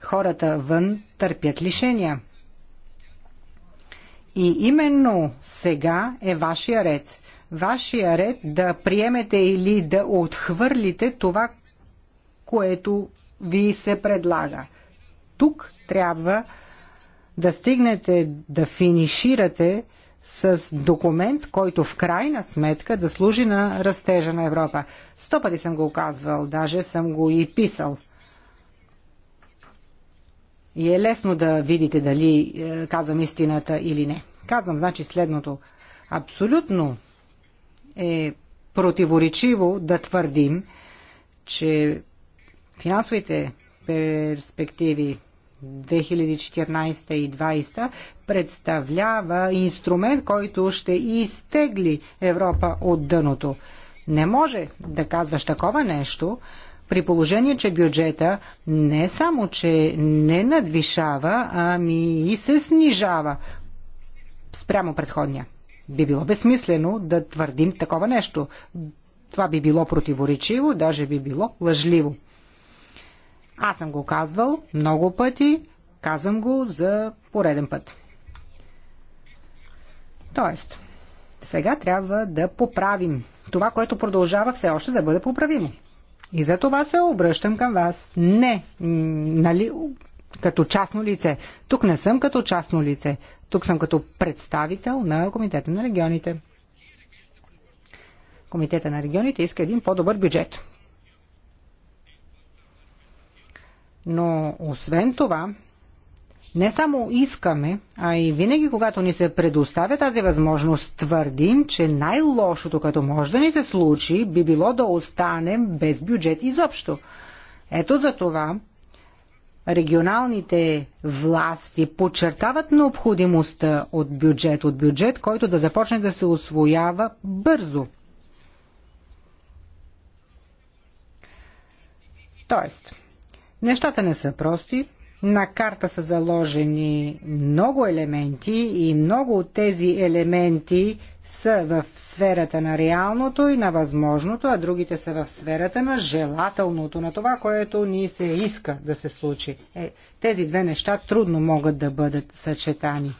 Хората вън търпят лишения. И именно сега е вашия ред. Вашия ред да приемете или да отхвърлите това, което ви се предлага тук трябва да стигнете, да финиширате с документ, който в крайна сметка да служи на растежа на Европа. Сто пъти съм го казвал, даже съм го и писал. И е лесно да видите дали е, казвам истината или не. Казвам, значи, следното. Абсолютно е противоречиво да твърдим, че финансовите перспективи 2014 и 2020 представлява инструмент, който ще изтегли Европа от дъното. Не може да казваш такова нещо, при положение, че бюджета не е само, че не надвишава, ами и се снижава спрямо предходния. Би било безсмислено да твърдим такова нещо. Това би било противоречиво, даже би било лъжливо. Аз съм го казвал много пъти, казвам го за пореден път. Тоест, сега трябва да поправим това, което продължава все още да бъде поправимо. И за това се обръщам към вас. Не, нали, като частно лице. Тук не съм като частно лице. Тук съм като представител на Комитета на регионите. Комитета на регионите иска един по-добър бюджет. Но освен това, не само искаме, а и винаги, когато ни се предоставя тази възможност, твърдим, че най-лошото, като може да ни се случи, би било да останем без бюджет изобщо. Ето за това регионалните власти подчертават необходимостта от бюджет, от бюджет, който да започне да се освоява бързо. Тоест, Нещата не са прости. На карта са заложени много елементи и много от тези елементи са в сферата на реалното и на възможното, а другите са в сферата на желателното, на това, което ни се иска да се случи. Е, тези две неща трудно могат да бъдат съчетани.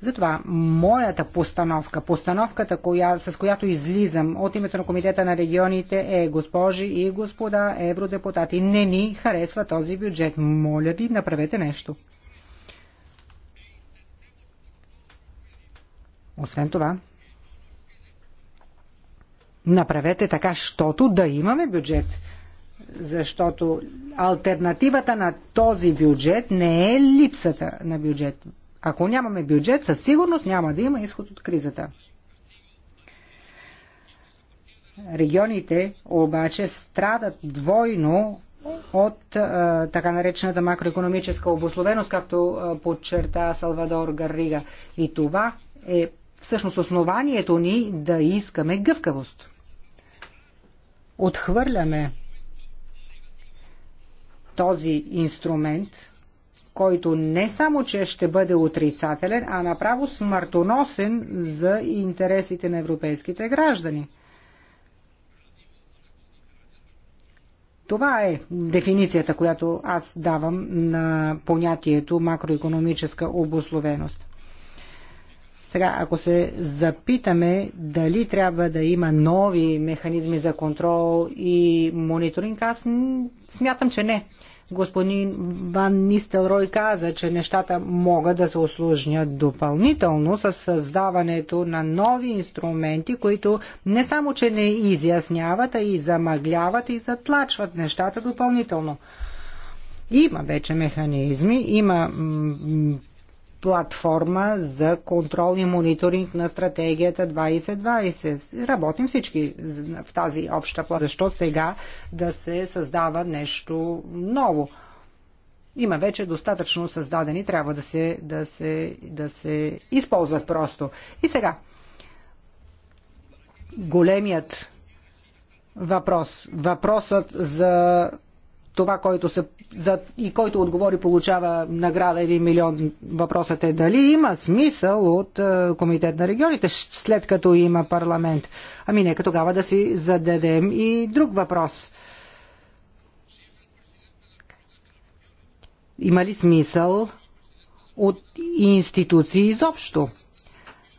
Затова моята постановка, постановката, коя, с която излизам от името на Комитета на регионите е госпожи и господа евродепутати. Не ни харесва този бюджет. Моля ви, направете нещо. Освен това, направете така, щото да имаме бюджет. Защото альтернативата на този бюджет не е липсата на бюджет. Ако нямаме бюджет, със сигурност няма да има изход от кризата. Регионите обаче страдат двойно от а, така наречената макроекономическа обословеност, както а, подчерта Салвадор Гаррига. И това е всъщност основанието ни да искаме гъвкавост. Отхвърляме този инструмент, който не само, че ще бъде отрицателен, а направо смъртоносен за интересите на европейските граждани. Това е дефиницията, която аз давам на понятието макроекономическа обословеност. Сега, ако се запитаме дали трябва да има нови механизми за контрол и мониторинг, аз смятам, че не. Господин Ван Нистелрой каза, че нещата могат да се осложнят допълнително с създаването на нови инструменти, които не само, че не изясняват, а и замъгляват и затлачват нещата допълнително. Има вече механизми, има платформа за контрол и мониторинг на стратегията 2020. Работим всички в тази обща платформа. Защо сега да се създава нещо ново? Има вече достатъчно създадени, трябва да се, да се, да се използват просто. И сега, големият въпрос, въпросът за това, който се за, и който отговори получава награда 1 милион. Въпросът е дали има смисъл от е, Комитет на регионите, след като има парламент. Ами нека тогава да си зададем и друг въпрос. Има ли смисъл от институции изобщо?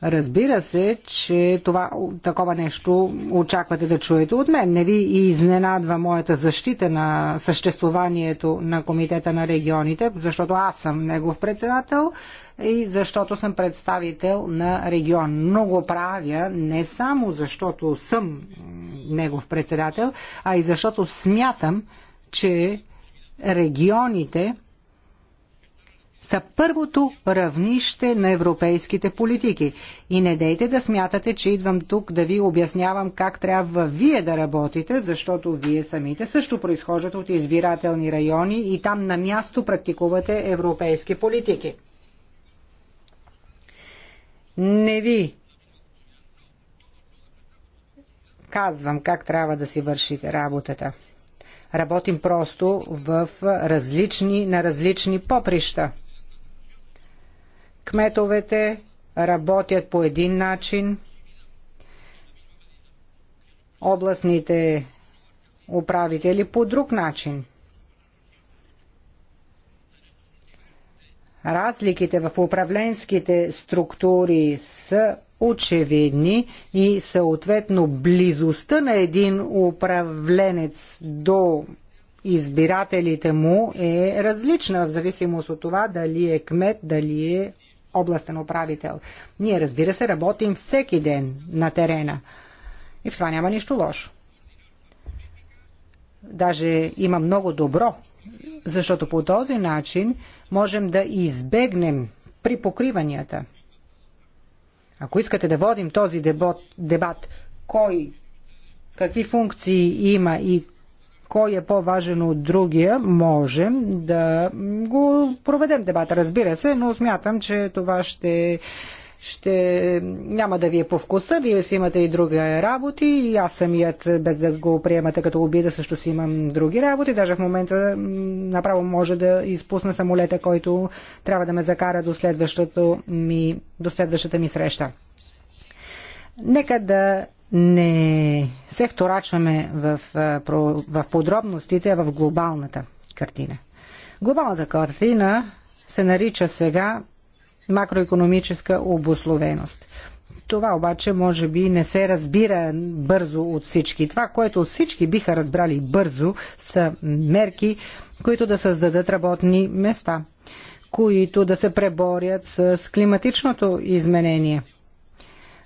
Разбира се, че това, такова нещо очаквате да чуете от мен. Не ви изненадва моята защита на съществуванието на Комитета на регионите, защото аз съм негов председател и защото съм представител на регион. Много правя не само защото съм негов председател, а и защото смятам, че регионите – са първото равнище на европейските политики. И не дейте да смятате, че идвам тук да ви обяснявам как трябва вие да работите, защото вие самите също произхождате от избирателни райони и там на място практикувате европейски политики. Не ви казвам как трябва да си вършите работата. Работим просто в различни, на различни поприща. Кметовете работят по един начин, областните управители по друг начин. Разликите в управленските структури са очевидни и съответно близостта на един управленец до избирателите му е различна в зависимост от това дали е кмет, дали е областен управител. Ние, разбира се, работим всеки ден на терена. И в това няма нищо лошо. Даже има много добро, защото по този начин можем да избегнем при покриванията. Ако искате да водим този дебат, дебат кой какви функции има и кой е по-важен от другия, можем да го проведем дебата, разбира се, но смятам, че това ще ще няма да ви е по вкуса, вие си имате и други работи и аз самият, без да го приемате като обида, също си имам други работи. Даже в момента направо може да изпусна самолета, който трябва да ме закара до, ми, до следващата ми среща. Нека да не се вторачваме в, в подробностите, а в глобалната картина. Глобалната картина се нарича сега макроекономическа обословеност. Това обаче може би не се разбира бързо от всички. Това, което всички биха разбрали бързо, са мерки, които да създадат работни места, които да се преборят с климатичното изменение –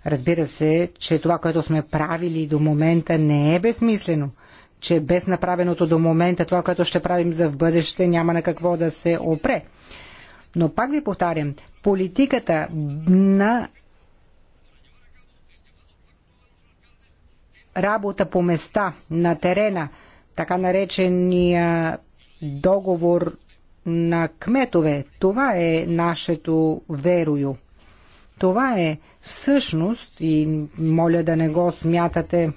Разбира се, че това, което сме правили до момента не е безмислено, че без направеното до момента това, което ще правим за в бъдеще, няма на какво да се опре. Но пак ви повтарям, политиката на работа по места, на терена, така наречения договор на кметове. Това е нашето верою. Това е всъщност, и моля да не го смятате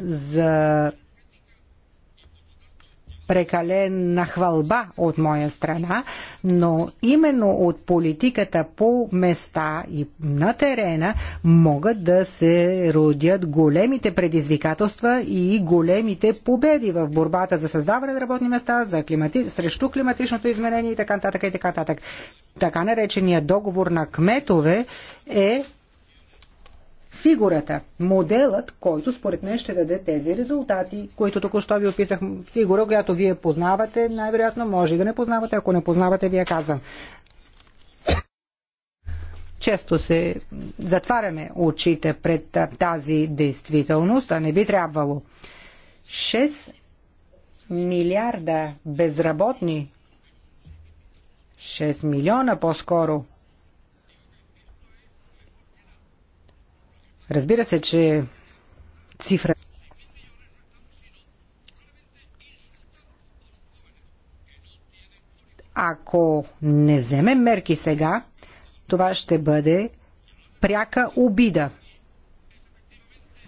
за прекалена хвалба от моя страна, но именно от политиката по места и на терена могат да се родят големите предизвикателства и големите победи в борбата за създаване на работни места, за климати... срещу климатичното изменение и така нататък и така нататък. Така наречения договор на кметове е фигурата, моделът, който според мен ще даде тези резултати, които току-що ви описах. Фигура, която вие познавате, най-вероятно може и да не познавате. Ако не познавате, вие казвам. Често се затваряме очите пред тази действителност, а не би трябвало. 6 милиарда безработни, 6 милиона по-скоро Разбира се, че цифра Ако не вземем мерки сега, това ще бъде пряка обида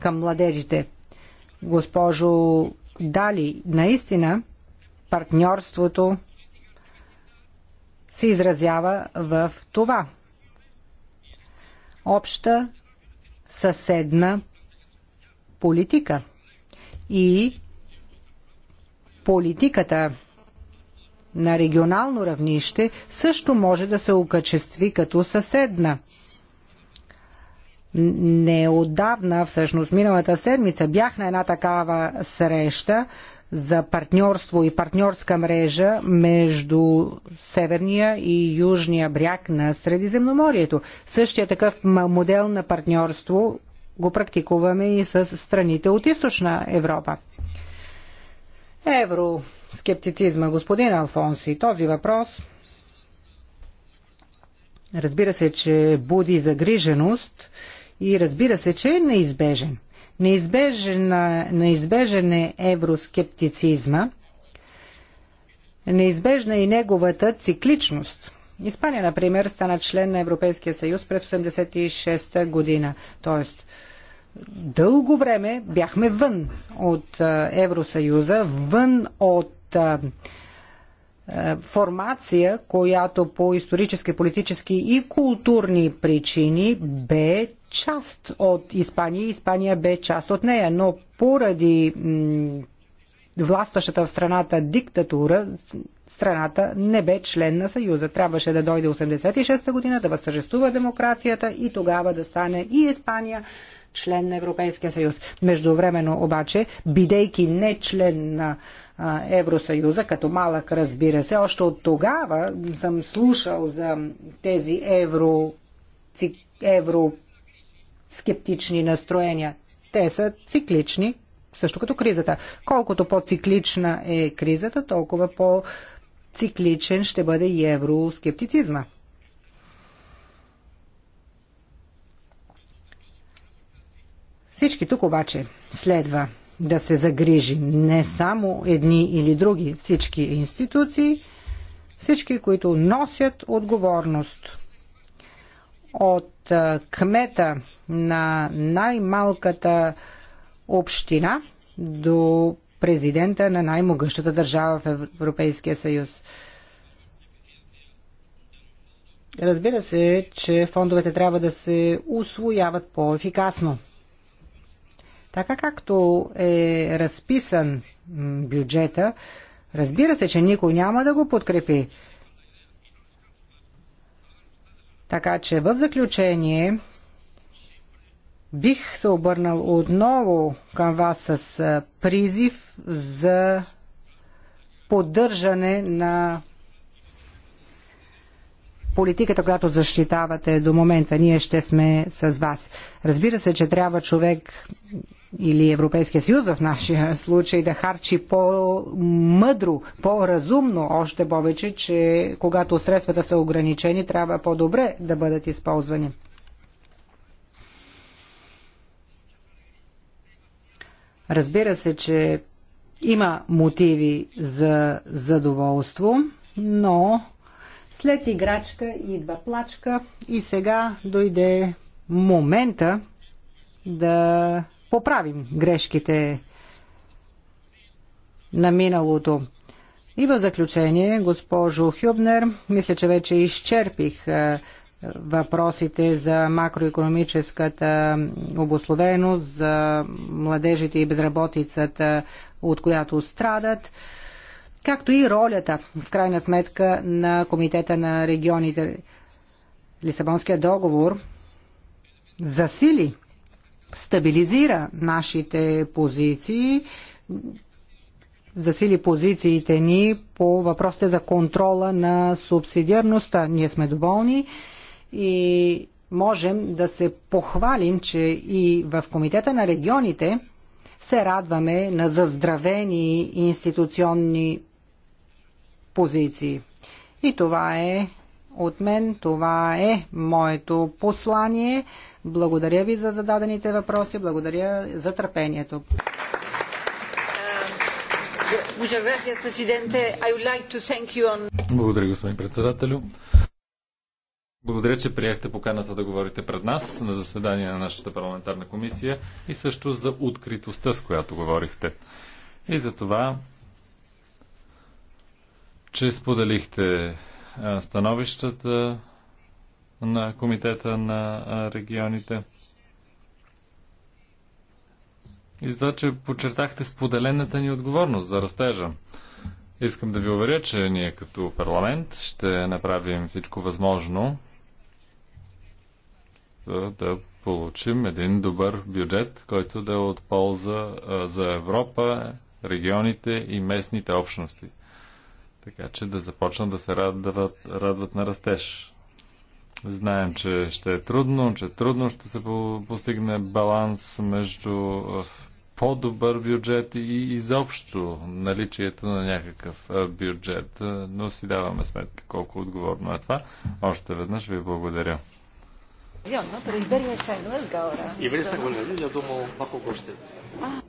към младежите. Госпожо Дали, наистина партньорството се изразява в това. Обща съседна политика. И политиката на регионално равнище също може да се окачестви като съседна. Неодавна, всъщност миналата седмица, бях на една такава среща за партньорство и партньорска мрежа между северния и южния бряг на Средиземноморието. Същия такъв модел на партньорство го практикуваме и с страните от източна Европа. Евроскептицизма, господин Алфонси, този въпрос разбира се, че буди загриженост и разбира се, че е неизбежен неизбежен е евроскептицизма, неизбежна е и неговата цикличност – Испания, например, стана член на Европейския съюз през 1986 година. Тоест, дълго време бяхме вън от Евросъюза, вън от формация, която по исторически, политически и културни причини бе част от Испания. Испания бе част от нея, но поради властващата в страната диктатура, страната не бе член на Съюза. Трябваше да дойде 86-та година, да възтържествува демокрацията и тогава да стане и Испания член на Европейския съюз. Междувременно обаче, бидейки не член на а, Евросъюза, като малък разбира се, още от тогава съм слушал за тези евро, евро скептични настроения. Те са циклични, също като кризата. Колкото по-циклична е кризата, толкова по-цикличен ще бъде и евроскептицизма. Всички тук обаче следва да се загрижи не само едни или други, всички институции, всички, които носят отговорност. От кмета на най-малката община до президента на най-могъщата държава в Европейския съюз. Разбира се, че фондовете трябва да се усвояват по-ефикасно. Така както е разписан бюджета, разбира се, че никой няма да го подкрепи. Така че в заключение Бих се обърнал отново към вас с призив за поддържане на политиката, която защитавате до момента. Ние ще сме с вас. Разбира се, че трябва човек или Европейския съюз в нашия случай да харчи по-мъдро, по-разумно, още повече, че когато средствата са ограничени, трябва по-добре да бъдат използвани. Разбира се, че има мотиви за задоволство, но след играчка идва плачка и сега дойде момента да поправим грешките на миналото. И в заключение, госпожо Хюбнер, мисля, че вече изчерпих въпросите за макроекономическата обословеност, за младежите и безработицата, от която страдат, както и ролята, в крайна сметка, на Комитета на регионите. Лисабонския договор засили, стабилизира нашите позиции, засили позициите ни по въпросите за контрола на субсидиарността. Ние сме доволни и можем да се похвалим, че и в Комитета на регионите се радваме на заздравени институционни позиции. И това е от мен, това е моето послание. Благодаря ви за зададените въпроси, благодаря за търпението. Благодаря, господин председателю. Благодаря, че приехте поканата да говорите пред нас на заседание на нашата парламентарна комисия и също за откритостта, с която говорихте. И за това, че споделихте становищата на Комитета на регионите. И за това, че подчертахте споделената ни отговорност за растежа. Искам да ви уверя, че ние като парламент ще направим всичко възможно за да получим един добър бюджет, който да е от полза за Европа, регионите и местните общности. Така че да започнат да се радват, радват на растеж. Знаем, че ще е трудно, че трудно ще се постигне баланс между по-добър бюджет и изобщо наличието на някакъв бюджет, но си даваме сметка колко отговорно е това. Още веднъж ви благодаря. Yo, ¿no? Pero Iberia está en huelga ahora. Iberia está en huelga, yo tomo bajo coste. Ah.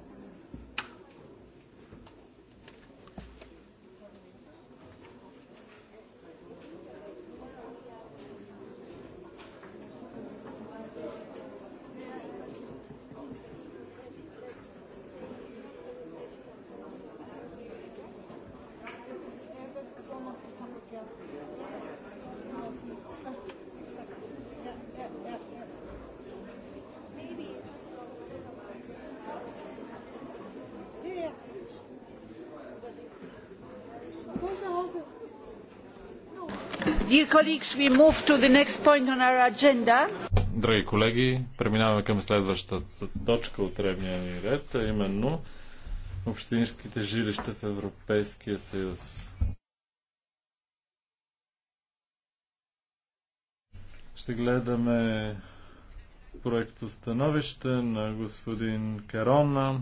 Драги колеги, преминаваме към следващата точка от древния ни ред, а именно общинските жилища в Европейския съюз. Ще гледаме проект установище на господин Карона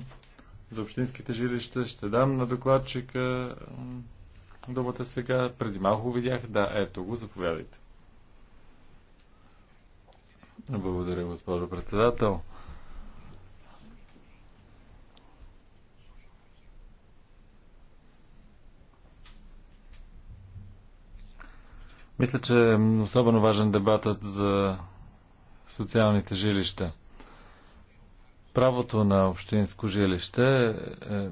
за общинските жилища. Ще дам на докладчика думата сега. Преди малко видях. Да, ето го, заповядайте. Благодаря, госпожо председател. Мисля, че е особено важен дебатът за социалните жилища. Правото на общинско жилище е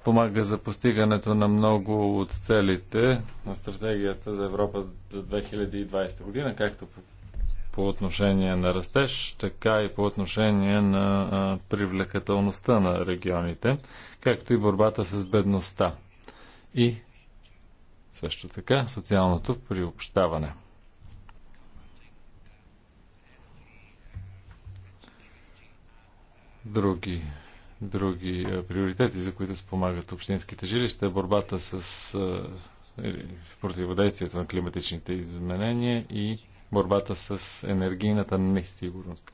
спомага за постигането на много от целите на стратегията за Европа за 2020 година, както по, по отношение на растеж, така и по отношение на а, привлекателността на регионите, както и борбата с бедността и също така социалното приобщаване. Други други приоритети, за които спомагат общинските жилища, борбата с противодействието на климатичните изменения и борбата с енергийната несигурност.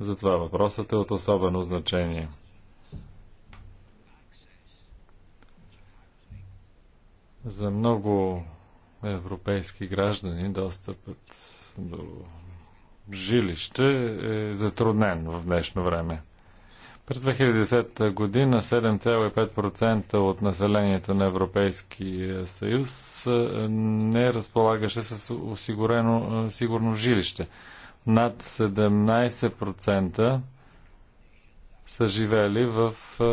Затова въпросът е от особено значение. За много европейски граждани достъпът до жилище е затруднен в днешно време. През 2010 година 7,5% от населението на Европейския съюз е, не разполагаше с осигурено е, сигурно жилище. Над 17% са живели в, е,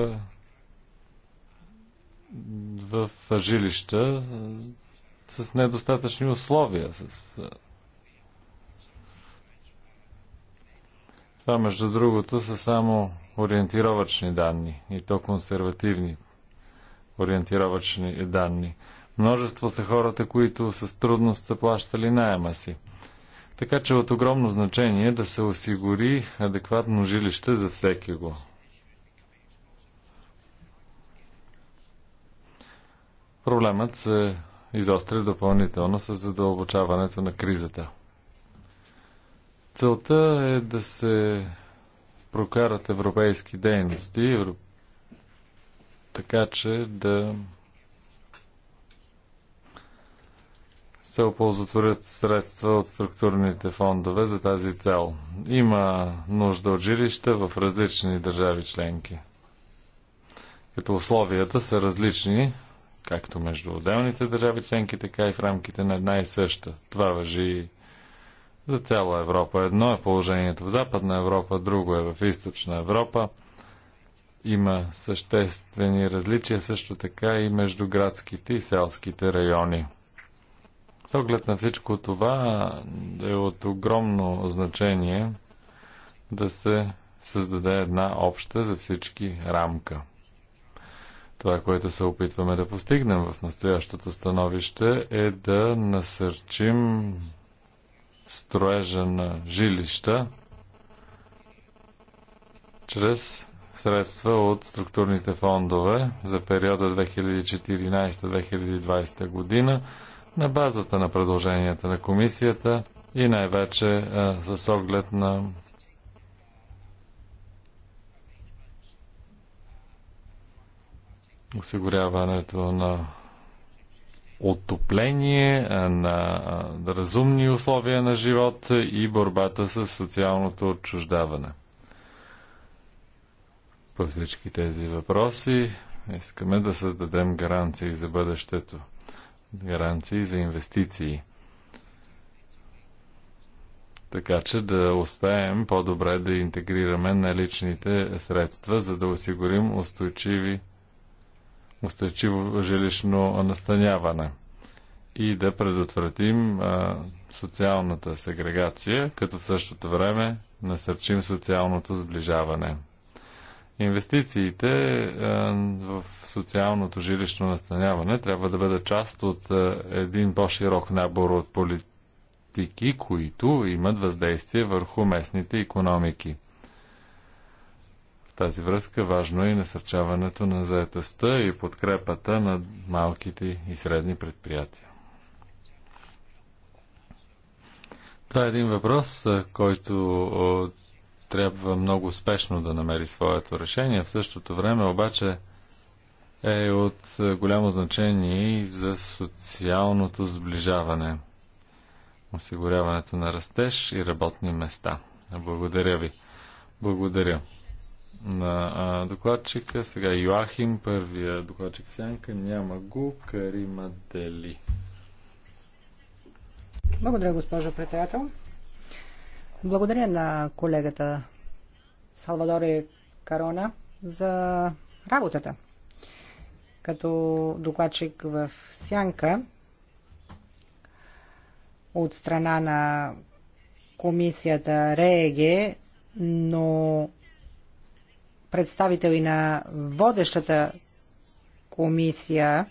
в жилища с недостатъчни условия, с Това, между другото, са само ориентировачни данни и то консервативни ориентировачни данни. Множество са хората, които с трудност са плащали найема си. Така че от огромно значение е да се осигури адекватно жилище за всеки го. Проблемът се изостря допълнително с задълбочаването на кризата. Целта е да се прокарат европейски дейности, така че да се оползотворят средства от структурните фондове за тази цел. Има нужда от жилища в различни държави членки. Като условията са различни, както между отделните държави членки, така и в рамките на една и съща. Това въжи и за цяла Европа. Едно е положението в Западна Европа, друго е в Източна Европа. Има съществени различия също така и между градските и селските райони. С оглед на всичко това е от огромно значение да се създаде една обща за всички рамка. Това, което се опитваме да постигнем в настоящото становище е да насърчим строежа на жилища чрез средства от структурните фондове за периода 2014-2020 година на базата на предложенията на комисията и най-вече с оглед на осигуряването на отопление, на разумни условия на живот и борбата с социалното отчуждаване. По всички тези въпроси искаме да създадем гаранции за бъдещето, гаранции за инвестиции така че да успеем по-добре да интегрираме наличните средства, за да осигурим устойчиви устойчиво жилищно настаняване и да предотвратим а, социалната сегрегация, като в същото време насърчим социалното сближаване. Инвестициите а, в социалното жилищно настаняване трябва да бъдат част от а, един по-широк набор от политики, които имат въздействие върху местните економики. В тази връзка важно е и насърчаването на заетостта и подкрепата на малките и средни предприятия. Това е един въпрос, който трябва много успешно да намери своето решение. В същото време обаче е от голямо значение и за социалното сближаване, осигуряването на растеж и работни места. Благодаря ви. Благодаря на докладчика. Сега Йоахим, първия докладчик Сянка, няма го. Карима Дели. Благодаря, госпожо председател. Благодаря на колегата Салвадори Карона за работата. Като докладчик в Сянка от страна на комисията РЕГЕ, но представител и на водещата комисия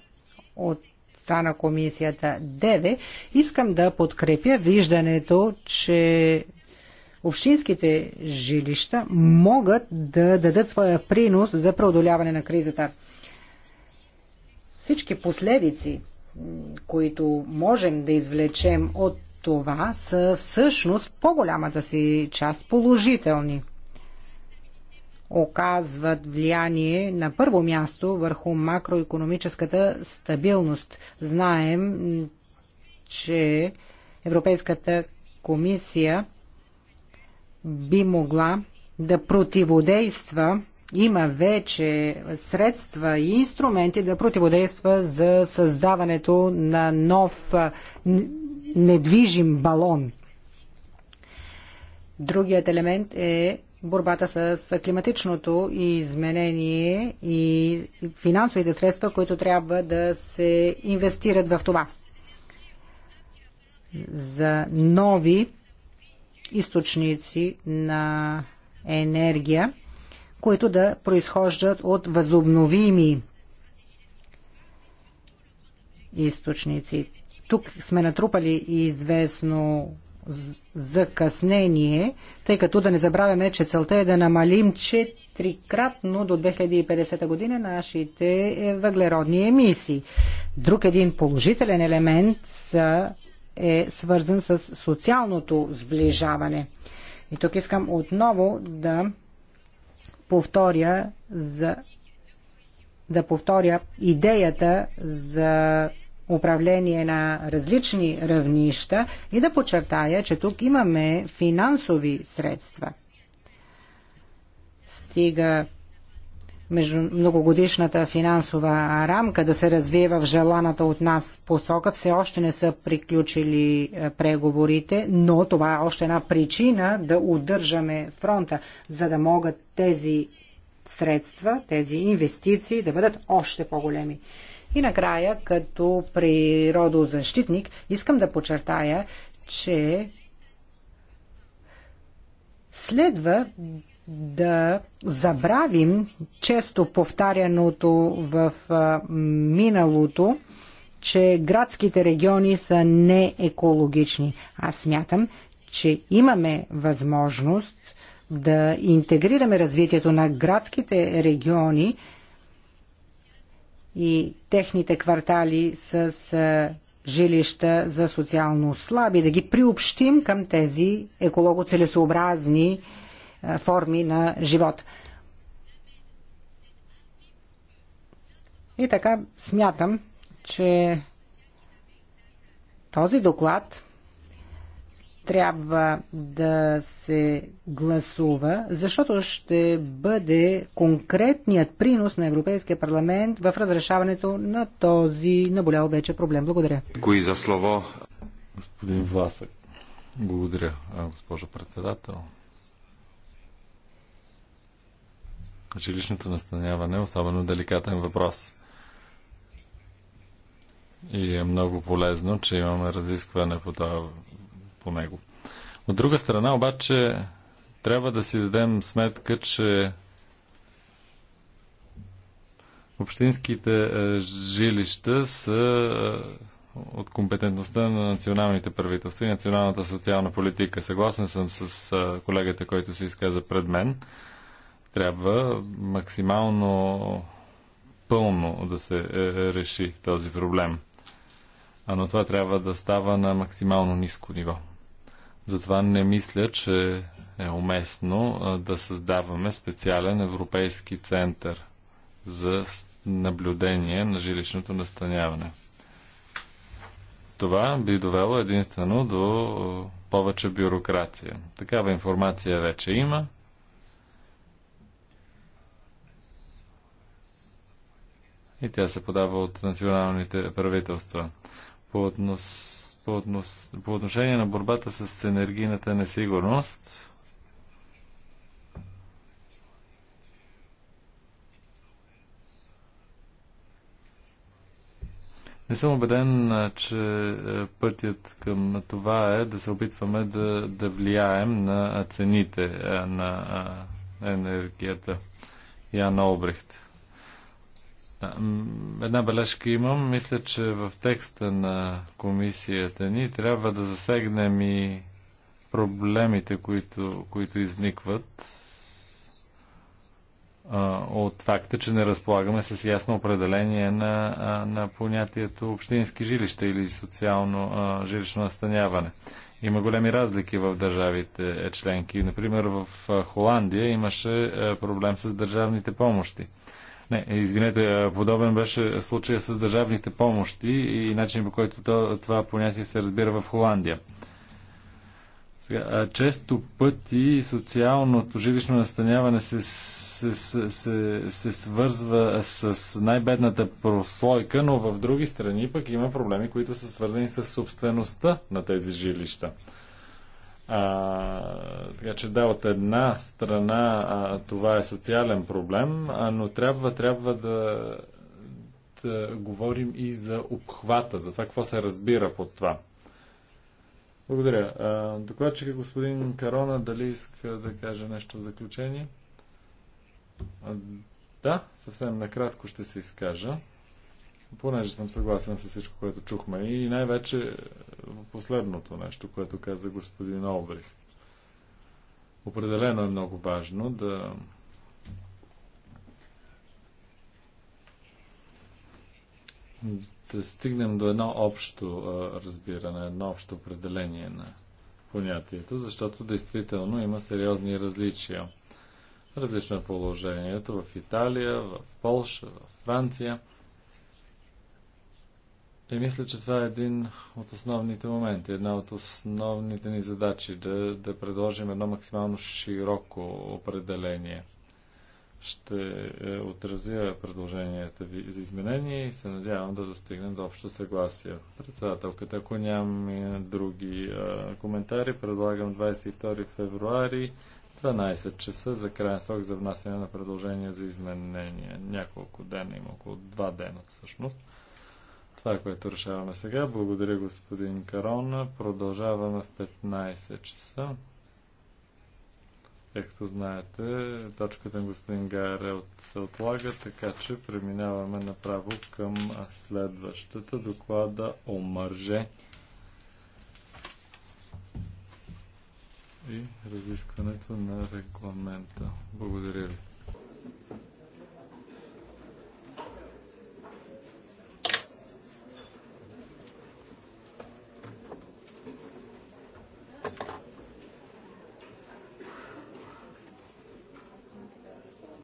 от страна комисията ДЕВЕ, искам да подкрепя виждането, че общинските жилища могат да дадат своя принос за преодоляване на кризата. Всички последици, които можем да извлечем от това, са всъщност по-голямата си част положителни оказват влияние на първо място върху макроекономическата стабилност. Знаем, че Европейската комисия би могла да противодейства има вече средства и инструменти да противодейства за създаването на нов недвижим балон. Другият елемент е борбата с климатичното изменение и финансовите средства, които трябва да се инвестират в това. За нови източници на енергия, които да произхождат от възобновими източници. Тук сме натрупали известно закъснение, тъй като да не забравяме, че целта е да намалим четирикратно до 2050 година нашите е, въглеродни емисии. Друг един положителен елемент е свързан с социалното сближаване. И тук искам отново да повторя за да повторя идеята за управление на различни равнища и да подчертая, че тук имаме финансови средства. Стига между многогодишната финансова рамка да се развие в желаната от нас посока. Все още не са приключили е, преговорите, но това е още една причина да удържаме фронта, за да могат тези средства, тези инвестиции да бъдат още по-големи. И накрая, като природозащитник, искам да подчертая, че следва да забравим често повтаряното в миналото, че градските региони са неекологични. Аз смятам, че имаме възможност да интегрираме развитието на градските региони и техните квартали с жилища за социално слаби, да ги приобщим към тези екологоцелесообразни форми на живот. И така смятам, че този доклад трябва да се гласува, защото ще бъде конкретният принос на Европейския парламент в разрешаването на този наболял вече проблем. Благодаря. Кои за слово? Господин Власък. Благодаря, госпожо председател. Жилищното настаняване е особено деликатен въпрос. И е много полезно, че имаме разискване по това по него. От друга страна обаче трябва да си дадем сметка, че общинските е, жилища са е, от компетентността на националните правителства и националната социална политика. Съгласен съм с е, колегата, който се изказа пред мен. Трябва максимално пълно да се реши този проблем. А но това трябва да става на максимално ниско ниво. Затова не мисля, че е уместно да създаваме специален европейски център за наблюдение на жилищното настаняване. Това би довело единствено до повече бюрокрация. Такава информация вече има. И тя се подава от националните правителства. По относ по, относ... по отношение на борбата с енергийната несигурност. Не съм убеден, че е, пътят към това е да се опитваме да, да влияем на цените на енергията. Яна Обрехт. Една бележка имам. Мисля, че в текста на комисията ни трябва да засегнем и проблемите, които, които изникват а, от факта, че не разполагаме с ясно определение на, а, на понятието общински жилища или социално а, жилищно настаняване. Има големи разлики в държавите е, членки. Например, в Холандия имаше е, проблем с държавните помощи. Не, извинете, подобен беше случая с държавните помощи и начин по който това понятие се разбира в Холандия. Сега, често пъти социалното жилищно настаняване се, се, се, се, се свързва с най-бедната прослойка, но в други страни пък има проблеми, които са свързани с собствеността на тези жилища. А, така че да, от една страна а, това е социален проблем, а, но трябва, трябва да, да говорим и за обхвата, за това какво се разбира под това. Благодаря. Докладчик докладчика е господин Карона, дали иска да каже нещо в заключение? А, да, съвсем накратко ще се изкажа понеже съм съгласен с всичко, което чухме. И най-вече последното нещо, което каза господин Олбрих. Определено е много важно да да стигнем до едно общо разбиране, едно общо определение на понятието, защото действително има сериозни различия. Различно е положението в Италия, в Полша, в Франция – и мисля, че това е един от основните моменти, една от основните ни задачи да, да предложим едно максимално широко определение. Ще е, отразя предложенията ви за изменение и се надявам да достигнем до общо съгласие. Председателката, ако нямам е, други а, е, коментари, предлагам 22 февруари 12 часа за крайен срок за внасяне на предложения за изменения. Няколко дена, има около 2 дена всъщност това, е което решаваме сега. Благодаря, господин Карона. Продължаваме в 15 часа. Както знаете, точката на господин Гайер е се отлага, така че преминаваме направо към следващата доклада о мърже и разискването на регламента. Благодаря ви.